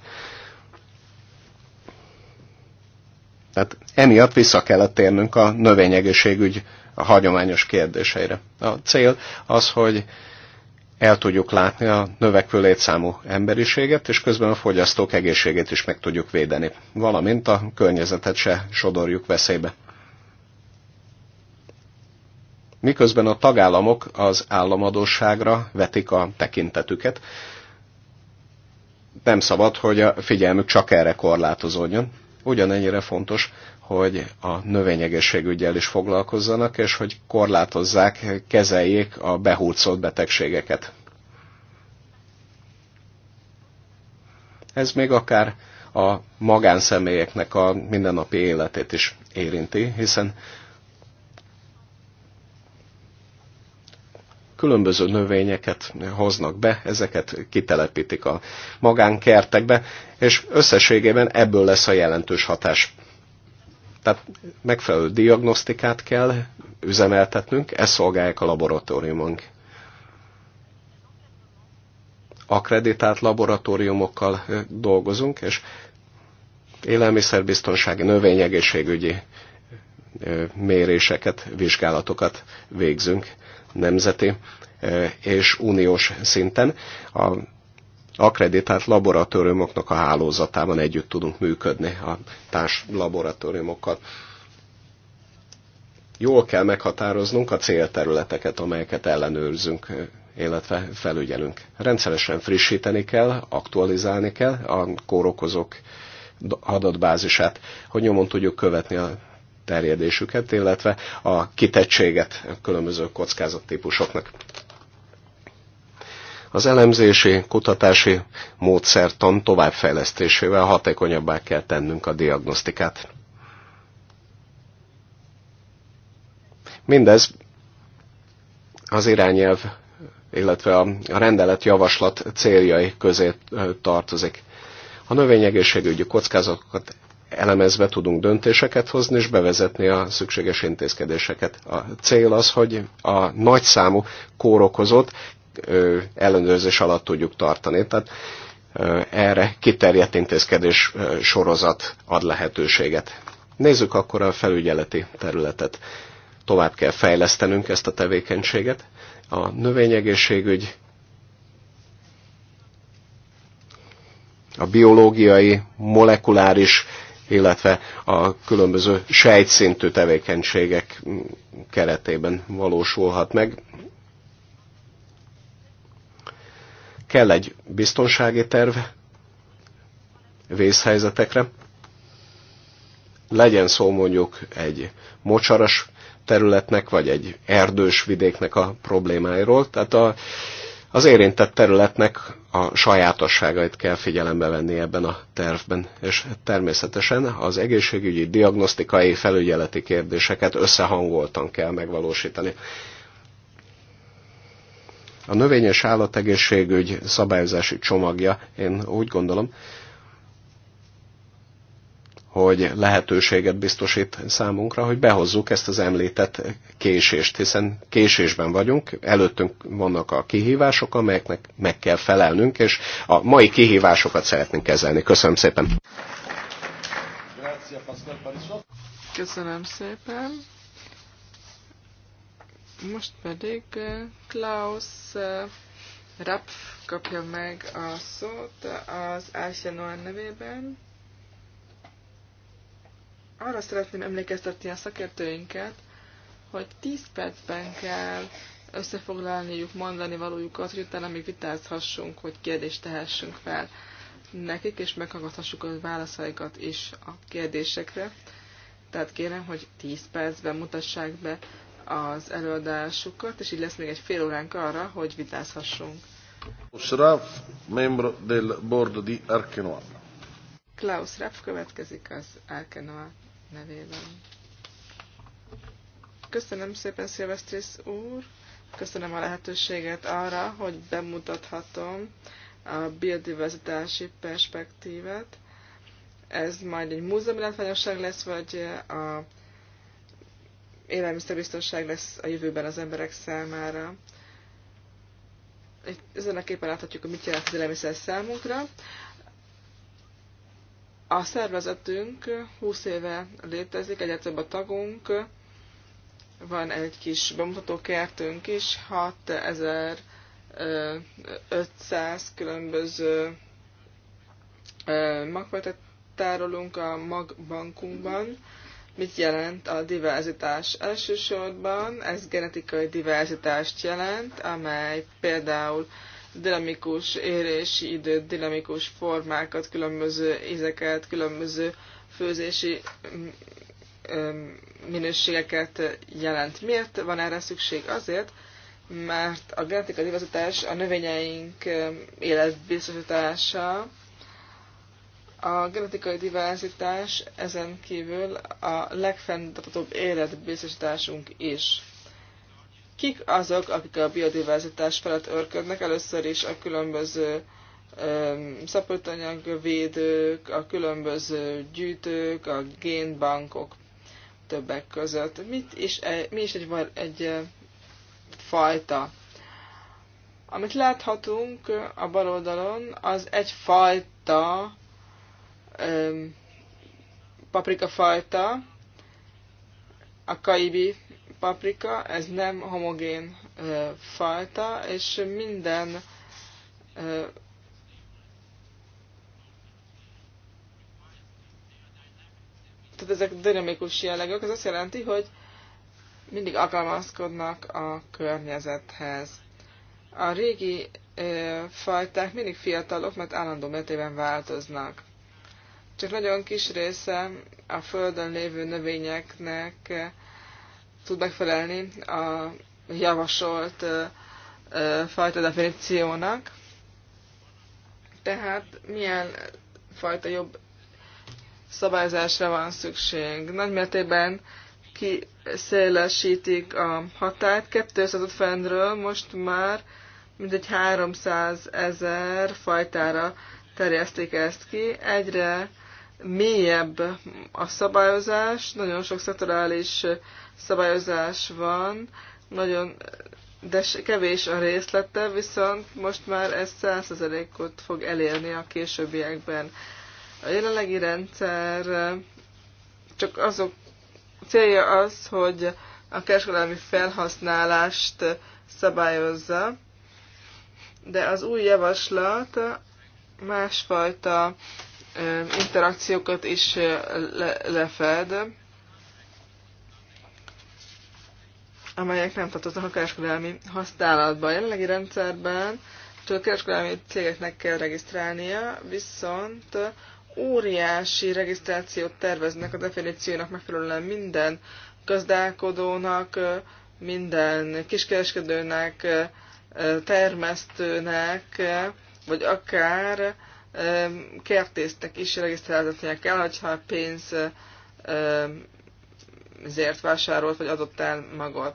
Tehát emiatt vissza kellett térnünk a növényegészségügy a hagyományos kérdéseire. A cél az, hogy el tudjuk látni a növekvő létszámú emberiséget, és közben a fogyasztók egészségét is meg tudjuk védeni, valamint a környezetet se sodorjuk veszélybe. Miközben a tagállamok az államadóságra vetik a tekintetüket, nem szabad, hogy a figyelmük csak erre korlátozódjon, ugyanennyire fontos, hogy a növényegészségügyel is foglalkozzanak, és hogy korlátozzák, kezeljék a behúzott betegségeket. Ez még akár a magánszemélyeknek a mindennapi életét is érinti, hiszen különböző növényeket hoznak be, ezeket kitelepítik a magánkertekbe, és összességében ebből lesz a jelentős hatás. Tehát megfelelő diagnosztikát kell üzemeltetnünk, ezt szolgálják a laboratóriumunk. Akreditált laboratóriumokkal dolgozunk, és élelmiszerbiztonsági, növényegészségügyi méréseket, vizsgálatokat végzünk nemzeti e, és uniós szinten a akreditált laboratóriumoknak a hálózatában együtt tudunk működni a társ laboratóriumokkal. Jól kell meghatároznunk a célterületeket, amelyeket ellenőrzünk, e, illetve felügyelünk. Rendszeresen frissíteni kell, aktualizálni kell a kórokozók adatbázisát, hogy nyomon tudjuk követni a terjedésüket, illetve a kitettséget a különböző kockázattípusoknak. Az elemzési, kutatási módszertan továbbfejlesztésével hatékonyabbá kell tennünk a diagnosztikát. Mindez az irányelv, illetve a rendelet javaslat céljai közé tartozik. A növényegészségügyi kockázatokat elemezve tudunk döntéseket hozni és bevezetni a szükséges intézkedéseket. A cél az, hogy a nagyszámú kórokozót ellenőrzés alatt tudjuk tartani. Tehát erre kiterjedt intézkedés sorozat ad lehetőséget. Nézzük akkor a felügyeleti területet. Tovább kell fejlesztenünk ezt a tevékenységet. A növényegészségügy, a biológiai, molekuláris illetve a különböző sejtszintű tevékenységek keretében valósulhat meg. Kell egy biztonsági terv vészhelyzetekre. Legyen szó mondjuk egy mocsaras területnek, vagy egy erdős vidéknek a problémáiról. Tehát a, az érintett területnek a sajátosságait kell figyelembe venni ebben a tervben, és természetesen az egészségügyi, diagnosztikai, felügyeleti kérdéseket összehangoltan kell megvalósítani. A növényes állategészségügy szabályozási csomagja, én úgy gondolom, hogy lehetőséget biztosít számunkra, hogy behozzuk ezt az említett késést, hiszen késésben vagyunk, előttünk vannak a kihívások, amelyeknek meg kell felelnünk, és a mai kihívásokat szeretnénk kezelni. Köszönöm szépen! Köszönöm szépen! Most pedig eh, Klaus eh, Rapf kapja meg a szót az Ásia Noel nevében arra szeretném emlékeztetni a szakértőinket, hogy 10 percben kell összefoglalniuk, mondani valójukat, hogy utána még vitázhassunk, hogy kérdést tehessünk fel nekik, és meghallgathassuk a válaszaikat is a kérdésekre. Tehát kérem, hogy 10 percben mutassák be az előadásukat, és így lesz még egy fél óránk arra, hogy vitázhassunk. Raff, membro del board di Arkenoa. Klaus Raff következik az Arkenoa nevében. Köszönöm szépen, Szilvesztris úr! Köszönöm a lehetőséget arra, hogy bemutathatom a biodiverzitási perspektívet. Ez majd egy múzeum látványosság lesz, vagy a élelmiszerbiztonság lesz a jövőben az emberek számára. Itt ezen a képen láthatjuk, hogy mit jelent az élelmiszer számunkra. A szervezetünk 20 éve létezik, egyetőbb a tagunk, van egy kis kertünk is, 6500 különböző magvetet tárolunk a magbankunkban. Mit jelent a diverzitás? Elsősorban ez genetikai diverzitást jelent, amely például dinamikus érési időt, dinamikus formákat, különböző ízeket, különböző főzési mm, mm, minőségeket jelent. Miért van erre szükség? Azért, mert a genetikai igazítás a növényeink mm, életbiztosítása, a genetikai diverzitás ezen kívül a legfenntartatóbb életbiztosításunk is. Kik azok, akik a biodiverzitás felett örködnek? Először is a különböző szaporítanyagvédők, a különböző gyűjtők, a génbankok többek között. Mit is, e, mi is egy, egy fajta? Amit láthatunk a bal oldalon, az egyfajta paprikafajta, a kaibi paprika, ez nem homogén ö, fajta, és minden ö, tehát ezek dinamikus jellegek, ez azt jelenti, hogy mindig alkalmazkodnak a környezethez. A régi ö, fajták mindig fiatalok, mert állandó mértékben változnak. Csak nagyon kis része a földön lévő növényeknek tud megfelelni a javasolt fajta definíciónak. Tehát milyen fajta jobb szabályzásra van szükség. Nagy mértékben kiszélesítik a határt. 250-ről most már mintegy 300 ezer fajtára terjesztik ezt ki. Egyre mélyebb a szabályozás, nagyon sok szektorális szabályozás van, nagyon de kevés a részlete, viszont most már ez 100%-ot fog elérni a későbbiekben. A jelenlegi rendszer csak azok célja az, hogy a kereskedelmi felhasználást szabályozza, de az új javaslat másfajta interakciókat is lefed. amelyek nem tartoznak a kereskedelmi használatba. A jelenlegi rendszerben a kereskedelmi cégeknek kell regisztrálnia, viszont óriási regisztrációt terveznek a definíciónak megfelelően minden gazdálkodónak, minden kiskereskedőnek, termesztőnek, vagy akár kertésznek is regisztráltatnia kell, hogyha pénz ezért vásárolt vagy adott el magad.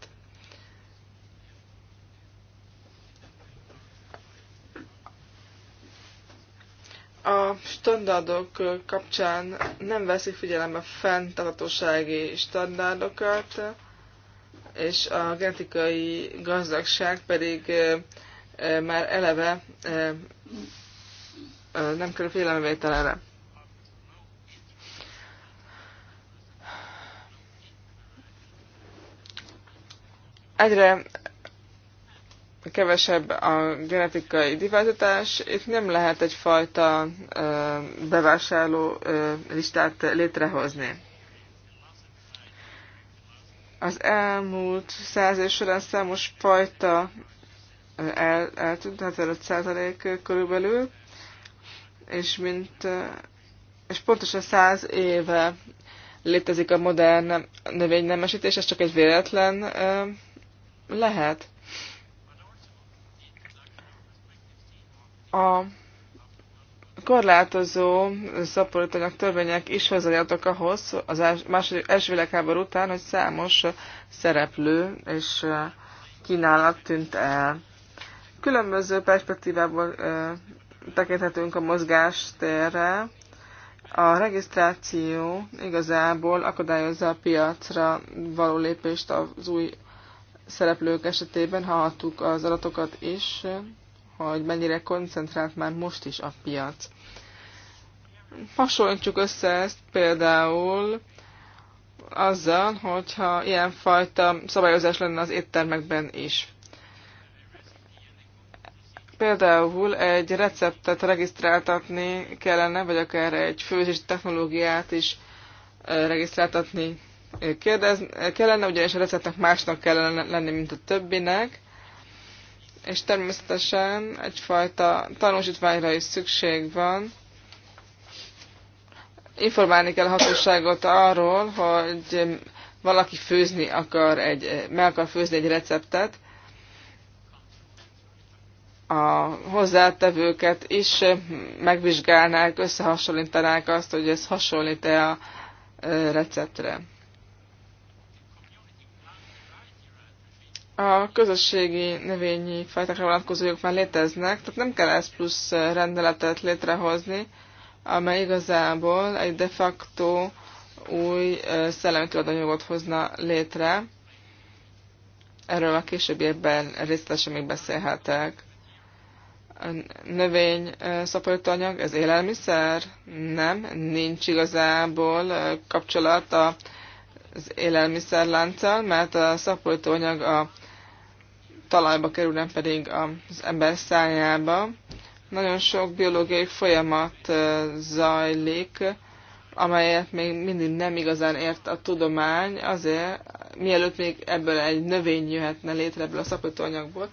A standardok kapcsán nem veszik figyelembe fenntartatósági standardokat, és a genetikai gazdagság pedig már eleve nem kerül félelmevételre. egyre kevesebb a genetikai diverzitás, itt nem lehet egyfajta ö, bevásárló ö, listát létrehozni. Az elmúlt száz év során számos fajta el, eltűnt, előtt százalék körülbelül, és mint és pontosan száz éve létezik a modern növénynemesítés, ez csak egy véletlen lehet. A korlátozó szaporítanak törvények is hozzájátok ahhoz az második, első világháború után, hogy számos szereplő és kínálat tűnt el. Különböző perspektívából ö, tekinthetünk a mozgástérre. A regisztráció igazából akadályozza a piacra való lépést az új szereplők esetében hallhattuk az adatokat is, hogy mennyire koncentrált már most is a piac. Hasonlítsuk össze ezt például azzal, hogyha ilyenfajta szabályozás lenne az éttermekben is. Például egy receptet regisztráltatni kellene, vagy akár egy főzés technológiát is eh, regisztráltatni kérdez, kellene, ugyanis a receptnek másnak kellene lenni, mint a többinek, és természetesen egyfajta tanúsítványra is szükség van. Informálni kell a hatóságot arról, hogy valaki főzni akar egy, meg akar főzni egy receptet, a hozzátevőket is megvizsgálnák, összehasonlítanák azt, hogy ez hasonlít-e a receptre. a közösségi növényi fajtákra vonatkozó jogok már léteznek, tehát nem kell ezt plusz rendeletet létrehozni, amely igazából egy de facto új szellemi tulajdonjogot hozna létre. Erről a évben részletesen még beszélhetek. A növény szaporítóanyag, ez élelmiszer? Nem, nincs igazából kapcsolat az élelmiszerlánccal, mert a szaporítóanyag a talajba kerül, nem pedig az ember szájába. Nagyon sok biológiai folyamat zajlik, amelyet még mindig nem igazán ért a tudomány, azért, mielőtt még ebből egy növény jöhetne létre ebből a szapítóanyagból.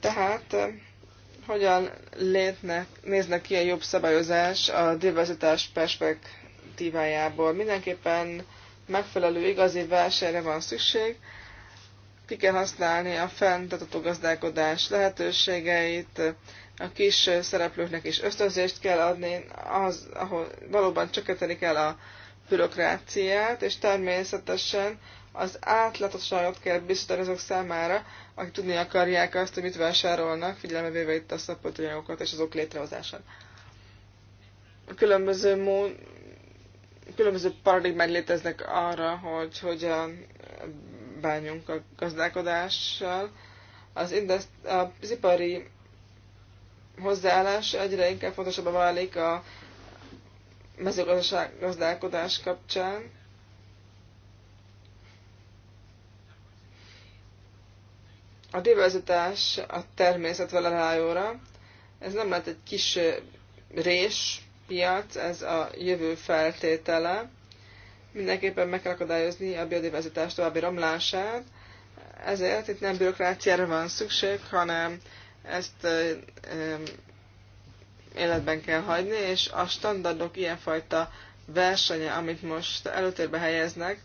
Tehát hogyan létnek, néznek ki a jobb szabályozás a diverzitás perspektívájából. Mindenképpen megfelelő igazi versenyre van szükség, ki kell használni a fenntartató gazdálkodás lehetőségeit, a kis szereplőknek is ösztönzést kell adni, az, ahol valóban csökkenteni kell a bürokráciát, és természetesen az átlatosságot kell biztosítani azok számára, akik tudni akarják azt, hogy mit vásárolnak, figyelembe véve itt a szapotanyagokat és azok létrehozását. A különböző mód, különböző paradigmák léteznek arra, hogy hogyan bánjunk a gazdálkodással. Az, indeszt, az ipari hozzáállás egyre inkább fontosabbá válik a mezőgazdaság gazdálkodás kapcsán. A diverzitás a természet rájóra. Ez nem lehet egy kis rés piac, ez a jövő feltétele. Mindenképpen meg kell akadályozni a biodiverzitás további romlását, ezért itt nem bürokráciára van szükség, hanem ezt életben kell hagyni, és a standardok ilyenfajta versenye, amit most előtérbe helyeznek,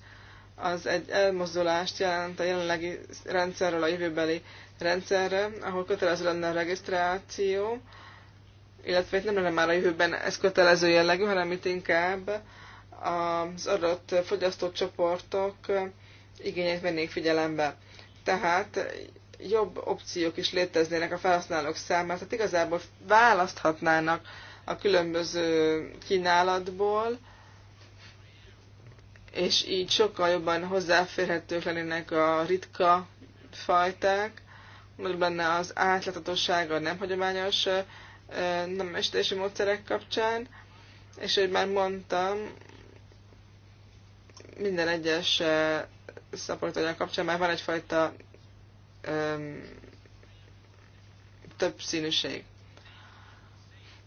az egy elmozdulást jelent a jelenlegi rendszerről a jövőbeli rendszerre, ahol kötelező lenne a regisztráció, illetve itt nem lenne már a jövőben ez kötelező jellegű, hanem itt inkább az adott fogyasztócsoportok igényeit vennék figyelembe. Tehát jobb opciók is léteznének a felhasználók számára, tehát igazából választhatnának a különböző kínálatból, és így sokkal jobban hozzáférhetők lennének a ritka fajták, mert benne az a nem hagyományos nem módszerek kapcsán, és hogy már mondtam, minden egyes szaporítanyag kapcsán már van egyfajta öm, több színűség.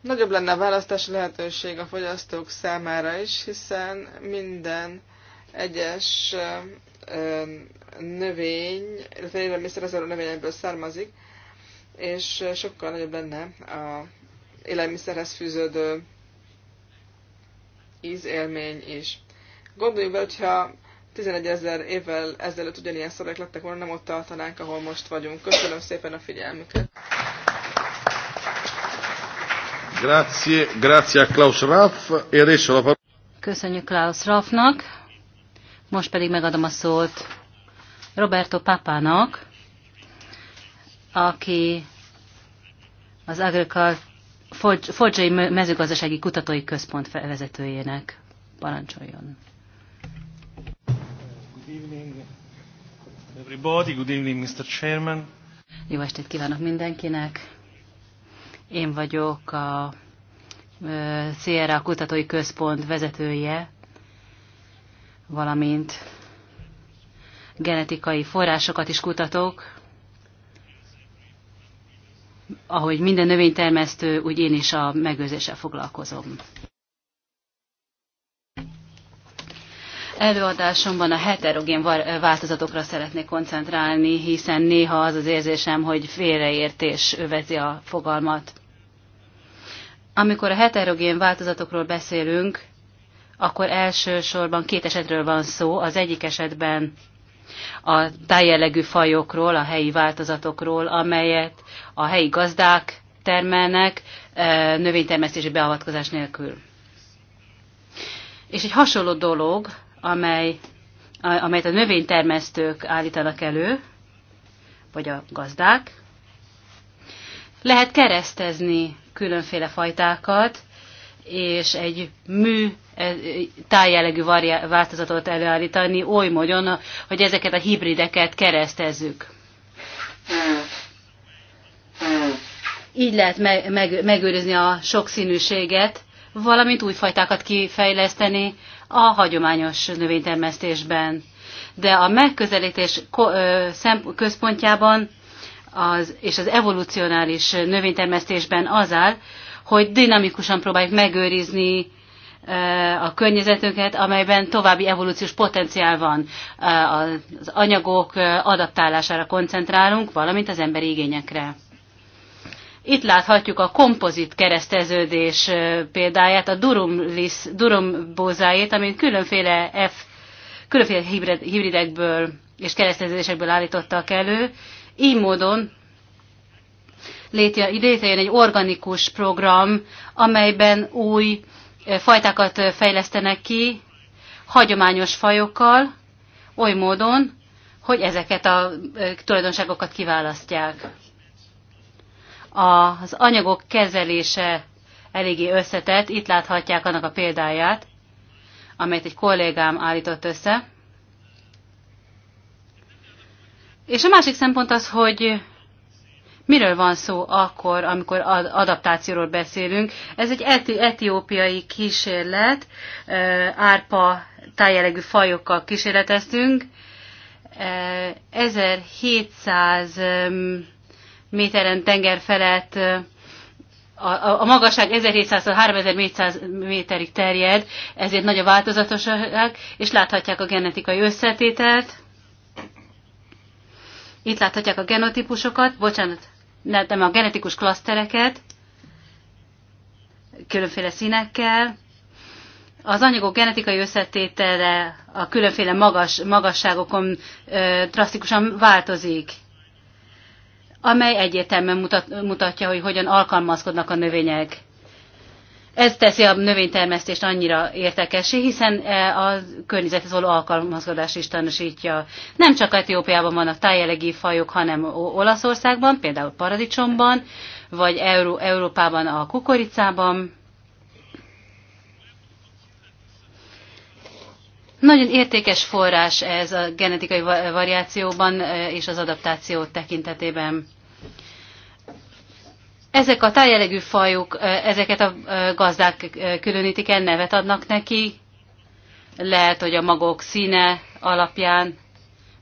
Nagyobb lenne a választási lehetőség a fogyasztók számára is, hiszen minden egyes növény, illetve élelmiszer az növényekből származik, és sokkal nagyobb lenne a élelmiszerhez fűződő ízélmény is. Gondoljunk be, hogyha 11 ezer évvel ezelőtt ugyanilyen szavak lettek volna, nem ott tartanánk, ahol most vagyunk. Köszönöm szépen a figyelmüket. Grazie, grazie Klaus Raff. E Köszönjük Klaus Raffnak. Most pedig megadom a szót Roberto Papának, aki az Agrikal Fodzsai Mezőgazdasági Kutatói Központ vezetőjének parancsoljon. everybody. Good evening, Mr. Chairman. Jó estét kívánok mindenkinek. Én vagyok a CRA Kutatói Központ vezetője, valamint genetikai forrásokat is kutatok. Ahogy minden növénytermesztő, úgy én is a megőrzéssel foglalkozom. Előadásomban a heterogén változatokra szeretnék koncentrálni, hiszen néha az az érzésem, hogy félreértés övezi a fogalmat. Amikor a heterogén változatokról beszélünk, akkor elsősorban két esetről van szó. Az egyik esetben a tájjellegű fajokról, a helyi változatokról, amelyet a helyi gazdák termelnek e, növénytermesztési beavatkozás nélkül. És egy hasonló dolog amely, amelyet a növénytermesztők állítanak elő, vagy a gazdák. Lehet keresztezni különféle fajtákat, és egy mű e, tájjellegű változatot előállítani oly módon, hogy ezeket a hibrideket keresztezzük. Így lehet meg, meg, megőrizni a sokszínűséget, valamint új fajtákat kifejleszteni a hagyományos növénytermesztésben. De a megközelítés központjában az, és az evolucionális növénytermesztésben az áll, hogy dinamikusan próbáljuk megőrizni a környezetünket, amelyben további evolúciós potenciál van. Az anyagok adaptálására koncentrálunk, valamint az emberi igényekre. Itt láthatjuk a kompozit kereszteződés példáját, a durum, bózáit, amit különféle F, különféle hibridekből és kereszteződésekből állítottak elő. Így módon létrejön egy organikus program, amelyben új fajtákat fejlesztenek ki, hagyományos fajokkal, oly módon, hogy ezeket a tulajdonságokat kiválasztják az anyagok kezelése eléggé összetett. Itt láthatják annak a példáját, amelyet egy kollégám állított össze. És a másik szempont az, hogy miről van szó akkor, amikor adaptációról beszélünk. Ez egy eti- etiópiai kísérlet, árpa tájjelegű fajokkal kísérleteztünk. 1700 méteren tenger felett a, a, a magasság 1700-3400 méterig terjed, ezért nagy a változatosság, és láthatják a genetikai összetételt. Itt láthatják a genotípusokat, bocsánat, nem a genetikus klasztereket, különféle színekkel. Az anyagok genetikai összetétele a különféle magas, magasságokon ö, drasztikusan változik amely egyértelműen mutat, mutatja, hogy hogyan alkalmazkodnak a növények. Ez teszi a növénytermesztést annyira értekesé, hiszen e, a környezethez való alkalmazkodás is tanúsítja. Nem csak Etiópiában vannak tájjelegi fajok, hanem Olaszországban, például paradicsomban, vagy Euró- Európában a kukoricában. Nagyon értékes forrás ez a genetikai variációban e, és az adaptáció tekintetében. Ezek a tájjelegű fajok, ezeket a gazdák különítik el, nevet adnak neki. Lehet, hogy a magok színe alapján,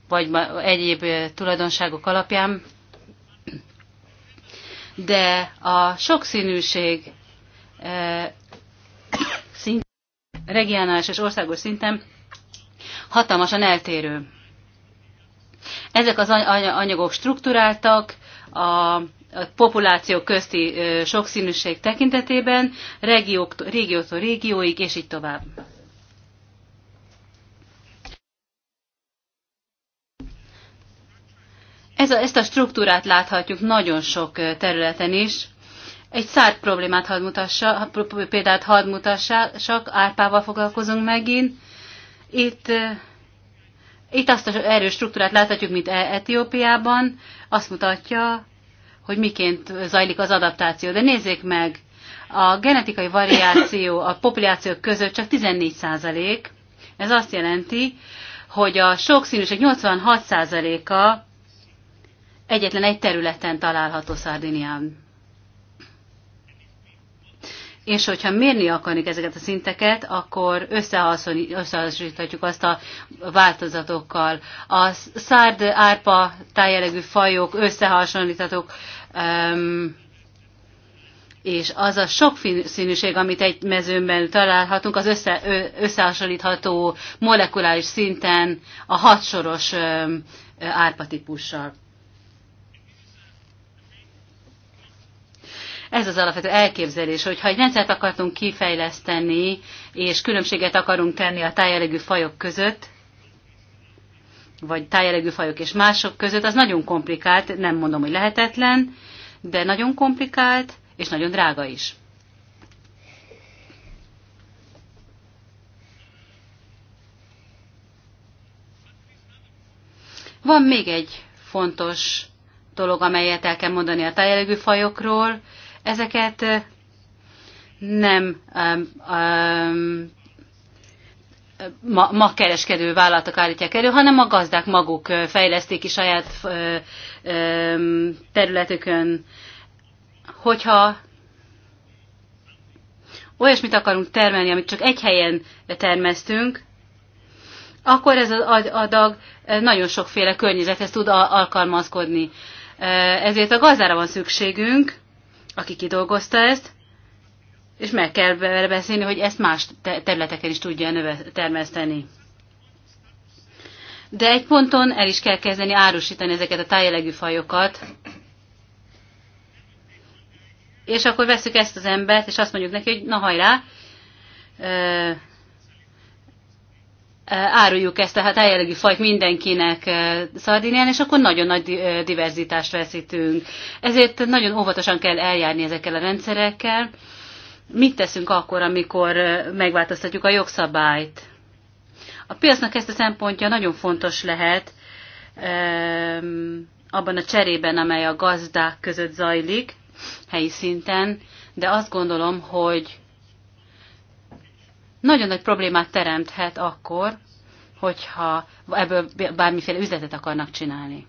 vagy egyéb tulajdonságok alapján. De a sokszínűség regionális és országos szinten hatalmasan eltérő. Ezek az anyagok struktúráltak, a a populáció közti sokszínűség tekintetében, régióktól, régiótól régióig, és így tovább. Ez a, ezt a struktúrát láthatjuk nagyon sok területen is. Egy szárt problémát hadd mutassa, példát hadd mutassak, árpával foglalkozunk megint. Itt, itt azt az erős struktúrát láthatjuk, mint Etiópiában. Azt mutatja, hogy miként zajlik az adaptáció. De nézzék meg, a genetikai variáció a populációk között csak 14 százalék. Ez azt jelenti, hogy a sokszínűség 86 százaléka egyetlen egy területen található Szardinián és hogyha mérni akarjuk ezeket a szinteket, akkor összehasonlíthatjuk azt a változatokkal. A szárd árpa tájjelegű fajok összehasonlíthatók, és az a sok színűség, amit egy mezőnben találhatunk, az össze, összehasonlítható molekuláris szinten a hatsoros árpa típussal. Ez az alapvető elképzelés, hogy ha egy rendszert akartunk kifejleszteni, és különbséget akarunk tenni a tájjelegű fajok között, vagy tájjelegű fajok és mások között, az nagyon komplikált, nem mondom, hogy lehetetlen, de nagyon komplikált, és nagyon drága is. Van még egy fontos dolog, amelyet el kell mondani a tájjelegű fajokról, Ezeket nem um, um, ma, ma kereskedő vállalatok állítják elő, hanem a gazdák maguk fejleszték ki saját ö, ö, területükön. Hogyha olyasmit akarunk termelni, amit csak egy helyen termesztünk, akkor ez az adag nagyon sokféle környezethez tud alkalmazkodni. Ezért a gazdára van szükségünk, aki kidolgozta ezt, és meg kell vele beszélni, hogy ezt más területeken is tudja termeszteni. De egy ponton el is kell kezdeni árusítani ezeket a tájjelegű fajokat, és akkor veszük ezt az embert, és azt mondjuk neki, hogy na hajrá, Eh, áruljuk ezt a hát jellegű fajt mindenkinek eh, Szardinián, és akkor nagyon nagy eh, diverzitást veszítünk. Ezért nagyon óvatosan kell eljárni ezekkel a rendszerekkel. Mit teszünk akkor, amikor megváltoztatjuk a jogszabályt? A piacnak ezt a szempontja nagyon fontos lehet ehm, abban a cserében, amely a gazdák között zajlik helyi szinten, de azt gondolom, hogy nagyon nagy problémát teremthet akkor, hogyha ebből bármiféle üzletet akarnak csinálni.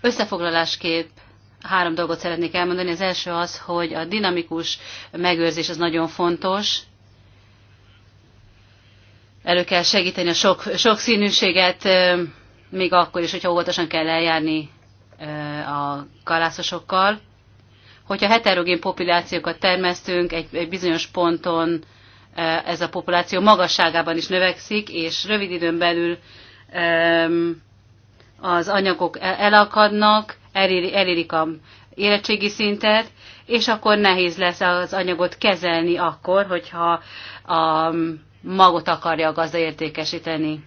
Összefoglalásképp három dolgot szeretnék elmondani. Az első az, hogy a dinamikus megőrzés az nagyon fontos. Elő kell segíteni a sok, sok színűséget, még akkor is, hogyha óvatosan kell eljárni a kalászosokkal. Hogyha heterogén populációkat termesztünk, egy, egy bizonyos ponton e, ez a populáció magasságában is növekszik, és rövid időn belül az anyagok elakadnak, elérik a érettségi szintet, és akkor nehéz lesz az anyagot kezelni akkor, hogyha a magot akarja a gazda értékesíteni.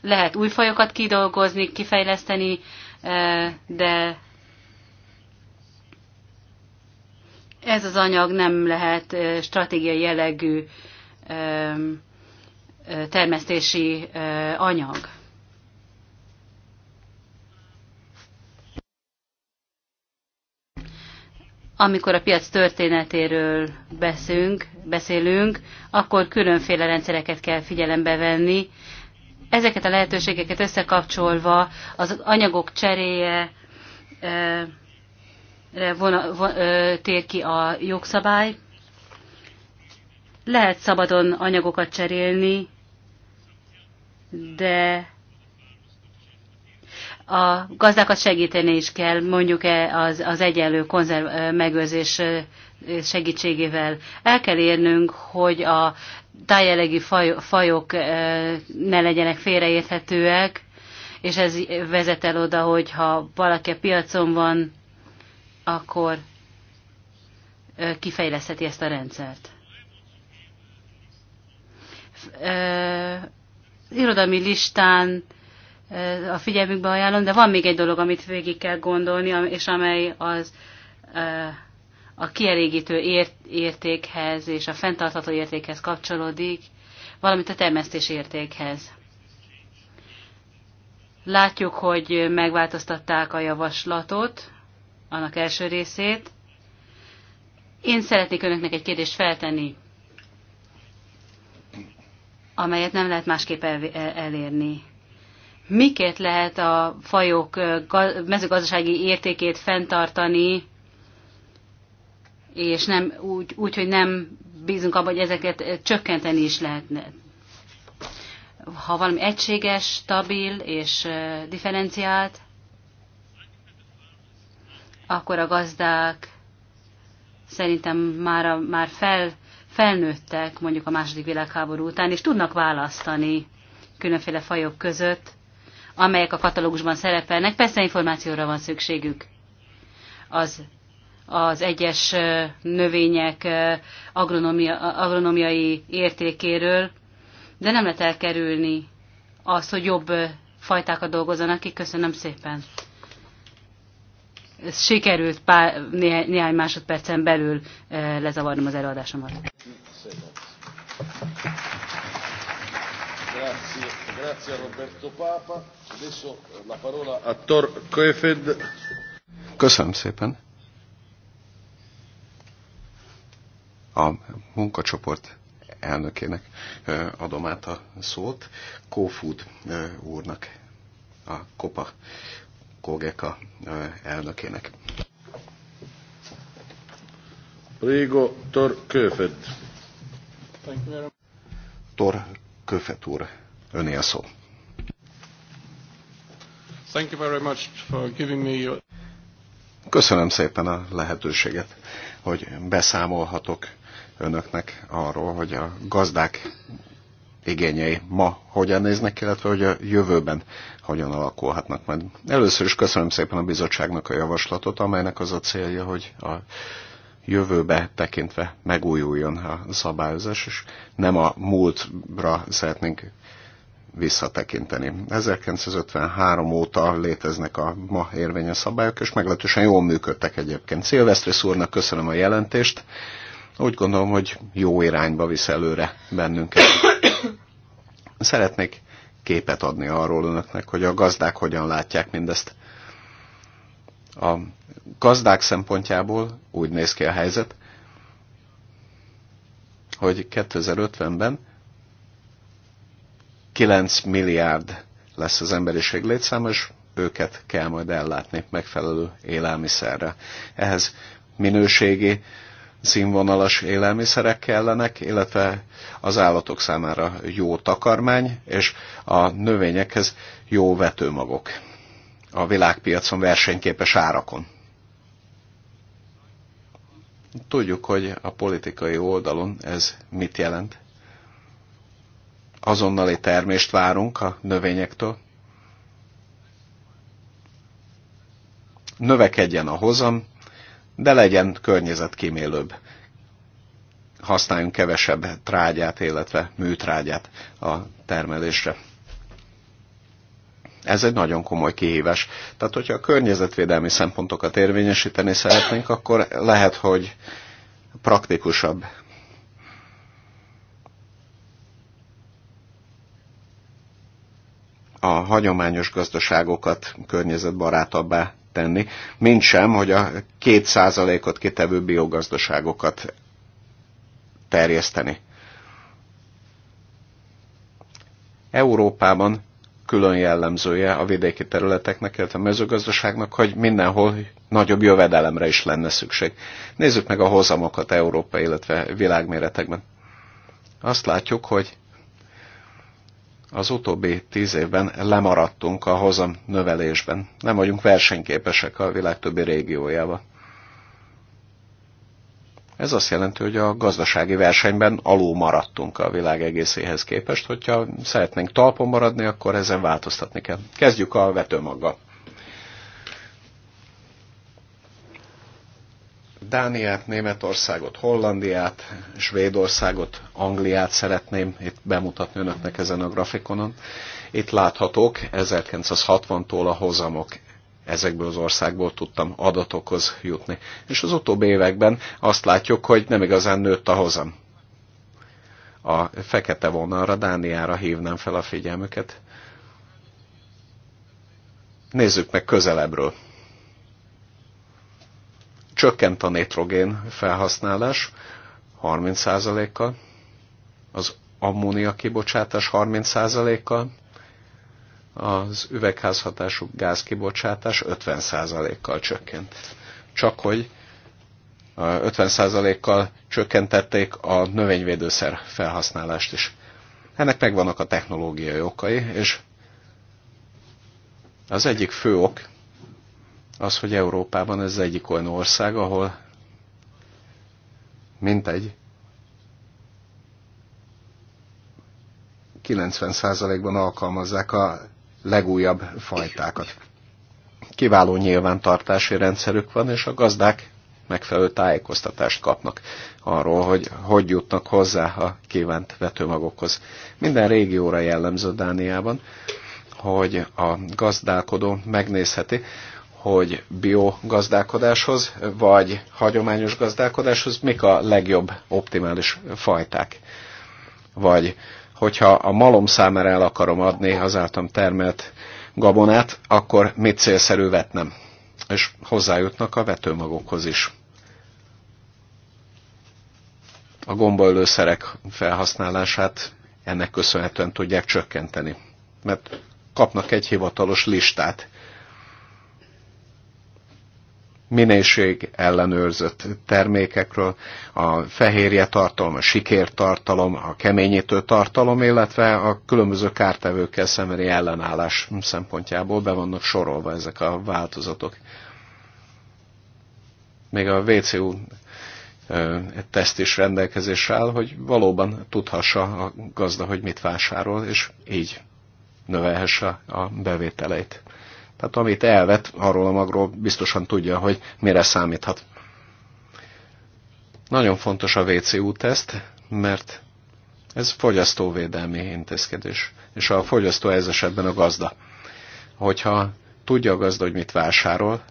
Lehet új fajokat kidolgozni, kifejleszteni, e, de ez az anyag nem lehet stratégiai jellegű termesztési anyag. Amikor a piac történetéről beszünk, beszélünk, akkor különféle rendszereket kell figyelembe venni. Ezeket a lehetőségeket összekapcsolva az anyagok cseréje vona, von, ö, tér ki a jogszabály. Lehet szabadon anyagokat cserélni, de a gazdákat segíteni is kell, mondjuk az, az egyenlő konzerv, megőrzés segítségével. El kell érnünk, hogy a tájjelegi faj, fajok ne legyenek félreérthetőek, és ez vezet el oda, hogyha valaki a piacon van, akkor kifejleszheti ezt a rendszert. Az irodalmi listán a figyelmükbe ajánlom, de van még egy dolog, amit végig kell gondolni, és amely az a kielégítő ért, értékhez és a fenntartható értékhez kapcsolódik, valamint a termesztés értékhez. Látjuk, hogy megváltoztatták a javaslatot, annak első részét. Én szeretnék önöknek egy kérdést feltenni, amelyet nem lehet másképp elérni. Miket lehet a fajok mezőgazdasági értékét fenntartani, és nem úgy, úgy, hogy nem bízunk abban, hogy ezeket csökkenteni is lehetne. Ha valami egységes, stabil és differenciált, akkor a gazdák szerintem már, már fel, felnőttek mondjuk a második világháború után, és tudnak választani különféle fajok között, amelyek a katalógusban szerepelnek. Persze információra van szükségük. Az, az egyes növények agronomia, agronomiai értékéről, de nem lehet elkerülni azt, hogy jobb fajtákat dolgozzanak ki. Köszönöm szépen! sikerült pár, néhány másodpercen belül eh, lezavarnom az előadásomat. a Köszönöm szépen. A munkacsoport elnökének eh, adom át a szót, Kófúd eh, úrnak, a Kopa Kogeka elnökének. Régo Tor Köfet. Tor Köfet úr, öné a szó. Thank you very much for giving me your... Köszönöm szépen a lehetőséget, hogy beszámolhatok önöknek arról, hogy a gazdák igényei ma hogyan néznek, illetve hogy a jövőben hogyan alakulhatnak majd. Először is köszönöm szépen a bizottságnak a javaslatot, amelynek az a célja, hogy a jövőbe tekintve megújuljon a szabályozás, és nem a múltra szeretnénk visszatekinteni. 1953 óta léteznek a ma érvényes szabályok, és meglehetősen jól működtek egyébként. Szilvesztri szúrnak köszönöm a jelentést. Úgy gondolom, hogy jó irányba visz előre bennünket. Szeretnék képet adni arról önöknek, hogy a gazdák hogyan látják mindezt. A gazdák szempontjából úgy néz ki a helyzet, hogy 2050-ben 9 milliárd lesz az emberiség létszáma, és őket kell majd ellátni megfelelő élelmiszerre. Ehhez minőségi színvonalas élelmiszerek kellenek, illetve az állatok számára jó takarmány, és a növényekhez jó vetőmagok a világpiacon versenyképes árakon. Tudjuk, hogy a politikai oldalon ez mit jelent. Azonnali termést várunk a növényektől. Növekedjen a hozam, de legyen környezetkímélőbb. Használjunk kevesebb trágyát, illetve műtrágyát a termelésre. Ez egy nagyon komoly kihívás. Tehát, hogyha a környezetvédelmi szempontokat érvényesíteni szeretnénk, akkor lehet, hogy praktikusabb a hagyományos gazdaságokat környezetbarátabbá tenni, mint sem, hogy a két százalékot kitevő biogazdaságokat terjeszteni. Európában külön jellemzője a vidéki területeknek, illetve a mezőgazdaságnak, hogy mindenhol nagyobb jövedelemre is lenne szükség. Nézzük meg a hozamokat Európa, illetve világméretekben. Azt látjuk, hogy az utóbbi tíz évben lemaradtunk a hozam növelésben. Nem vagyunk versenyképesek a világ többi régiójával. Ez azt jelenti, hogy a gazdasági versenyben alul maradtunk a világ egészéhez képest. Hogyha szeretnénk talpon maradni, akkor ezen változtatni kell. Kezdjük a vetőmaggal. Dániát, Németországot, Hollandiát, Svédországot, Angliát szeretném itt bemutatni önöknek ezen a grafikonon. Itt láthatók 1960-tól a hozamok ezekből az országból tudtam adatokhoz jutni. És az utóbbi években azt látjuk, hogy nem igazán nőtt a hozam. A fekete vonalra, Dániára hívnám fel a figyelmüket. Nézzük meg közelebbről Csökkent a nitrogén felhasználás 30%-kal, az ammónia kibocsátás 30%-kal, az üvegházhatású gázkibocsátás 50%-kal csökkent. Csak hogy 50%-kal csökkentették a növényvédőszer felhasználást is. Ennek megvannak a technológiai okai, és az egyik fő ok az, hogy Európában ez az egyik olyan ország, ahol mintegy 90%-ban alkalmazzák a legújabb fajtákat. Kiváló nyilvántartási rendszerük van, és a gazdák megfelelő tájékoztatást kapnak arról, hogy hogy jutnak hozzá a kívánt vetőmagokhoz. Minden régióra jellemző Dániában, hogy a gazdálkodó megnézheti, hogy biogazdálkodáshoz, vagy hagyományos gazdálkodáshoz mik a legjobb optimális fajták. Vagy hogyha a malom számára el akarom adni az általam termelt gabonát, akkor mit célszerű vetnem? És hozzájutnak a vetőmagokhoz is. A gombaölőszerek felhasználását ennek köszönhetően tudják csökkenteni. Mert kapnak egy hivatalos listát, minőség ellenőrzött termékekről, a fehérje tartalom, a sikértartalom, a keményítő tartalom, illetve a különböző kártevőkkel szemeli ellenállás szempontjából be vannak sorolva ezek a változatok. Még a WCU teszt is rendelkezésre áll, hogy valóban tudhassa a gazda, hogy mit vásárol, és így növelhesse a bevételeit. Tehát amit elvet, arról a magról biztosan tudja, hogy mire számíthat. Nagyon fontos a VCU-teszt, mert ez fogyasztóvédelmi intézkedés, és a fogyasztó ez esetben a gazda. Hogyha tudja a gazda, hogy mit vásárol,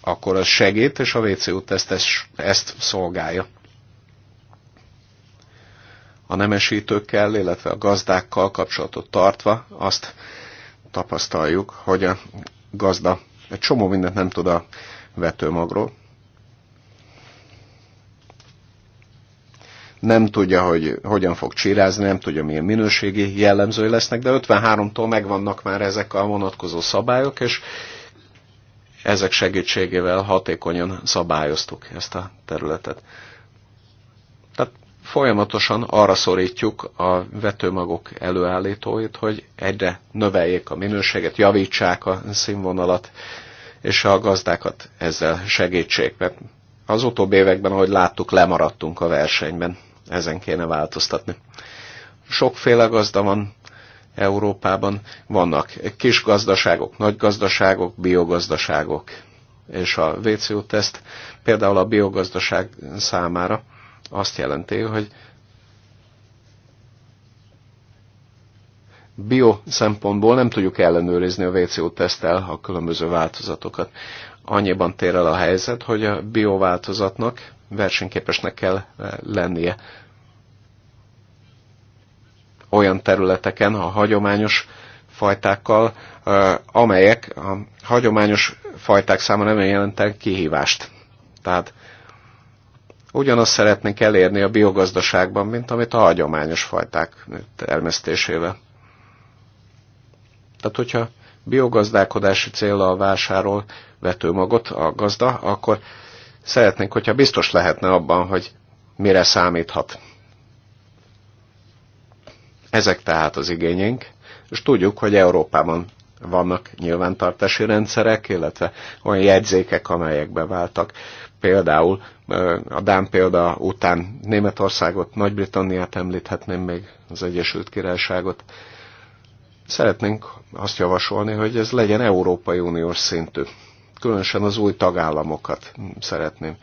akkor az segít, és a WCU teszt ezt szolgálja. A nemesítőkkel, illetve a gazdákkal kapcsolatot tartva azt tapasztaljuk, hogy a gazda egy csomó mindent nem tud a vetőmagról, nem tudja, hogy hogyan fog csirázni, nem tudja, milyen minőségi jellemzői lesznek, de 53-tól megvannak már ezek a vonatkozó szabályok, és ezek segítségével hatékonyan szabályoztuk ezt a területet folyamatosan arra szorítjuk a vetőmagok előállítóit, hogy egyre növeljék a minőséget, javítsák a színvonalat, és a gazdákat ezzel segítsék, mert az utóbbi években, ahogy láttuk, lemaradtunk a versenyben. Ezen kéne változtatni. Sokféle gazda van Európában. Vannak kis gazdaságok, nagy gazdaságok, biogazdaságok. És a WCU teszt például a biogazdaság számára azt jelenti, hogy bio szempontból nem tudjuk ellenőrizni a WCO tesztel a különböző változatokat. Annyiban tér el a helyzet, hogy a biováltozatnak versenyképesnek kell eh, lennie olyan területeken a hagyományos fajtákkal, eh, amelyek a hagyományos fajták számára nem jelentenek kihívást. Tehát ugyanazt szeretnénk elérni a biogazdaságban, mint amit a hagyományos fajták termesztésével. Tehát, hogyha biogazdálkodási célra vásárol vetőmagot a gazda, akkor szeretnénk, hogyha biztos lehetne abban, hogy mire számíthat. Ezek tehát az igényénk, és tudjuk, hogy Európában vannak nyilvántartási rendszerek, illetve olyan jegyzékek, amelyek beváltak. Például a Dán példa után Németországot, Nagy-Britanniát említhetném még, az Egyesült Királyságot. Szeretnénk azt javasolni, hogy ez legyen Európai Uniós szintű. Különösen az új tagállamokat szeretném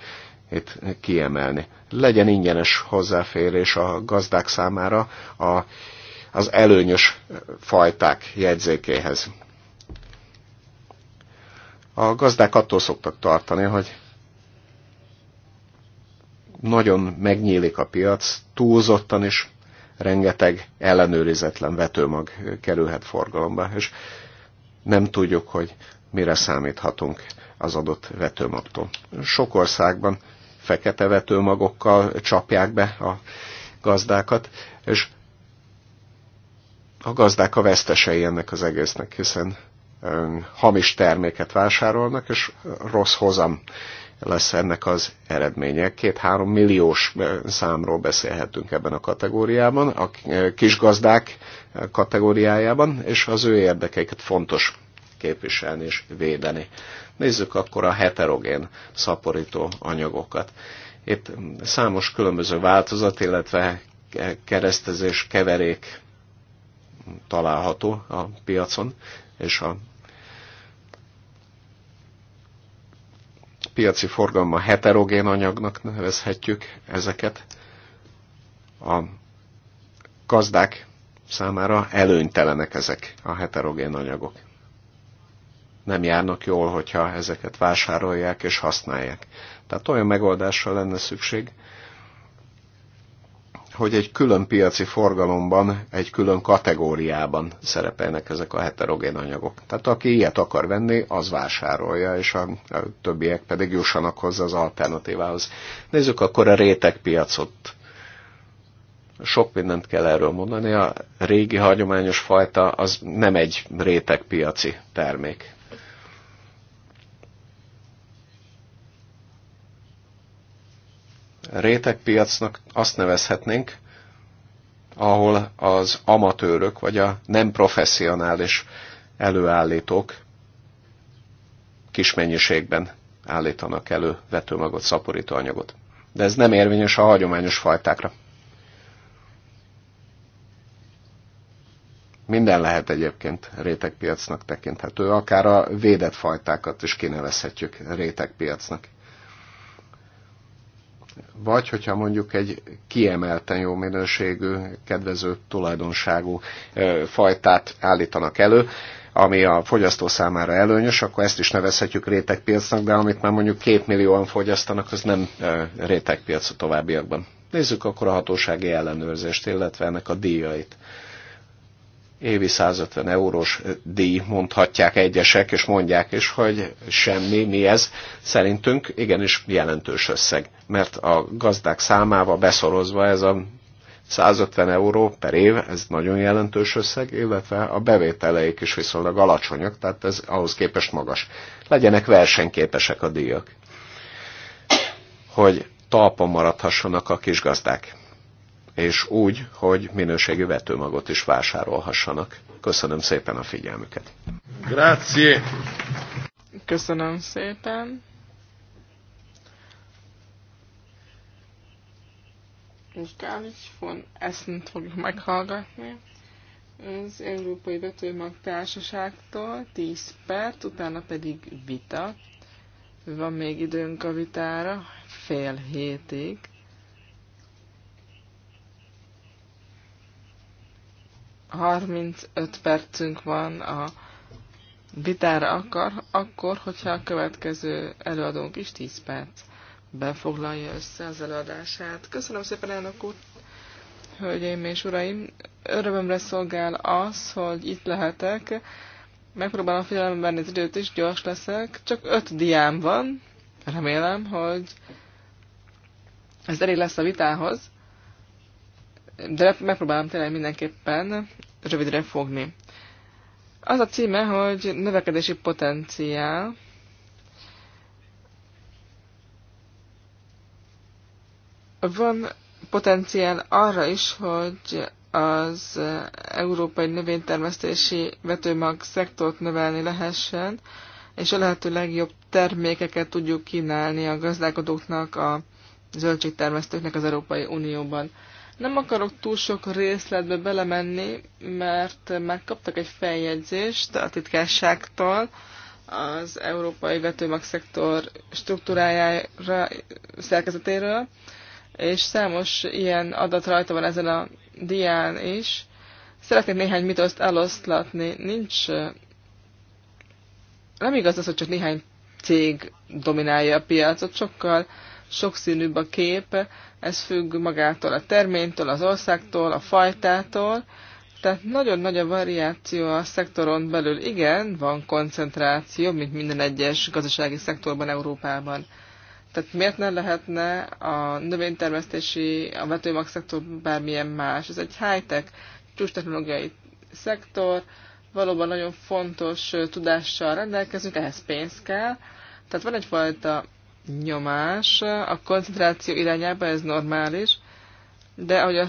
itt kiemelni. Legyen ingyenes hozzáférés a gazdák számára a, az előnyös fajták jegyzékéhez. A gazdák attól szoktak tartani, hogy nagyon megnyílik a piac, túlzottan is rengeteg ellenőrizetlen vetőmag kerülhet forgalomba, és nem tudjuk, hogy mire számíthatunk az adott vetőmagtól. Sok országban fekete vetőmagokkal csapják be a gazdákat, és a gazdák a vesztesei ennek az egésznek, hiszen hamis terméket vásárolnak, és rossz hozam lesz ennek az eredménye. Két-három milliós számról beszélhetünk ebben a kategóriában, a kisgazdák kategóriájában, és az ő érdekeiket fontos képviselni és védeni. Nézzük akkor a heterogén szaporító anyagokat. Itt számos különböző változat, illetve keresztezés, keverék található a piacon, és a piaci forgalma heterogén anyagnak nevezhetjük ezeket. A gazdák számára előnytelenek ezek a heterogén anyagok. Nem járnak jól, hogyha ezeket vásárolják és használják. Tehát olyan megoldásra lenne szükség, hogy egy külön piaci forgalomban, egy külön kategóriában szerepelnek ezek a heterogén anyagok. Tehát aki ilyet akar venni, az vásárolja, és a, a többiek pedig jussanak hozzá az alternatívához. Nézzük akkor a rétegpiacot. Sok mindent kell erről mondani. A régi hagyományos fajta az nem egy rétegpiaci termék. rétegpiacnak azt nevezhetnénk, ahol az amatőrök vagy a nem professzionális előállítók kis mennyiségben állítanak elő vetőmagot, szaporítóanyagot. De ez nem érvényes a hagyományos fajtákra. Minden lehet egyébként rétegpiacnak tekinthető, akár a védett fajtákat is kinevezhetjük rétegpiacnak vagy hogyha mondjuk egy kiemelten jó minőségű, kedvező tulajdonságú fajtát állítanak elő, ami a fogyasztó számára előnyös, akkor ezt is nevezhetjük rétegpiacnak, de amit már mondjuk két millióan fogyasztanak, az nem rétegpiac a továbbiakban. Nézzük akkor a hatósági ellenőrzést, illetve ennek a díjait évi 150 eurós díj, mondhatják egyesek, és mondják is, hogy semmi, mi ez. Szerintünk igenis jelentős összeg, mert a gazdák számával beszorozva ez a 150 euró per év, ez nagyon jelentős összeg, illetve a bevételeik is viszonylag alacsonyak, tehát ez ahhoz képest magas. Legyenek versenyképesek a díjak, hogy talpon maradhassanak a kisgazdák és úgy, hogy minőségű vetőmagot is vásárolhassanak. Köszönöm szépen a figyelmüket. Grazie. Köszönöm szépen. Kális von Essen fogjuk meghallgatni az Európai Vetőmag Társaságtól 10 perc, utána pedig vita. Van még időnk a vitára, fél hétig. 35 percünk van a vitára akar, akkor, hogyha a következő előadónk is 10 perc befoglalja össze az előadását. Köszönöm szépen, elnök úr! Hölgyeim és uraim, örömömre szolgál az, hogy itt lehetek. Megpróbálom figyelembe venni az időt is, gyors leszek. Csak 5 diám van. Remélem, hogy ez elég lesz a vitához de megpróbálom tényleg mindenképpen rövidre fogni. Az a címe, hogy növekedési potenciál. Van potenciál arra is, hogy az európai növénytermesztési vetőmag szektort növelni lehessen, és a lehető legjobb termékeket tudjuk kínálni a gazdálkodóknak, a zöldségtermesztőknek az Európai Unióban. Nem akarok túl sok részletbe belemenni, mert már kaptak egy feljegyzést a titkásságtól az európai vetőmagszektor struktúrájára, szerkezetéről, és számos ilyen adat rajta van ezen a dián is. Szeretnék néhány mitoszt eloszlatni. Nincs... Nem igaz az, hogy csak néhány cég dominálja a piacot, sokkal sokszínűbb a kép, ez függ magától a terménytől, az országtól, a fajtától, tehát nagyon nagy a variáció a szektoron belül. Igen, van koncentráció, mint minden egyes gazdasági szektorban Európában. Tehát miért ne lehetne a növénytermesztési, a vetőmag szektor bármilyen más? Ez egy high-tech, csúcs technológiai szektor, valóban nagyon fontos tudással rendelkezünk, ehhez pénz kell. Tehát van egyfajta nyomás a koncentráció irányába, ez normális, de ahogy a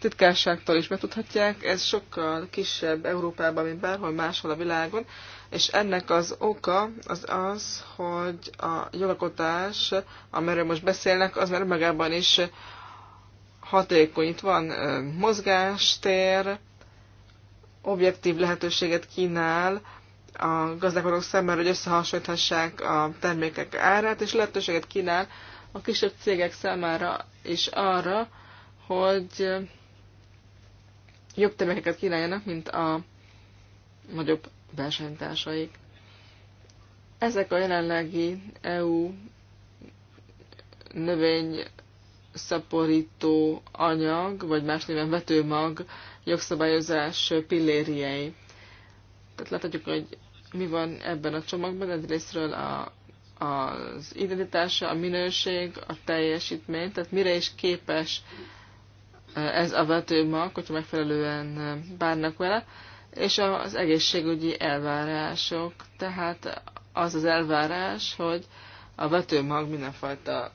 titkárságtól is betudhatják, ez sokkal kisebb Európában, mint bárhol máshol a világon, és ennek az oka az az, hogy a jogalkotás, amiről most beszélnek, az már magában is hatékony. Itt van mozgástér, objektív lehetőséget kínál a gazdálkodók számára, hogy összehasonlíthassák a termékek árát, és lehetőséget kínál a kisebb cégek számára is arra, hogy jobb termékeket kínáljanak, mint a nagyobb versenytársaik. Ezek a jelenlegi EU növény szaporító anyag, vagy más néven vetőmag jogszabályozás pillériei. Tehát láthatjuk, hogy mi van ebben a csomagban, ez részről a, az identitása, a minőség, a teljesítmény, tehát mire is képes ez a vetőmag, hogyha megfelelően bánnak vele, és az egészségügyi elvárások, tehát az az elvárás, hogy a vetőmag mindenfajta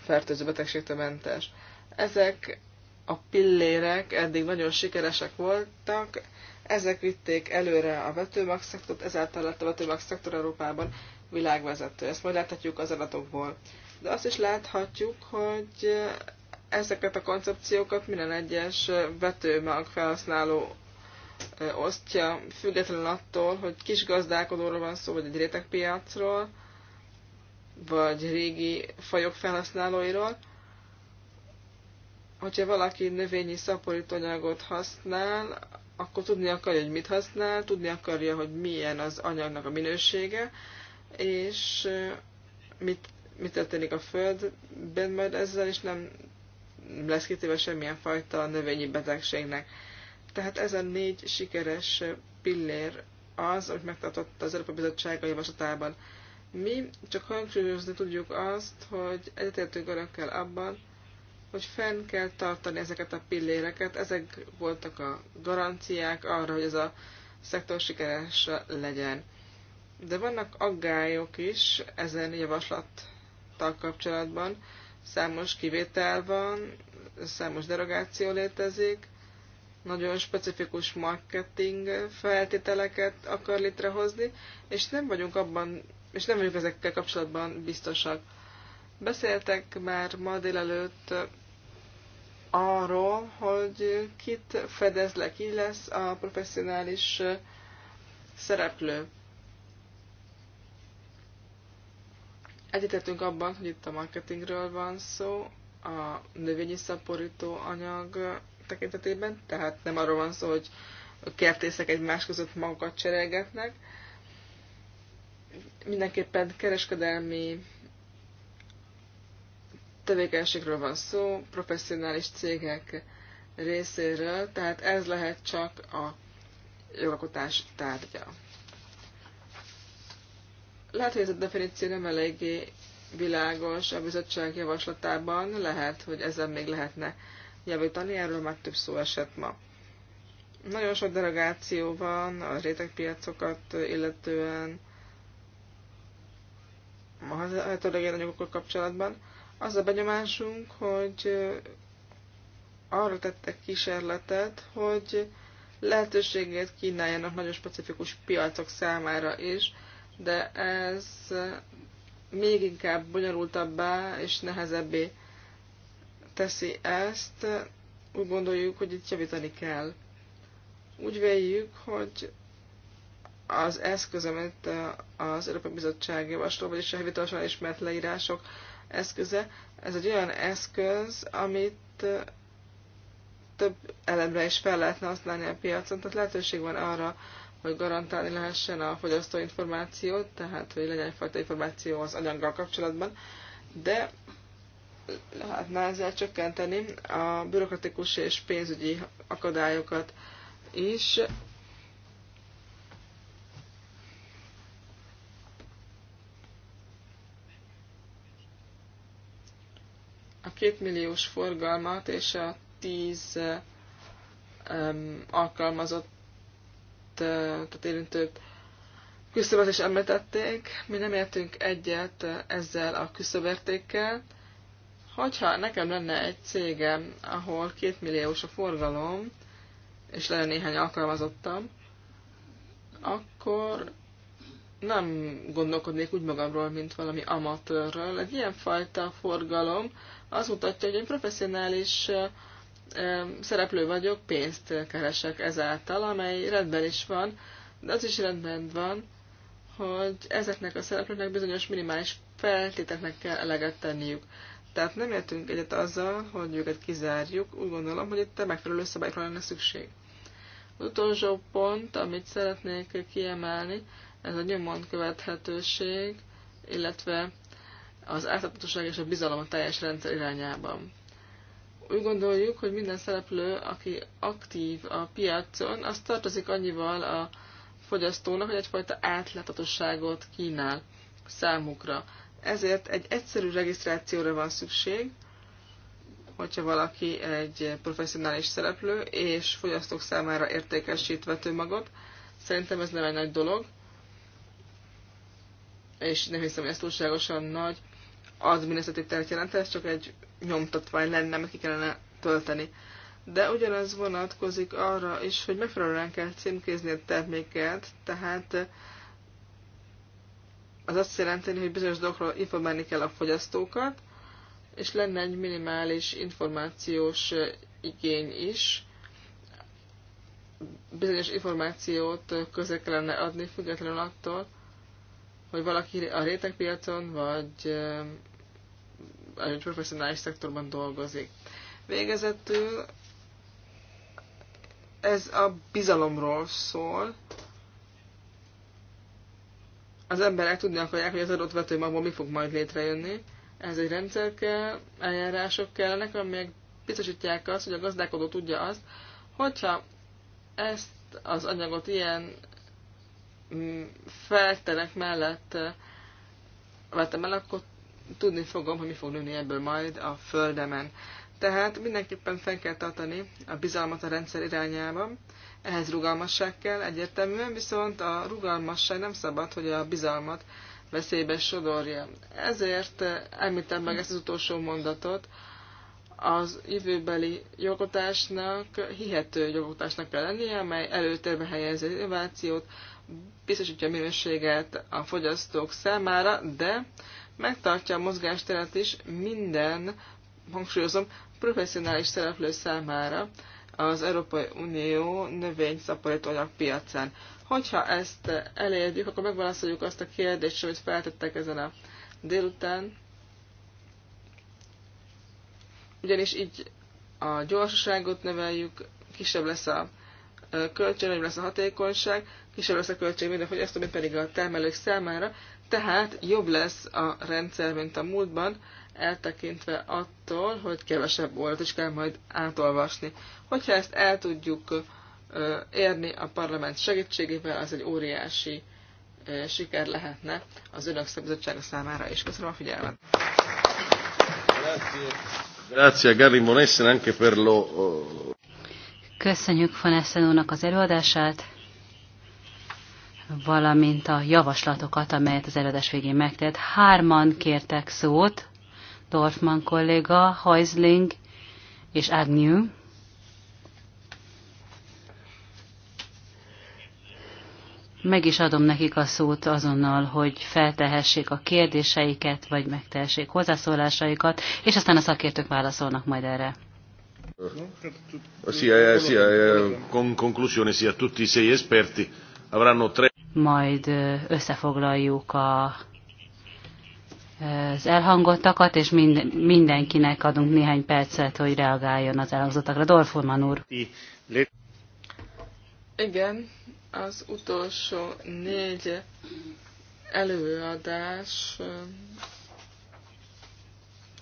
fertőző betegségtől mentes. Ezek a pillérek eddig nagyon sikeresek voltak, ezek vitték előre a vetőmag szektort, ezáltal lett a vetőmag szektor Európában világvezető. Ezt majd láthatjuk az adatokból. De azt is láthatjuk, hogy ezeket a koncepciókat minden egyes vetőmag felhasználó osztja, függetlenül attól, hogy kis gazdálkodóról van szó, vagy egy rétegpiacról, vagy régi fajok felhasználóiról hogyha valaki növényi szaporítóanyagot használ, akkor tudni akarja, hogy mit használ, tudni akarja, hogy milyen az anyagnak a minősége, és mit, mit történik a földben majd ezzel, és nem lesz kitéve semmilyen fajta növényi betegségnek. Tehát ez a négy sikeres pillér az, amit megtartott az Európai Bizottság a javaslatában. Mi csak hangsúlyozni tudjuk azt, hogy egyetértünk örökkel abban, hogy fenn kell tartani ezeket a pilléreket. Ezek voltak a garanciák arra, hogy ez a szektor sikeres legyen. De vannak aggályok is ezen javaslattal kapcsolatban. Számos kivétel van, számos derogáció létezik, nagyon specifikus marketing feltételeket akar létrehozni, és nem vagyunk abban, és nem vagyunk ezekkel kapcsolatban biztosak. Beszéltek már ma délelőtt arról, hogy kit fedez le, ki lesz a professzionális szereplő. Egyetettünk abban, hogy itt a marketingről van szó, a növényi szaporító anyag tekintetében, tehát nem arról van szó, hogy a kertészek egymás között magukat cserélgetnek. Mindenképpen kereskedelmi tevékenységről van szó, professzionális cégek részéről, tehát ez lehet csak a jogalkotás tárgya. Lehet, hogy ez a definíció nem eléggé világos a bizottság javaslatában, lehet, hogy ezen még lehetne javítani, erről már több szó esett ma. Nagyon sok derogáció van a rétegpiacokat illetően, a anyagokkal kapcsolatban. Az a benyomásunk, hogy arra tettek kísérletet, hogy lehetőséget kínáljanak nagyon specifikus piacok számára is, de ez még inkább bonyolultabbá és nehezebbé teszi ezt. Úgy gondoljuk, hogy itt javítani kell. Úgy véljük, hogy az eszköz, amit az Európai Bizottság javasló, vagyis a hivatalosan ismert leírások eszköze. Ez egy olyan eszköz, amit több elemre is fel lehetne használni a piacon, tehát lehetőség van arra, hogy garantálni lehessen a fogyasztó információt, tehát hogy legyen egyfajta információ az anyaggal kapcsolatban, de lehetne ezzel csökkenteni a bürokratikus és pénzügyi akadályokat is, kétmilliós forgalmat és a tíz um, alkalmazott tehát érintő küszöbet is említették. Mi nem értünk egyet ezzel a küszöbértékkel. Hogyha nekem lenne egy cégem, ahol kétmilliós a forgalom, és lenne néhány alkalmazottam, akkor nem gondolkodnék úgy magamról, mint valami amatőrről. Egy ilyenfajta forgalom az mutatja, hogy én professzionális szereplő vagyok, pénzt keresek ezáltal, amely rendben is van, de az is rendben van, hogy ezeknek a szereplőknek bizonyos minimális feltételeknek kell eleget tenniük. Tehát nem értünk egyet azzal, hogy őket kizárjuk, úgy gondolom, hogy itt megfelelő szabályokra lenne szükség. Az utolsó pont, amit szeretnék kiemelni, ez a nyomon követhetőség, illetve az átláthatóság és a bizalom a teljes rendszer irányában. Úgy gondoljuk, hogy minden szereplő, aki aktív a piacon, az tartozik annyival a fogyasztónak, hogy egyfajta átláthatóságot kínál számukra. Ezért egy egyszerű regisztrációra van szükség, hogyha valaki egy professzionális szereplő, és fogyasztók számára értékesítvető magot. Szerintem ez nem egy nagy dolog, és nem hiszem, hogy ez túlságosan nagy az terhet jelent, ez csak egy nyomtatvány lenne, meg ki kellene tölteni. De ugyanez vonatkozik arra is, hogy megfelelően kell címkézni a terméket, tehát az azt jelenti, hogy bizonyos dolgokról informálni kell a fogyasztókat, és lenne egy minimális információs igény is. Bizonyos információt közé kellene adni, függetlenül attól, hogy valaki a rétegpiacon, vagy egy professzionális szektorban dolgozik. Végezetül ez a bizalomról szól. Az emberek tudni akarják, hogy az adott vető magból mi fog majd létrejönni. Ez egy rendszer kell, eljárások kellenek, amelyek biztosítják azt, hogy a gazdálkodó tudja azt, hogyha ezt az anyagot ilyen Mm, feltenek mellett vettem el, akkor tudni fogom, hogy mi fog nőni ebből majd a földemen. Tehát mindenképpen fel kell tartani a bizalmat a rendszer irányában, ehhez rugalmasság kell egyértelműen, viszont a rugalmasság nem szabad, hogy a bizalmat veszélybe sodorja. Ezért említem meg ezt az utolsó mondatot, az jövőbeli jogotásnak hihető jogotásnak kell lennie, amely előtérbe helyezi innovációt, biztosítja a minőséget a fogyasztók számára, de megtartja a mozgásteret is minden, hangsúlyozom, professzionális szereplő számára az Európai Unió növényszaporítóanyag piacán. Hogyha ezt elérjük, akkor megválaszoljuk azt a kérdést, amit feltettek ezen a délután. Ugyanis így a gyorsaságot növeljük, kisebb lesz a kölcsön, lesz a hatékonyság, kisebb lesz a költség mindenfogyasztó, mint pedig a termelők számára, tehát jobb lesz a rendszer, mint a múltban, eltekintve attól, hogy kevesebb volt, és kell majd átolvasni. Hogyha ezt el tudjuk érni a parlament segítségével, az egy óriási siker lehetne az önök szabadsága számára is. Köszönöm a figyelmet! Köszönjük Fonessen úrnak az előadását valamint a javaslatokat, amelyet az előadás végén megtett. Hárman kértek szót, Dorfman kolléga, Heusling és Agnew. Meg is adom nekik a szót azonnal, hogy feltehessék a kérdéseiket, vagy megtehessék hozzászólásaikat, és aztán a szakértők válaszolnak majd erre. Sì, sì, eh, conclusione, sì, a tutti i sei esperti avranno tre majd összefoglaljuk a, az elhangottakat, és mind, mindenkinek adunk néhány percet, hogy reagáljon az elhangzottakra. Dorfurman úr. Igen, az utolsó négy előadás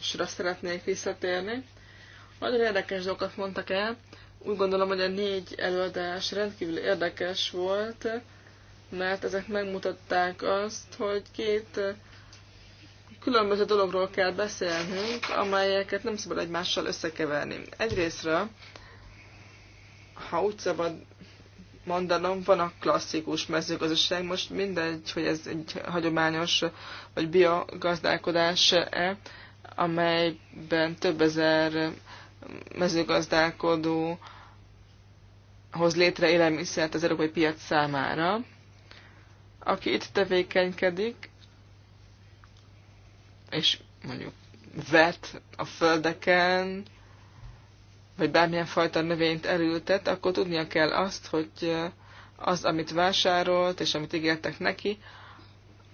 és rá szeretnék visszatérni. Nagyon érdekes dolgokat mondtak el. Úgy gondolom, hogy a négy előadás rendkívül érdekes volt mert ezek megmutatták azt, hogy két különböző dologról kell beszélnünk, amelyeket nem szabad egymással összekeverni. Egyrésztről, ha úgy szabad mondanom, van a klasszikus mezőgazdaság, most mindegy, hogy ez egy hagyományos vagy biogazdálkodás-e, amelyben több ezer mezőgazdálkodó hoz létre élelmiszert az európai piac számára aki itt tevékenykedik, és mondjuk vet a földeken, vagy bármilyen fajta növényt elültet, akkor tudnia kell azt, hogy eh, az, amit vásárolt, és amit ígértek neki,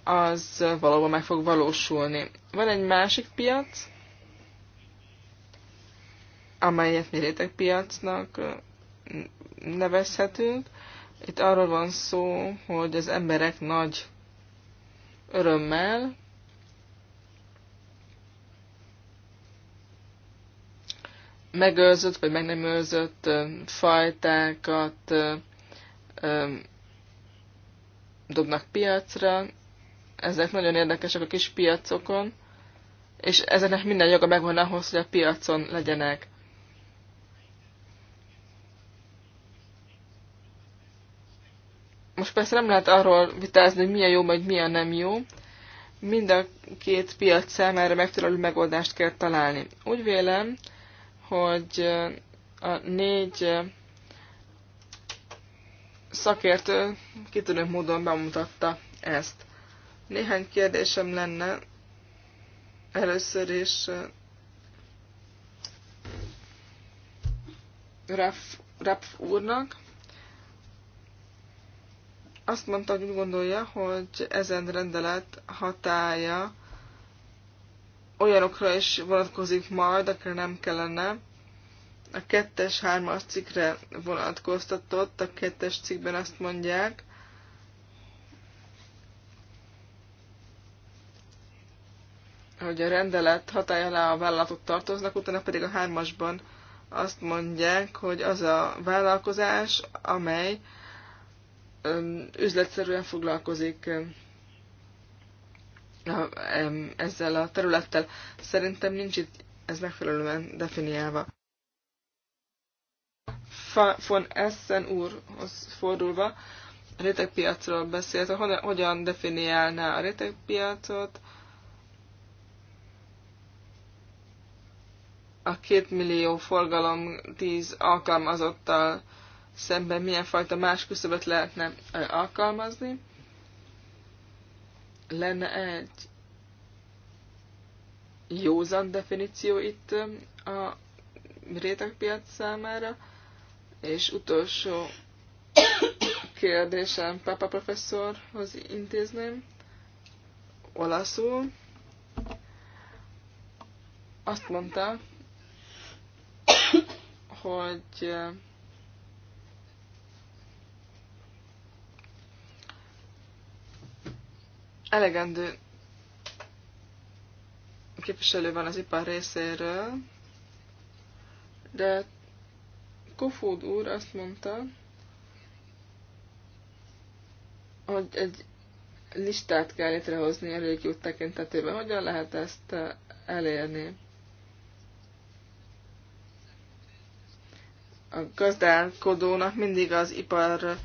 az valóban meg fog valósulni. Van egy másik piac, amelyet mi rétegpiacnak eh, nevezhetünk, itt arról van szó, hogy az emberek nagy örömmel megőrzött vagy meg nem őrzött fajtákat dobnak piacra. Ezek nagyon érdekesek a kis piacokon, és ezeknek minden joga megvan ahhoz, hogy a piacon legyenek. Most persze nem lehet arról vitázni, hogy milyen jó, vagy milyen nem jó. Mind a két piac számára megfelelő megoldást kell találni. Úgy vélem, hogy a négy szakértő kitűnő módon bemutatta ezt. Néhány kérdésem lenne először is Raff, Raff úrnak azt mondta, hogy úgy gondolja, hogy ezen rendelet hatája olyanokra is vonatkozik majd, akire nem kellene. A kettes, hármas cikkre vonatkoztatott, a kettes cikkben azt mondják, hogy a rendelet hatája alá a vállalatok tartoznak, utána pedig a hármasban azt mondják, hogy az a vállalkozás, amely üzletszerűen foglalkozik ezzel a területtel. Szerintem nincs itt ez megfelelően definiálva. Von Essen úrhoz fordulva, a rétegpiacról beszélt, hogyan definiálná a rétegpiacot, a két millió forgalom tíz alkalmazottal szemben milyen fajta más küszöböt lehetne alkalmazni. Lenne egy józan definíció itt a rétegpiac számára, és utolsó kérdésem Papa professzorhoz intézném olaszul. Azt mondta, hogy Elegendő képviselő van az ipar részéről, de Kofód úr azt mondta, hogy egy listát kell létrehozni a régió tekintetében. Hogyan lehet ezt eh, elérni? A gazdálkodónak mindig az iparra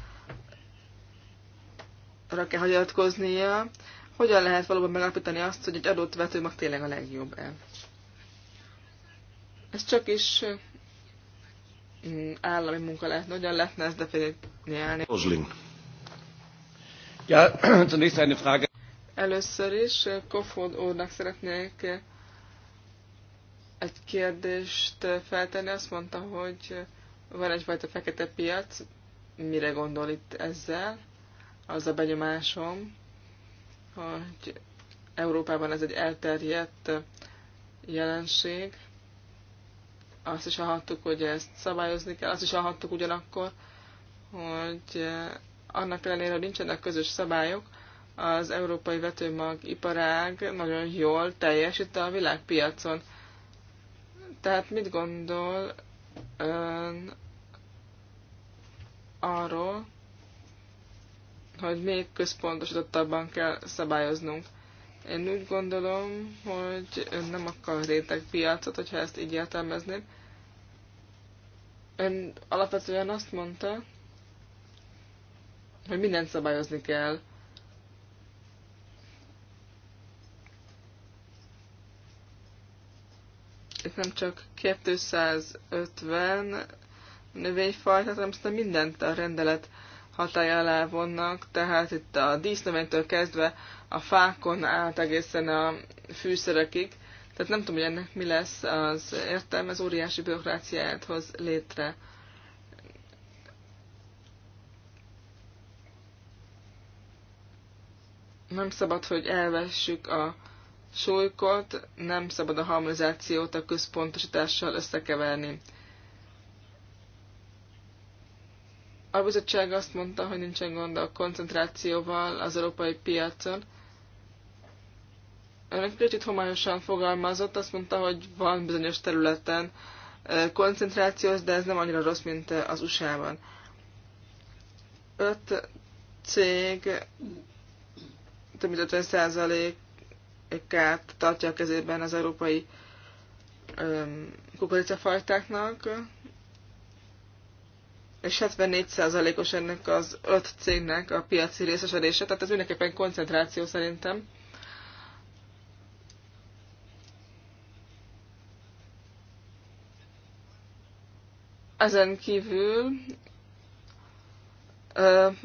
kell hagyatkoznia, hogyan lehet valóban megállapítani azt, hogy egy adott vetőmag tényleg a legjobb el. Ez csak is mm, állami munka lehet, hogyan lehetne ezt definiálni. Rosling. Ja, (clears throat) zunächst eine Frage. Először is Kofod úrnak szeretnék egy kérdést feltenni. Azt mondta, hogy van egyfajta fekete piac. Mire gondol itt ezzel? Az a benyomásom, hogy Európában ez egy elterjedt jelenség. Azt is hallhattuk, hogy ezt szabályozni kell. Azt is hallhattuk ugyanakkor, hogy annak ellenére, hogy nincsenek közös szabályok, az európai vetőmag iparág nagyon jól teljesít a világpiacon. Tehát mit gondol ön arról, hogy még központosodottabban kell szabályoznunk. Én úgy gondolom, hogy ön nem akar réteg piacot, hogyha ezt így értelmezném. Ön alapvetően azt mondta, hogy mindent szabályozni kell. Itt nem csak 250 növényfajtát, hanem szinte mindent a rendelet hatály alá vonnak, tehát itt a dísznövénytől kezdve a fákon át egészen a fűszerekig, tehát nem tudom, hogy ennek mi lesz az értelme, az óriási bürokráciát hoz létre. Nem szabad, hogy elvessük a súlykot, nem szabad a harmonizációt a központosítással összekeverni. A bizottság azt mondta, hogy nincsen gond a koncentrációval az európai piacon. Önök kicsit homályosan fogalmazott, azt mondta, hogy van bizonyos területen koncentrációs, de ez nem annyira rossz, mint az USA-ban. Öt cég több mint 50%-át tartja a kezében az európai kukoricafajtáknak és 74%-os ennek az öt cégnek a piaci részesedése, tehát ez mindenképpen koncentráció szerintem. Ezen kívül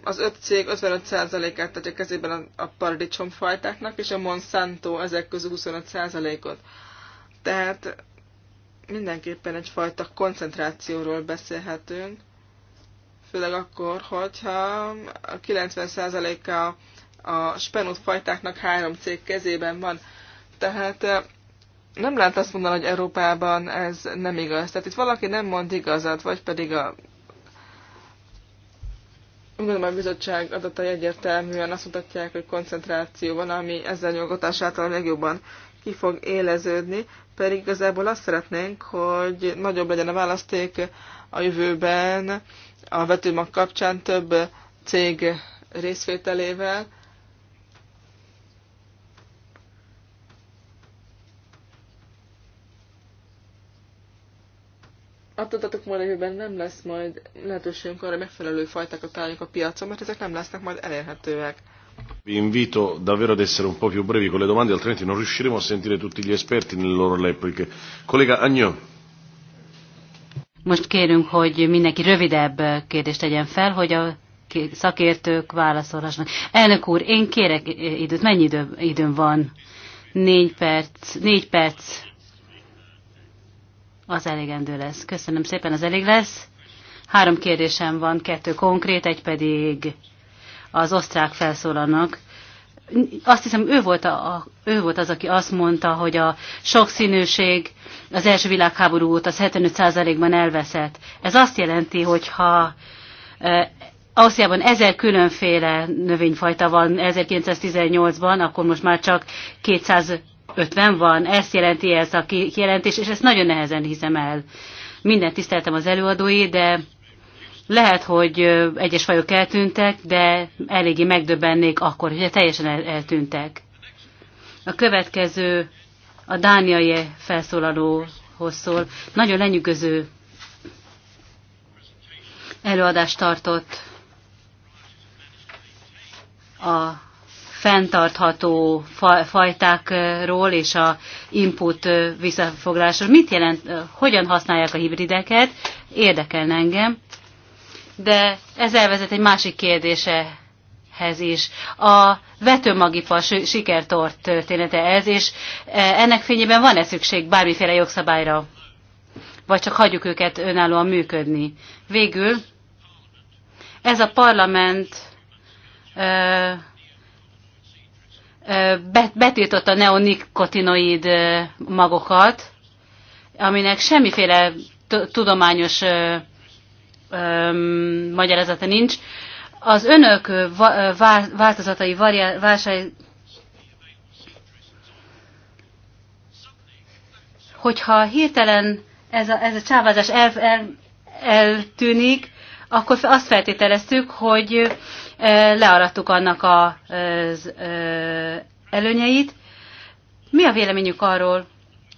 az öt cég 55%-át adja kezében a paradicsomfajtáknak, és a Monsanto ezek közül 25%-ot. Tehát mindenképpen egyfajta koncentrációról beszélhetünk főleg akkor, hogyha 90%-a a spenut fajtáknak három cég kezében van. Tehát nem lehet azt mondani, hogy Európában ez nem igaz. Tehát itt valaki nem mond igazat, vagy pedig a gondolom a bizottság adatai egyértelműen azt mutatják, hogy koncentráció van, ami ezzel nyugatás által jobban ki fog éleződni, pedig igazából azt szeretnénk, hogy nagyobb legyen a választék a jövőben a vetőmag kapcsán több cég részvételével. Azt tudtatok majd, hogy nem lesz majd lehetőségünk arra, megfelelő fajtákat találjuk a piacon, mert ezek nem lesznek majd elérhetőek. Vi invito davvero ad essere un po' più brevi con le domande, altrimenti non riusciremo a sentire tutti gli esperti nelle loro repliche. Collega Agnò. Most kérünk, hogy mindenki rövidebb kérdést tegyen fel, hogy a szakértők válaszolhassanak. Elnök úr, én kérek időt. Mennyi idő, időm van? Négy perc. Négy perc. Az elégendő lesz. Köszönöm szépen, az elég lesz. Három kérdésem van, kettő konkrét, egy pedig az osztrák felszólalnak azt hiszem ő volt, a, ő volt az, aki azt mondta, hogy a sokszínűség az első világháború óta 75%-ban elveszett. Ez azt jelenti, hogyha e, Ausztriában ezer különféle növényfajta van 1918-ban, akkor most már csak 250 van. Ezt jelenti ez a kijelentés, és ezt nagyon nehezen hiszem el. Minden tiszteltem az előadói, de lehet, hogy egyes fajok eltűntek, de eléggé megdöbbennék akkor, hogy teljesen eltűntek. A következő a dániai felszólalóhoz szól. Nagyon lenyűgöző előadást tartott a fenntartható fajtákról és a input visszafoglásról. Mit jelent, hogyan használják a hibrideket? Érdekelne engem de ez elvezet egy másik kérdésehez is. A vetőmagipar sikertort története ez, és e, ennek fényében van-e szükség bármiféle jogszabályra? Vagy csak hagyjuk őket önállóan működni? Végül ez a parlament ö, ö, a neonikotinoid e, magokat, aminek semmiféle tudományos ö, e, magyarázata nincs. Az önök változatai válság, hogyha hirtelen ez a, ez a csávázás el, el, eltűnik, akkor azt feltételeztük, hogy learadtuk annak az előnyeit. Mi a véleményük arról,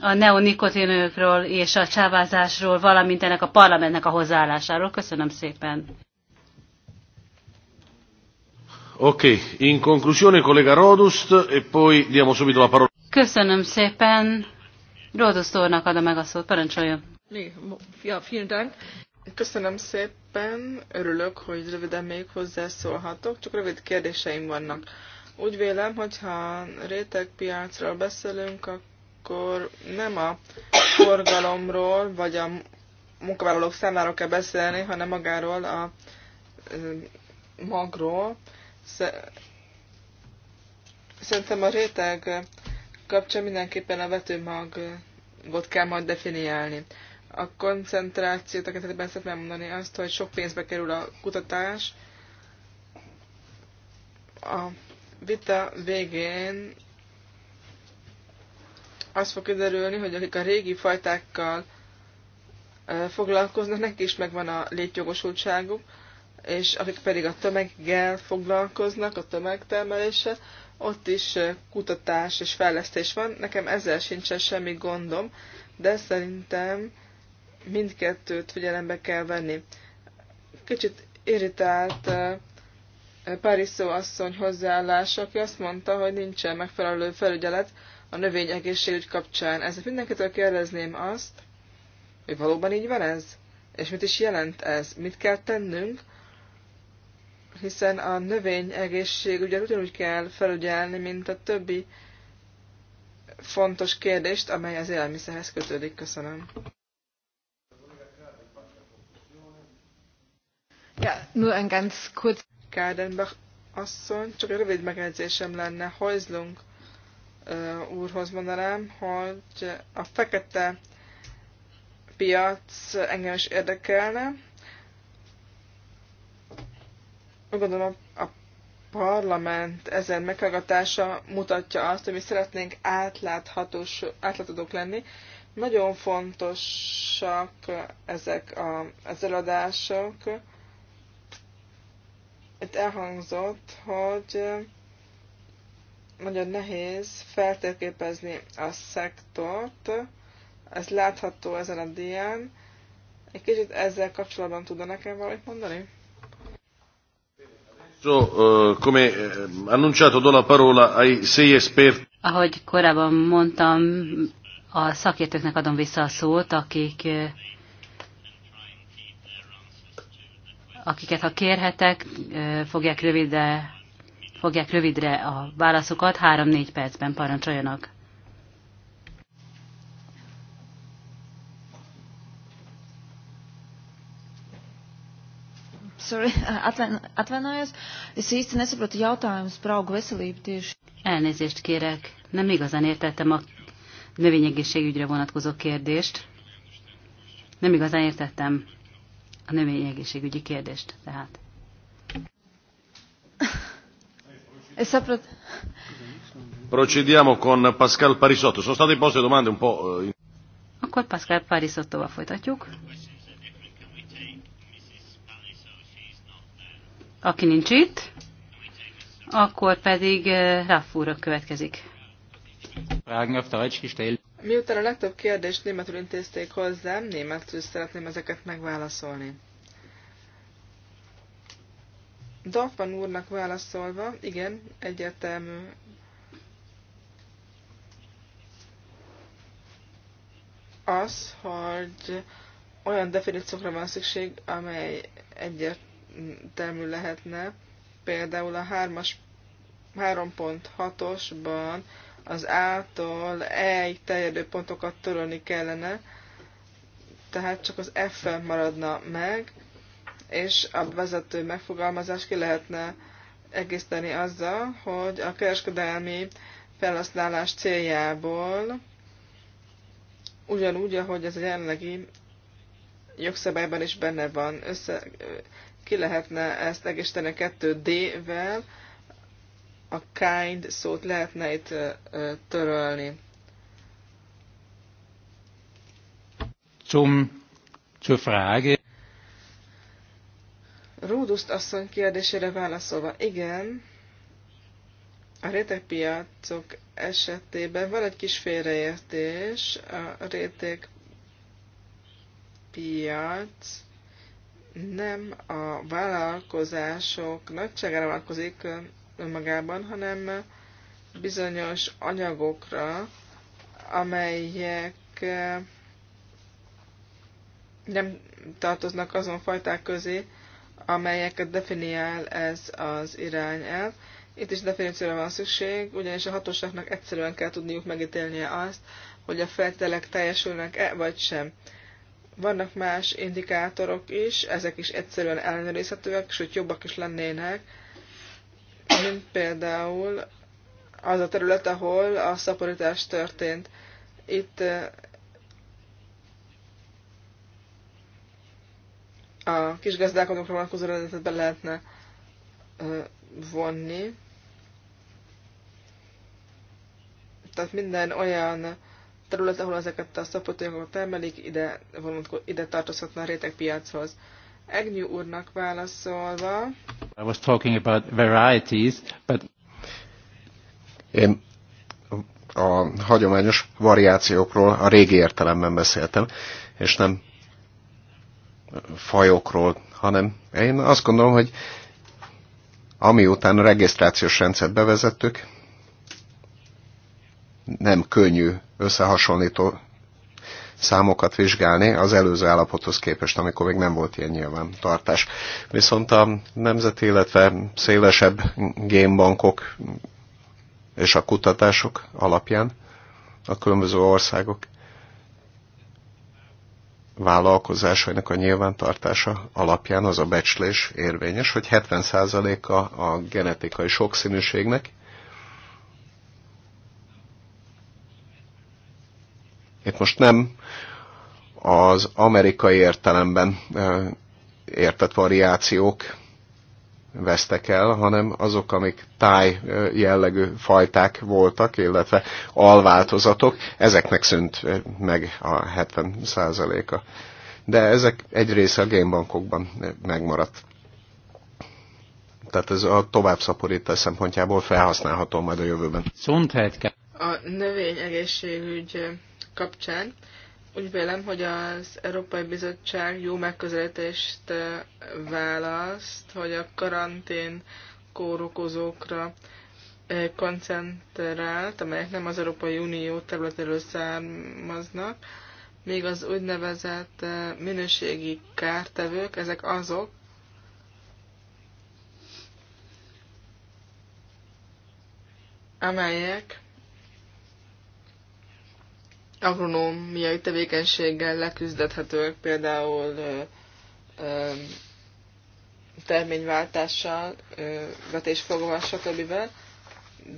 a neonikotinőkről és a csávázásról, valamint ennek a parlamentnek a hozzáállásáról. Köszönöm szépen. Oké, okay. in conclusione kollega Rodust, e poi diamo subito la parola. Köszönöm szépen. Rodust úrnak adom meg a szót, parancsoljon. Ja, vielen Dank. Köszönöm szépen, örülök, hogy röviden még hozzászólhatok, csak rövid kérdéseim vannak. Úgy vélem, hogyha rétegpiacról beszélünk, akkor akkor nem a forgalomról, vagy a munkavállalók számláról kell beszélni, hanem magáról a magról. Szerintem a réteg kapcsán mindenképpen a vetőmagot kell majd definiálni. A koncentráció tekintetében szeretném mondani azt, hogy sok pénzbe kerül a kutatás. A vita végén az fog kiderülni, hogy akik a régi fajtákkal foglalkoznak, nekik is megvan a létjogosultságuk, és akik pedig a tömeggel foglalkoznak, a tömegtermelése, ott is kutatás és fejlesztés van. Nekem ezzel sincsen semmi gondom, de szerintem mindkettőt figyelembe kell venni. Kicsit irritált Pariszó asszony hozzáállása, aki azt mondta, hogy nincsen megfelelő felügyelet a növényegészségügy kapcsán. Ezért mindenkitől kérdezném azt, hogy valóban így van ez? És mit is jelent ez? Mit kell tennünk? Hiszen a ugye ugyanúgy kell felügyelni, mint a többi fontos kérdést, amely az élelmiszerhez kötődik. Köszönöm. Ja, nur ein ganz kurz. Kádenbach asszony, csak egy rövid megjegyzésem lenne. hajzlunk úrhoz mondanám, hogy a fekete piac engem is érdekelne. Gondolom a parlament ezen meghallgatása mutatja azt, hogy mi szeretnénk átláthatós, átláthatók lenni. Nagyon fontosak ezek a, az előadások. Itt elhangzott, hogy nagyon nehéz feltérképezni a szektort. Ez látható ezen a dián. Egy kicsit ezzel kapcsolatban tudna nekem valamit mondani? Uh, eh, Ahogy korábban mondtam, a szakértőknek adom vissza a szót, akik, eh, akiket ha kérhetek, eh, fogják rövide fogják rövidre a válaszokat, 3-4 percben parancsoljanak. Sorry, (laughs) atvain, Es īsti nesapratu jautājumus par veselību tieši. Elnézést kérek, nem igazán értettem a növényegészségügyre vonatkozó kérdést. Nem igazán értettem a növényegészségügyi kérdést, tehát. E Procediamo con Pascal Parisotto. Sono state poste domande un po'... Eh, in... Akkor Pascal Parisottoval folytatjuk. Aki nincs itt, akkor pedig eh, Raff következik. Miután a legtöbb kérdést németül intézték hozzám, németül szeretném ezeket megválaszolni. Dorfman úrnak válaszolva, igen, egyértelmű az, hogy olyan definíciókra van szükség, amely egyértelmű lehetne. Például a 3.6-osban az A-tól E-ig terjedő pontokat törölni kellene, tehát csak az F-en maradna meg, és a vezető megfogalmazás ki lehetne egészteni azzal, hogy a kereskedelmi felhasználás céljából ugyanúgy, ahogy ez a jelenlegi jogszabályban is benne van, össze, ki lehetne ezt egészteni a 2D-vel, a kind szót lehetne itt törölni. Zum, zur Frage. Róduszt asszony kérdésére válaszolva, igen, a rétegpiacok esetében van egy kis félreértés, a rétegpiac nem a vállalkozások nagyságára vállalkozik önmagában, hanem bizonyos anyagokra, amelyek eh, nem tartoznak azon fajták közé, amelyeket definiál ez az irányelv. Itt is definícióra van szükség, ugyanis a hatóságnak egyszerűen kell tudniuk megítélnie azt, hogy a feltételek teljesülnek-e vagy sem. Vannak más indikátorok is, ezek is egyszerűen ellenőrizhetőek, sőt jobbak is lennének, mint például az a terület, ahol a szaporítás történt. Itt a kis gazdálkodókra vonatkozó rendeletet be lehetne vonni. Tehát minden olyan terület, ahol ezeket a szapotanyagokat termelik, ide, ide tartozhatna a rétegpiachoz. Egnyú úrnak válaszolva. I was talking about varieties, but... Én a hagyományos variációkról a régi értelemben beszéltem, és nem fajokról, hanem én azt gondolom, hogy amiután a regisztrációs rendszert bevezettük, nem könnyű összehasonlító számokat vizsgálni az előző állapothoz képest, amikor még nem volt ilyen tartás, Viszont a nemzeti, illetve szélesebb génbankok és a kutatások alapján a különböző országok vállalkozásainak a nyilvántartása alapján az a becslés érvényes, hogy 70%-a a genetikai sokszínűségnek, itt most nem az amerikai értelemben értett variációk vesztek el, hanem azok, amik táj jellegű fajták voltak, illetve alváltozatok, ezeknek szűnt meg a 70%-a. De ezek egy része a génbankokban megmaradt. Tehát ez a továbbszaporítás szempontjából felhasználható majd a jövőben. A növényegészségügy kapcsán úgy vélem, hogy az Európai Bizottság jó megközelítést választ, hogy a karantén kórokozókra koncentrált, amelyek nem az Európai Unió területéről származnak, még az úgynevezett minőségi kártevők, ezek azok, amelyek agronómiai tevékenységgel leküzdethetők, például terményváltással, vetésfogóval, stb.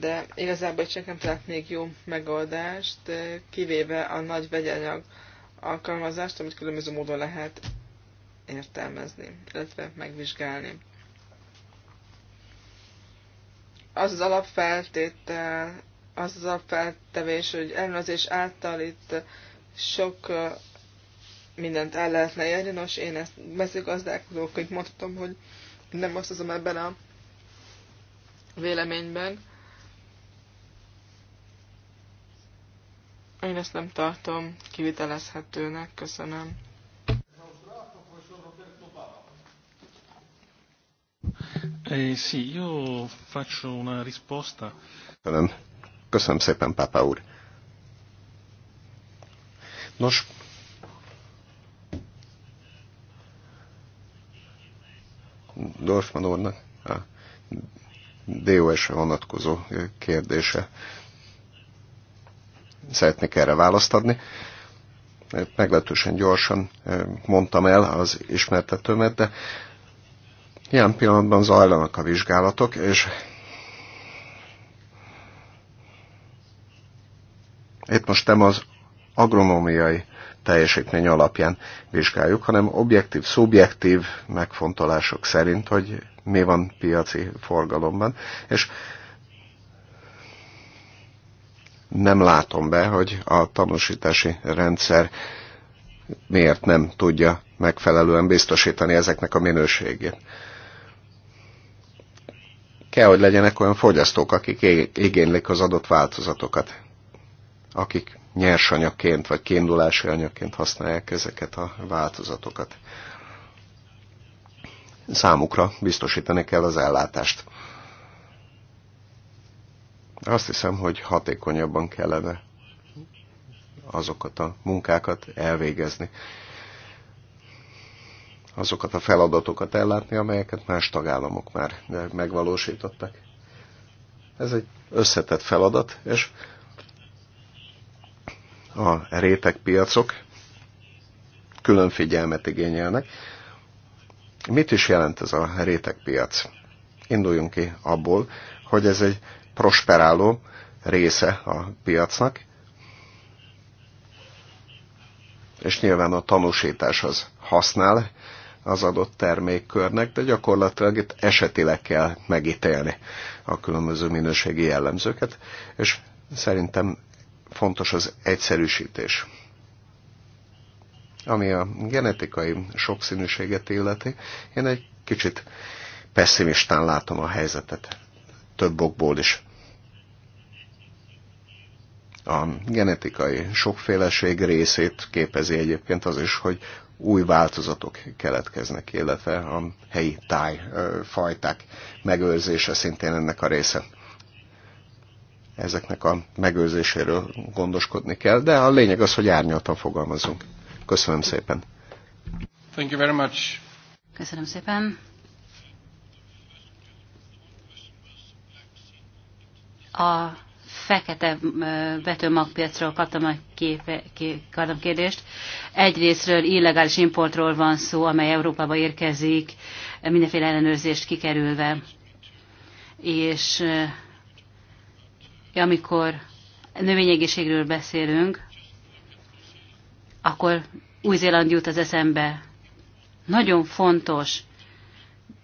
De igazából csak nem talált még jó megoldást, kivéve a nagy vegyanyag alkalmazást, amit különböző módon lehet értelmezni, illetve megvizsgálni. Az az alapfeltétel az a feltevés, hogy elnözés által itt sok mindent el lehetne érni. Nos, én ezt mezőgazdálkodóként mondtam, hogy nem osztozom ebben a véleményben. Én ezt nem tartom kivitelezhetőnek. Köszönöm. Eh, sì, io faccio una risposta. Köszönöm. Köszönöm szépen, Pápa úr. Nos, Dorfman úrnak a DOS-re vonatkozó kérdése. Szeretnék erre választ adni. Meglehetősen gyorsan eh, mondtam el az ismertetőmet, de ilyen pillanatban zajlanak a vizsgálatok, és Itt most nem az agronómiai teljesítmény alapján vizsgáljuk, hanem objektív, szubjektív megfontolások szerint, hogy mi van piaci forgalomban, és nem látom be, hogy a tanúsítási rendszer miért nem tudja megfelelően biztosítani ezeknek a minőségét. Kell, hogy legyenek olyan fogyasztók, akik igénylik az adott változatokat akik nyersanyagként vagy kiindulási anyagként használják ezeket a változatokat. Számukra biztosítani kell az ellátást. Azt hiszem, hogy hatékonyabban kellene azokat a munkákat elvégezni, azokat a feladatokat ellátni, amelyeket más tagállamok már megvalósítottak. Ez egy összetett feladat, és a rétegpiacok külön figyelmet igényelnek. Mit is jelent ez a rétegpiac? Induljunk ki abból, hogy ez egy prosperáló része a piacnak, és nyilván a tanúsítás az használ az adott termékkörnek, de gyakorlatilag itt esetileg kell megítélni a különböző minőségi jellemzőket, és szerintem fontos az egyszerűsítés. Ami a genetikai sokszínűséget illeti, én egy kicsit pessimistán látom a helyzetet, több okból is. A genetikai sokféleség részét képezi egyébként az is, hogy új változatok keletkeznek, illetve a helyi tájfajták megőrzése szintén ennek a része ezeknek a megőrzéséről gondoskodni kell, de a lényeg az, hogy árnyaltan fogalmazunk. Köszönöm szépen. Thank you very much. Köszönöm szépen. A fekete betőmagpiacról kaptam a képe, ké, kaptam kérdést. Egyrésztről illegális importról van szó, amely Európába érkezik, mindenféle ellenőrzést kikerülve. És amikor növényegészségről beszélünk, akkor Új-Zéland jut az eszembe. Nagyon fontos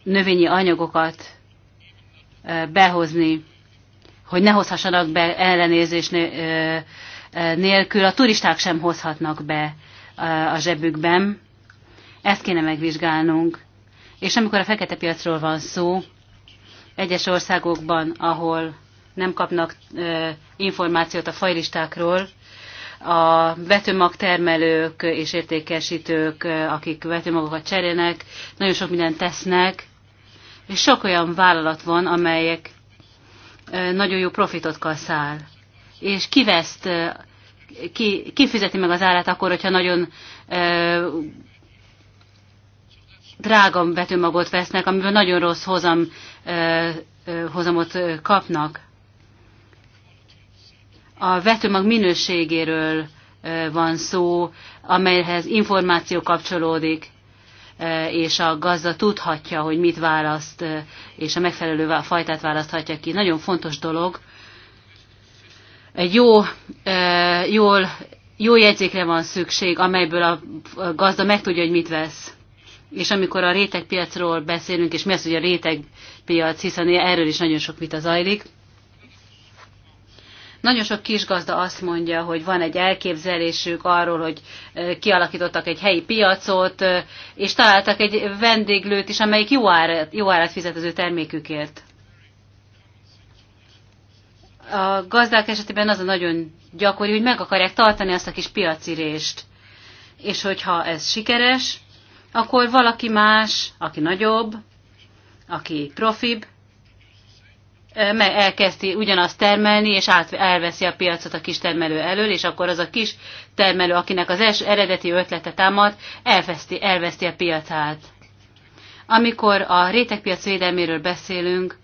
növényi anyagokat behozni, hogy ne hozhassanak be ellenérzés nélkül, a turisták sem hozhatnak be a zsebükben. Ezt kéne megvizsgálnunk. És amikor a fekete piacról van szó, egyes országokban, ahol nem kapnak információt a fajlistákról. A vetőmagtermelők és értékesítők, akik vetőmagokat cserélnek, nagyon sok mindent tesznek, és sok olyan vállalat van, amelyek nagyon jó profitot kaszál. És kiveszt, ki, kifizeti meg az árát akkor, hogyha nagyon drága vetőmagot vesznek, amiből nagyon rossz hozam, hozamot kapnak a vetőmag minőségéről van szó, amelyhez információ kapcsolódik, és a gazda tudhatja, hogy mit választ, és a megfelelő fajtát választhatja ki. Nagyon fontos dolog. Egy jó, jól, jó jegyzékre van szükség, amelyből a gazda meg tudja, hogy mit vesz. És amikor a rétegpiacról beszélünk, és mi az, hogy a rétegpiac, hiszen erről is nagyon sok vita zajlik, nagyon sok kisgazda azt mondja, hogy van egy elképzelésük arról, hogy kialakítottak egy helyi piacot, és találtak egy vendéglőt is, amelyik jó árat, jó árat fizet az ő termékükért. A gazdák esetében az a nagyon gyakori, hogy meg akarják tartani azt a kis piacirést. És hogyha ez sikeres, akkor valaki más, aki nagyobb, aki profibb, elkezdi ugyanazt termelni, és át, elveszi a piacot a kis termelő elől, és akkor az a kis termelő, akinek az es, eredeti ötlete támad, elveszti, elveszti a piacát. Amikor a rétegpiac védelméről beszélünk,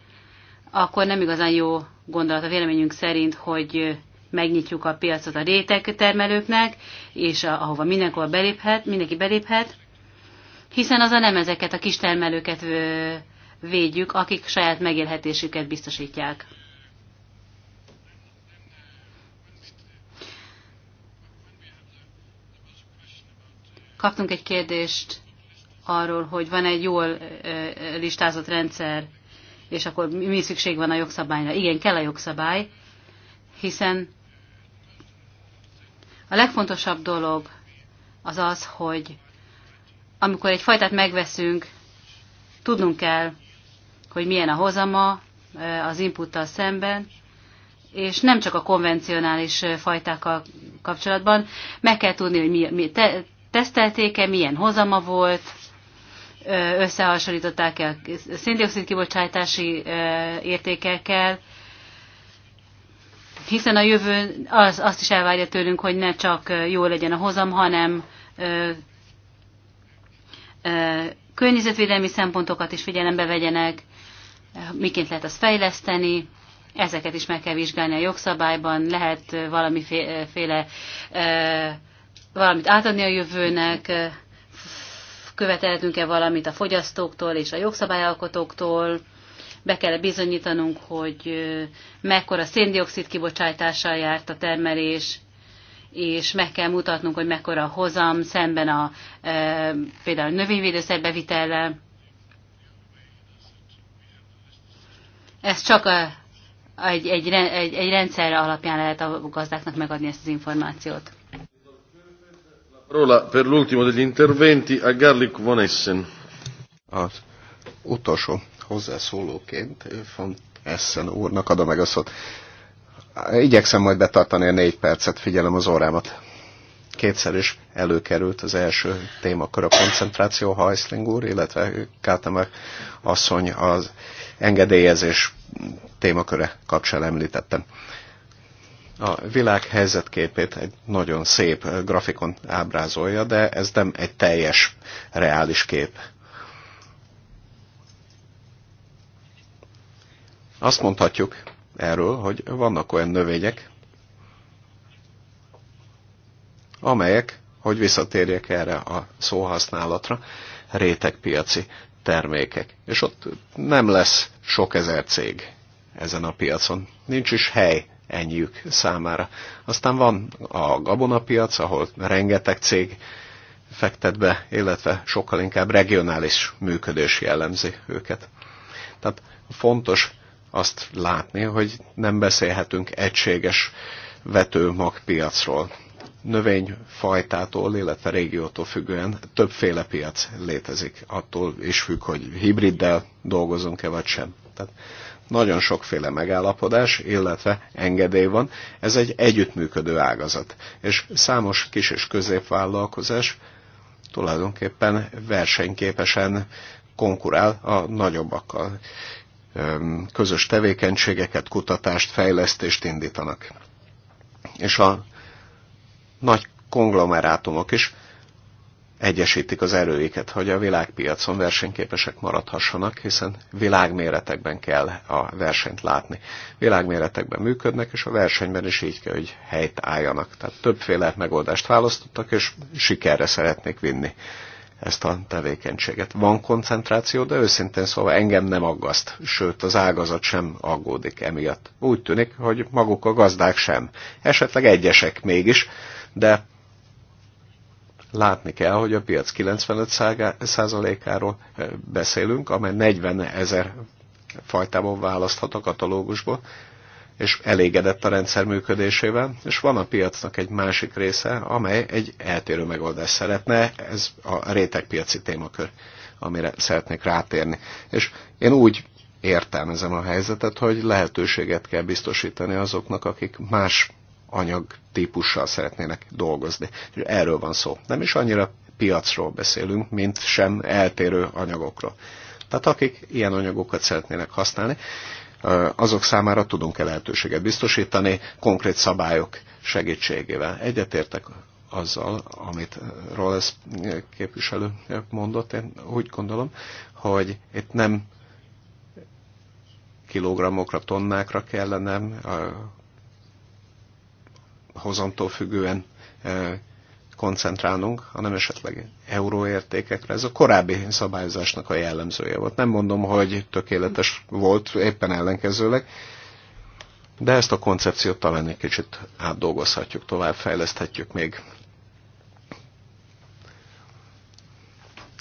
akkor nem igazán jó gondolat a véleményünk szerint, hogy megnyitjuk a piacot a réteg termelőknek, és ahova mindenkor beléphet, mindenki beléphet, hiszen az a nem ezeket a kis termelőket védjük, akik saját megélhetésüket biztosítják. Kaptunk egy kérdést arról, hogy van egy jól listázott rendszer, és akkor mi szükség van a jogszabályra. Igen, kell a jogszabály, hiszen a legfontosabb dolog az az, hogy amikor egy fajtát megveszünk, tudnunk kell, hogy milyen a hozama eh, az inputtal szemben, és nem csak a konvencionális eh, fajtákkal kapcsolatban. Meg kell tudni, hogy mi, mi te, tesztelték-e, milyen hozama volt, eh, összehasonlították-e a széndiokszid kibocsátási értékekkel, hiszen a jövő az, azt is elvárja tőlünk, hogy ne csak jó legyen a hozam, hanem ö, ö, környezetvédelmi szempontokat is figyelembe vegyenek, miként lehet azt fejleszteni, ezeket is meg kell vizsgálni a jogszabályban, lehet valamiféle valamit átadni a jövőnek, követelhetünk-e valamit a fogyasztóktól és a jogszabályalkotóktól, be kell bizonyítanunk, hogy mekkora széndiokszid kibocsátással járt a termelés, és meg kell mutatnunk, hogy mekkora hozam szemben a például növényvédőszer bevitellel. Ez csak a, egy, egy, egy, egy rendszer alapján lehet a gazdáknak megadni ezt az információt. Róla per l'ultimo degli interventi a Garlic von Essen. Az utolsó hozzászólóként von Essen úrnak adom meg a szót. Igyekszem majd betartani a négy percet, figyelem az órámat kétszer is előkerült az első témakör a koncentráció, Heisling úr, illetve Kátemek asszony az engedélyezés témaköre kapcsán említettem. A világ helyzetképét egy nagyon szép grafikon ábrázolja, de ez nem egy teljes, reális kép. Azt mondhatjuk erről, hogy vannak olyan növények, amelyek, hogy visszatérjek erre a szóhasználatra, rétegpiaci termékek. És ott nem lesz sok ezer cég ezen a piacon. Nincs is hely ennyiük számára. Aztán van a gabonapiac, ahol rengeteg cég fektet be, illetve sokkal inkább regionális működés jellemzi őket. Tehát fontos azt látni, hogy nem beszélhetünk egységes vetőmagpiacról növényfajtától, illetve régiótól függően többféle piac létezik, attól is függ, hogy hibriddel dolgozunk-e vagy sem. Tehát nagyon sokféle megállapodás, illetve engedély van. Ez egy együttműködő ágazat, és számos kis és középvállalkozás tulajdonképpen versenyképesen konkurál a nagyobbakkal. Közös tevékenységeket, kutatást, fejlesztést indítanak. És a nagy konglomerátumok is egyesítik az erőiket, hogy a világpiacon versenyképesek maradhassanak, hiszen világméretekben kell a versenyt látni. Világméretekben működnek, és a versenyben is így kell, hogy helyt álljanak. Tehát többféle megoldást választottak, és sikerre szeretnék vinni ezt a tevékenységet. Van koncentráció, de őszintén szóval engem nem aggaszt, sőt az ágazat sem aggódik emiatt. Úgy tűnik, hogy maguk a gazdák sem. Esetleg egyesek mégis, de látni kell, hogy a piac 95%-áról beszélünk, amely 40 ezer fajtában választhat a katalógusból, és elégedett a rendszer működésével, és van a piacnak egy másik része, amely egy eltérő megoldást szeretne, ez a rétegpiaci témakör, amire szeretnék rátérni. És én úgy értelmezem a helyzetet, hogy lehetőséget kell biztosítani azoknak, akik más anyag típussal szeretnének dolgozni. Erről van szó. Nem is annyira piacról beszélünk, mint sem eltérő anyagokról. Tehát akik ilyen anyagokat szeretnének használni, azok számára tudunk-e lehetőséget biztosítani konkrét szabályok segítségével. Egyetértek azzal, amit Rolesz képviselő mondott, én úgy gondolom, hogy itt nem kilogrammokra, tonnákra kellene hozamtól függően koncentrálnunk, hanem esetleg euróértékekre. Ez a korábbi szabályozásnak a jellemzője volt. Nem mondom, hogy tökéletes volt, éppen ellenkezőleg, de ezt a koncepciót talán egy kicsit átdolgozhatjuk, továbbfejleszthetjük még.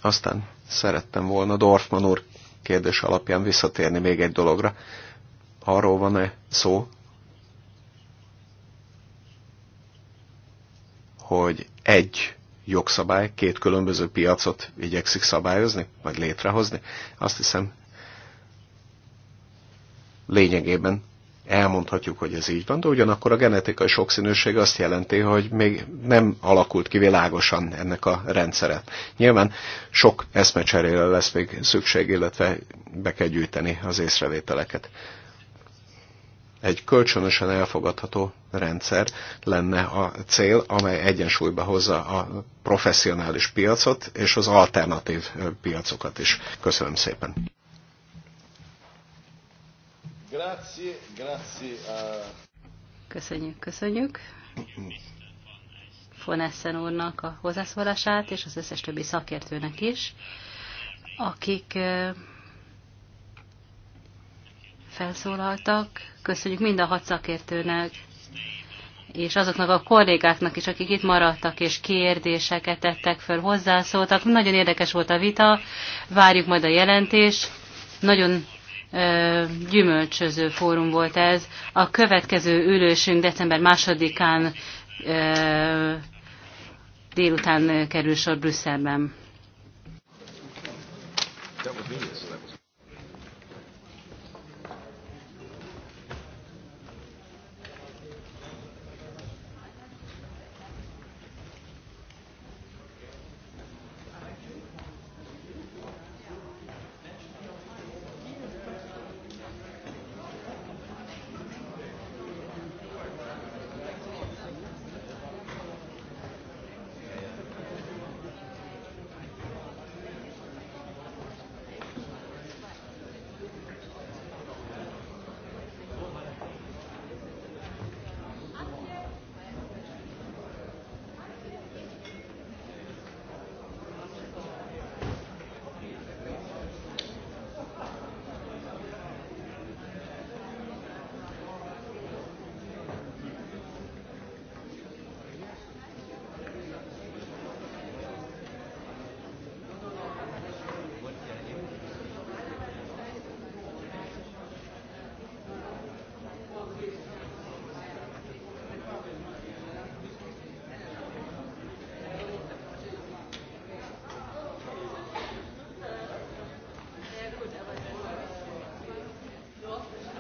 Aztán szerettem volna Dorfman úr kérdés alapján visszatérni még egy dologra. Arról van-e szó, hogy egy jogszabály két különböző piacot igyekszik szabályozni, vagy létrehozni, azt hiszem lényegében elmondhatjuk, hogy ez így van, de ugyanakkor a genetikai sokszínűség azt jelenti, hogy még nem alakult ki világosan ennek a rendszere. Nyilván sok eszmecserére lesz még szükség, illetve be kell gyűjteni az észrevételeket egy kölcsönösen elfogadható rendszer lenne a cél, amely egyensúlyba hozza a professzionális piacot és az alternatív piacokat is. Köszönöm szépen. Grazie, grazie Köszönjük, köszönjük. Fonessen úrnak a hozzászólását, és az összes többi szakértőnek is, akik felszólaltak. Köszönjük mind a hat szakértőnek, és azoknak a kollégáknak is, akik itt maradtak és kérdéseket tettek föl, hozzászóltak. Nagyon érdekes volt a vita, várjuk majd a jelentés. Nagyon ö, gyümölcsöző fórum volt ez. A következő ülősünk december másodikán ö, délután kerül sor Brüsszelben. That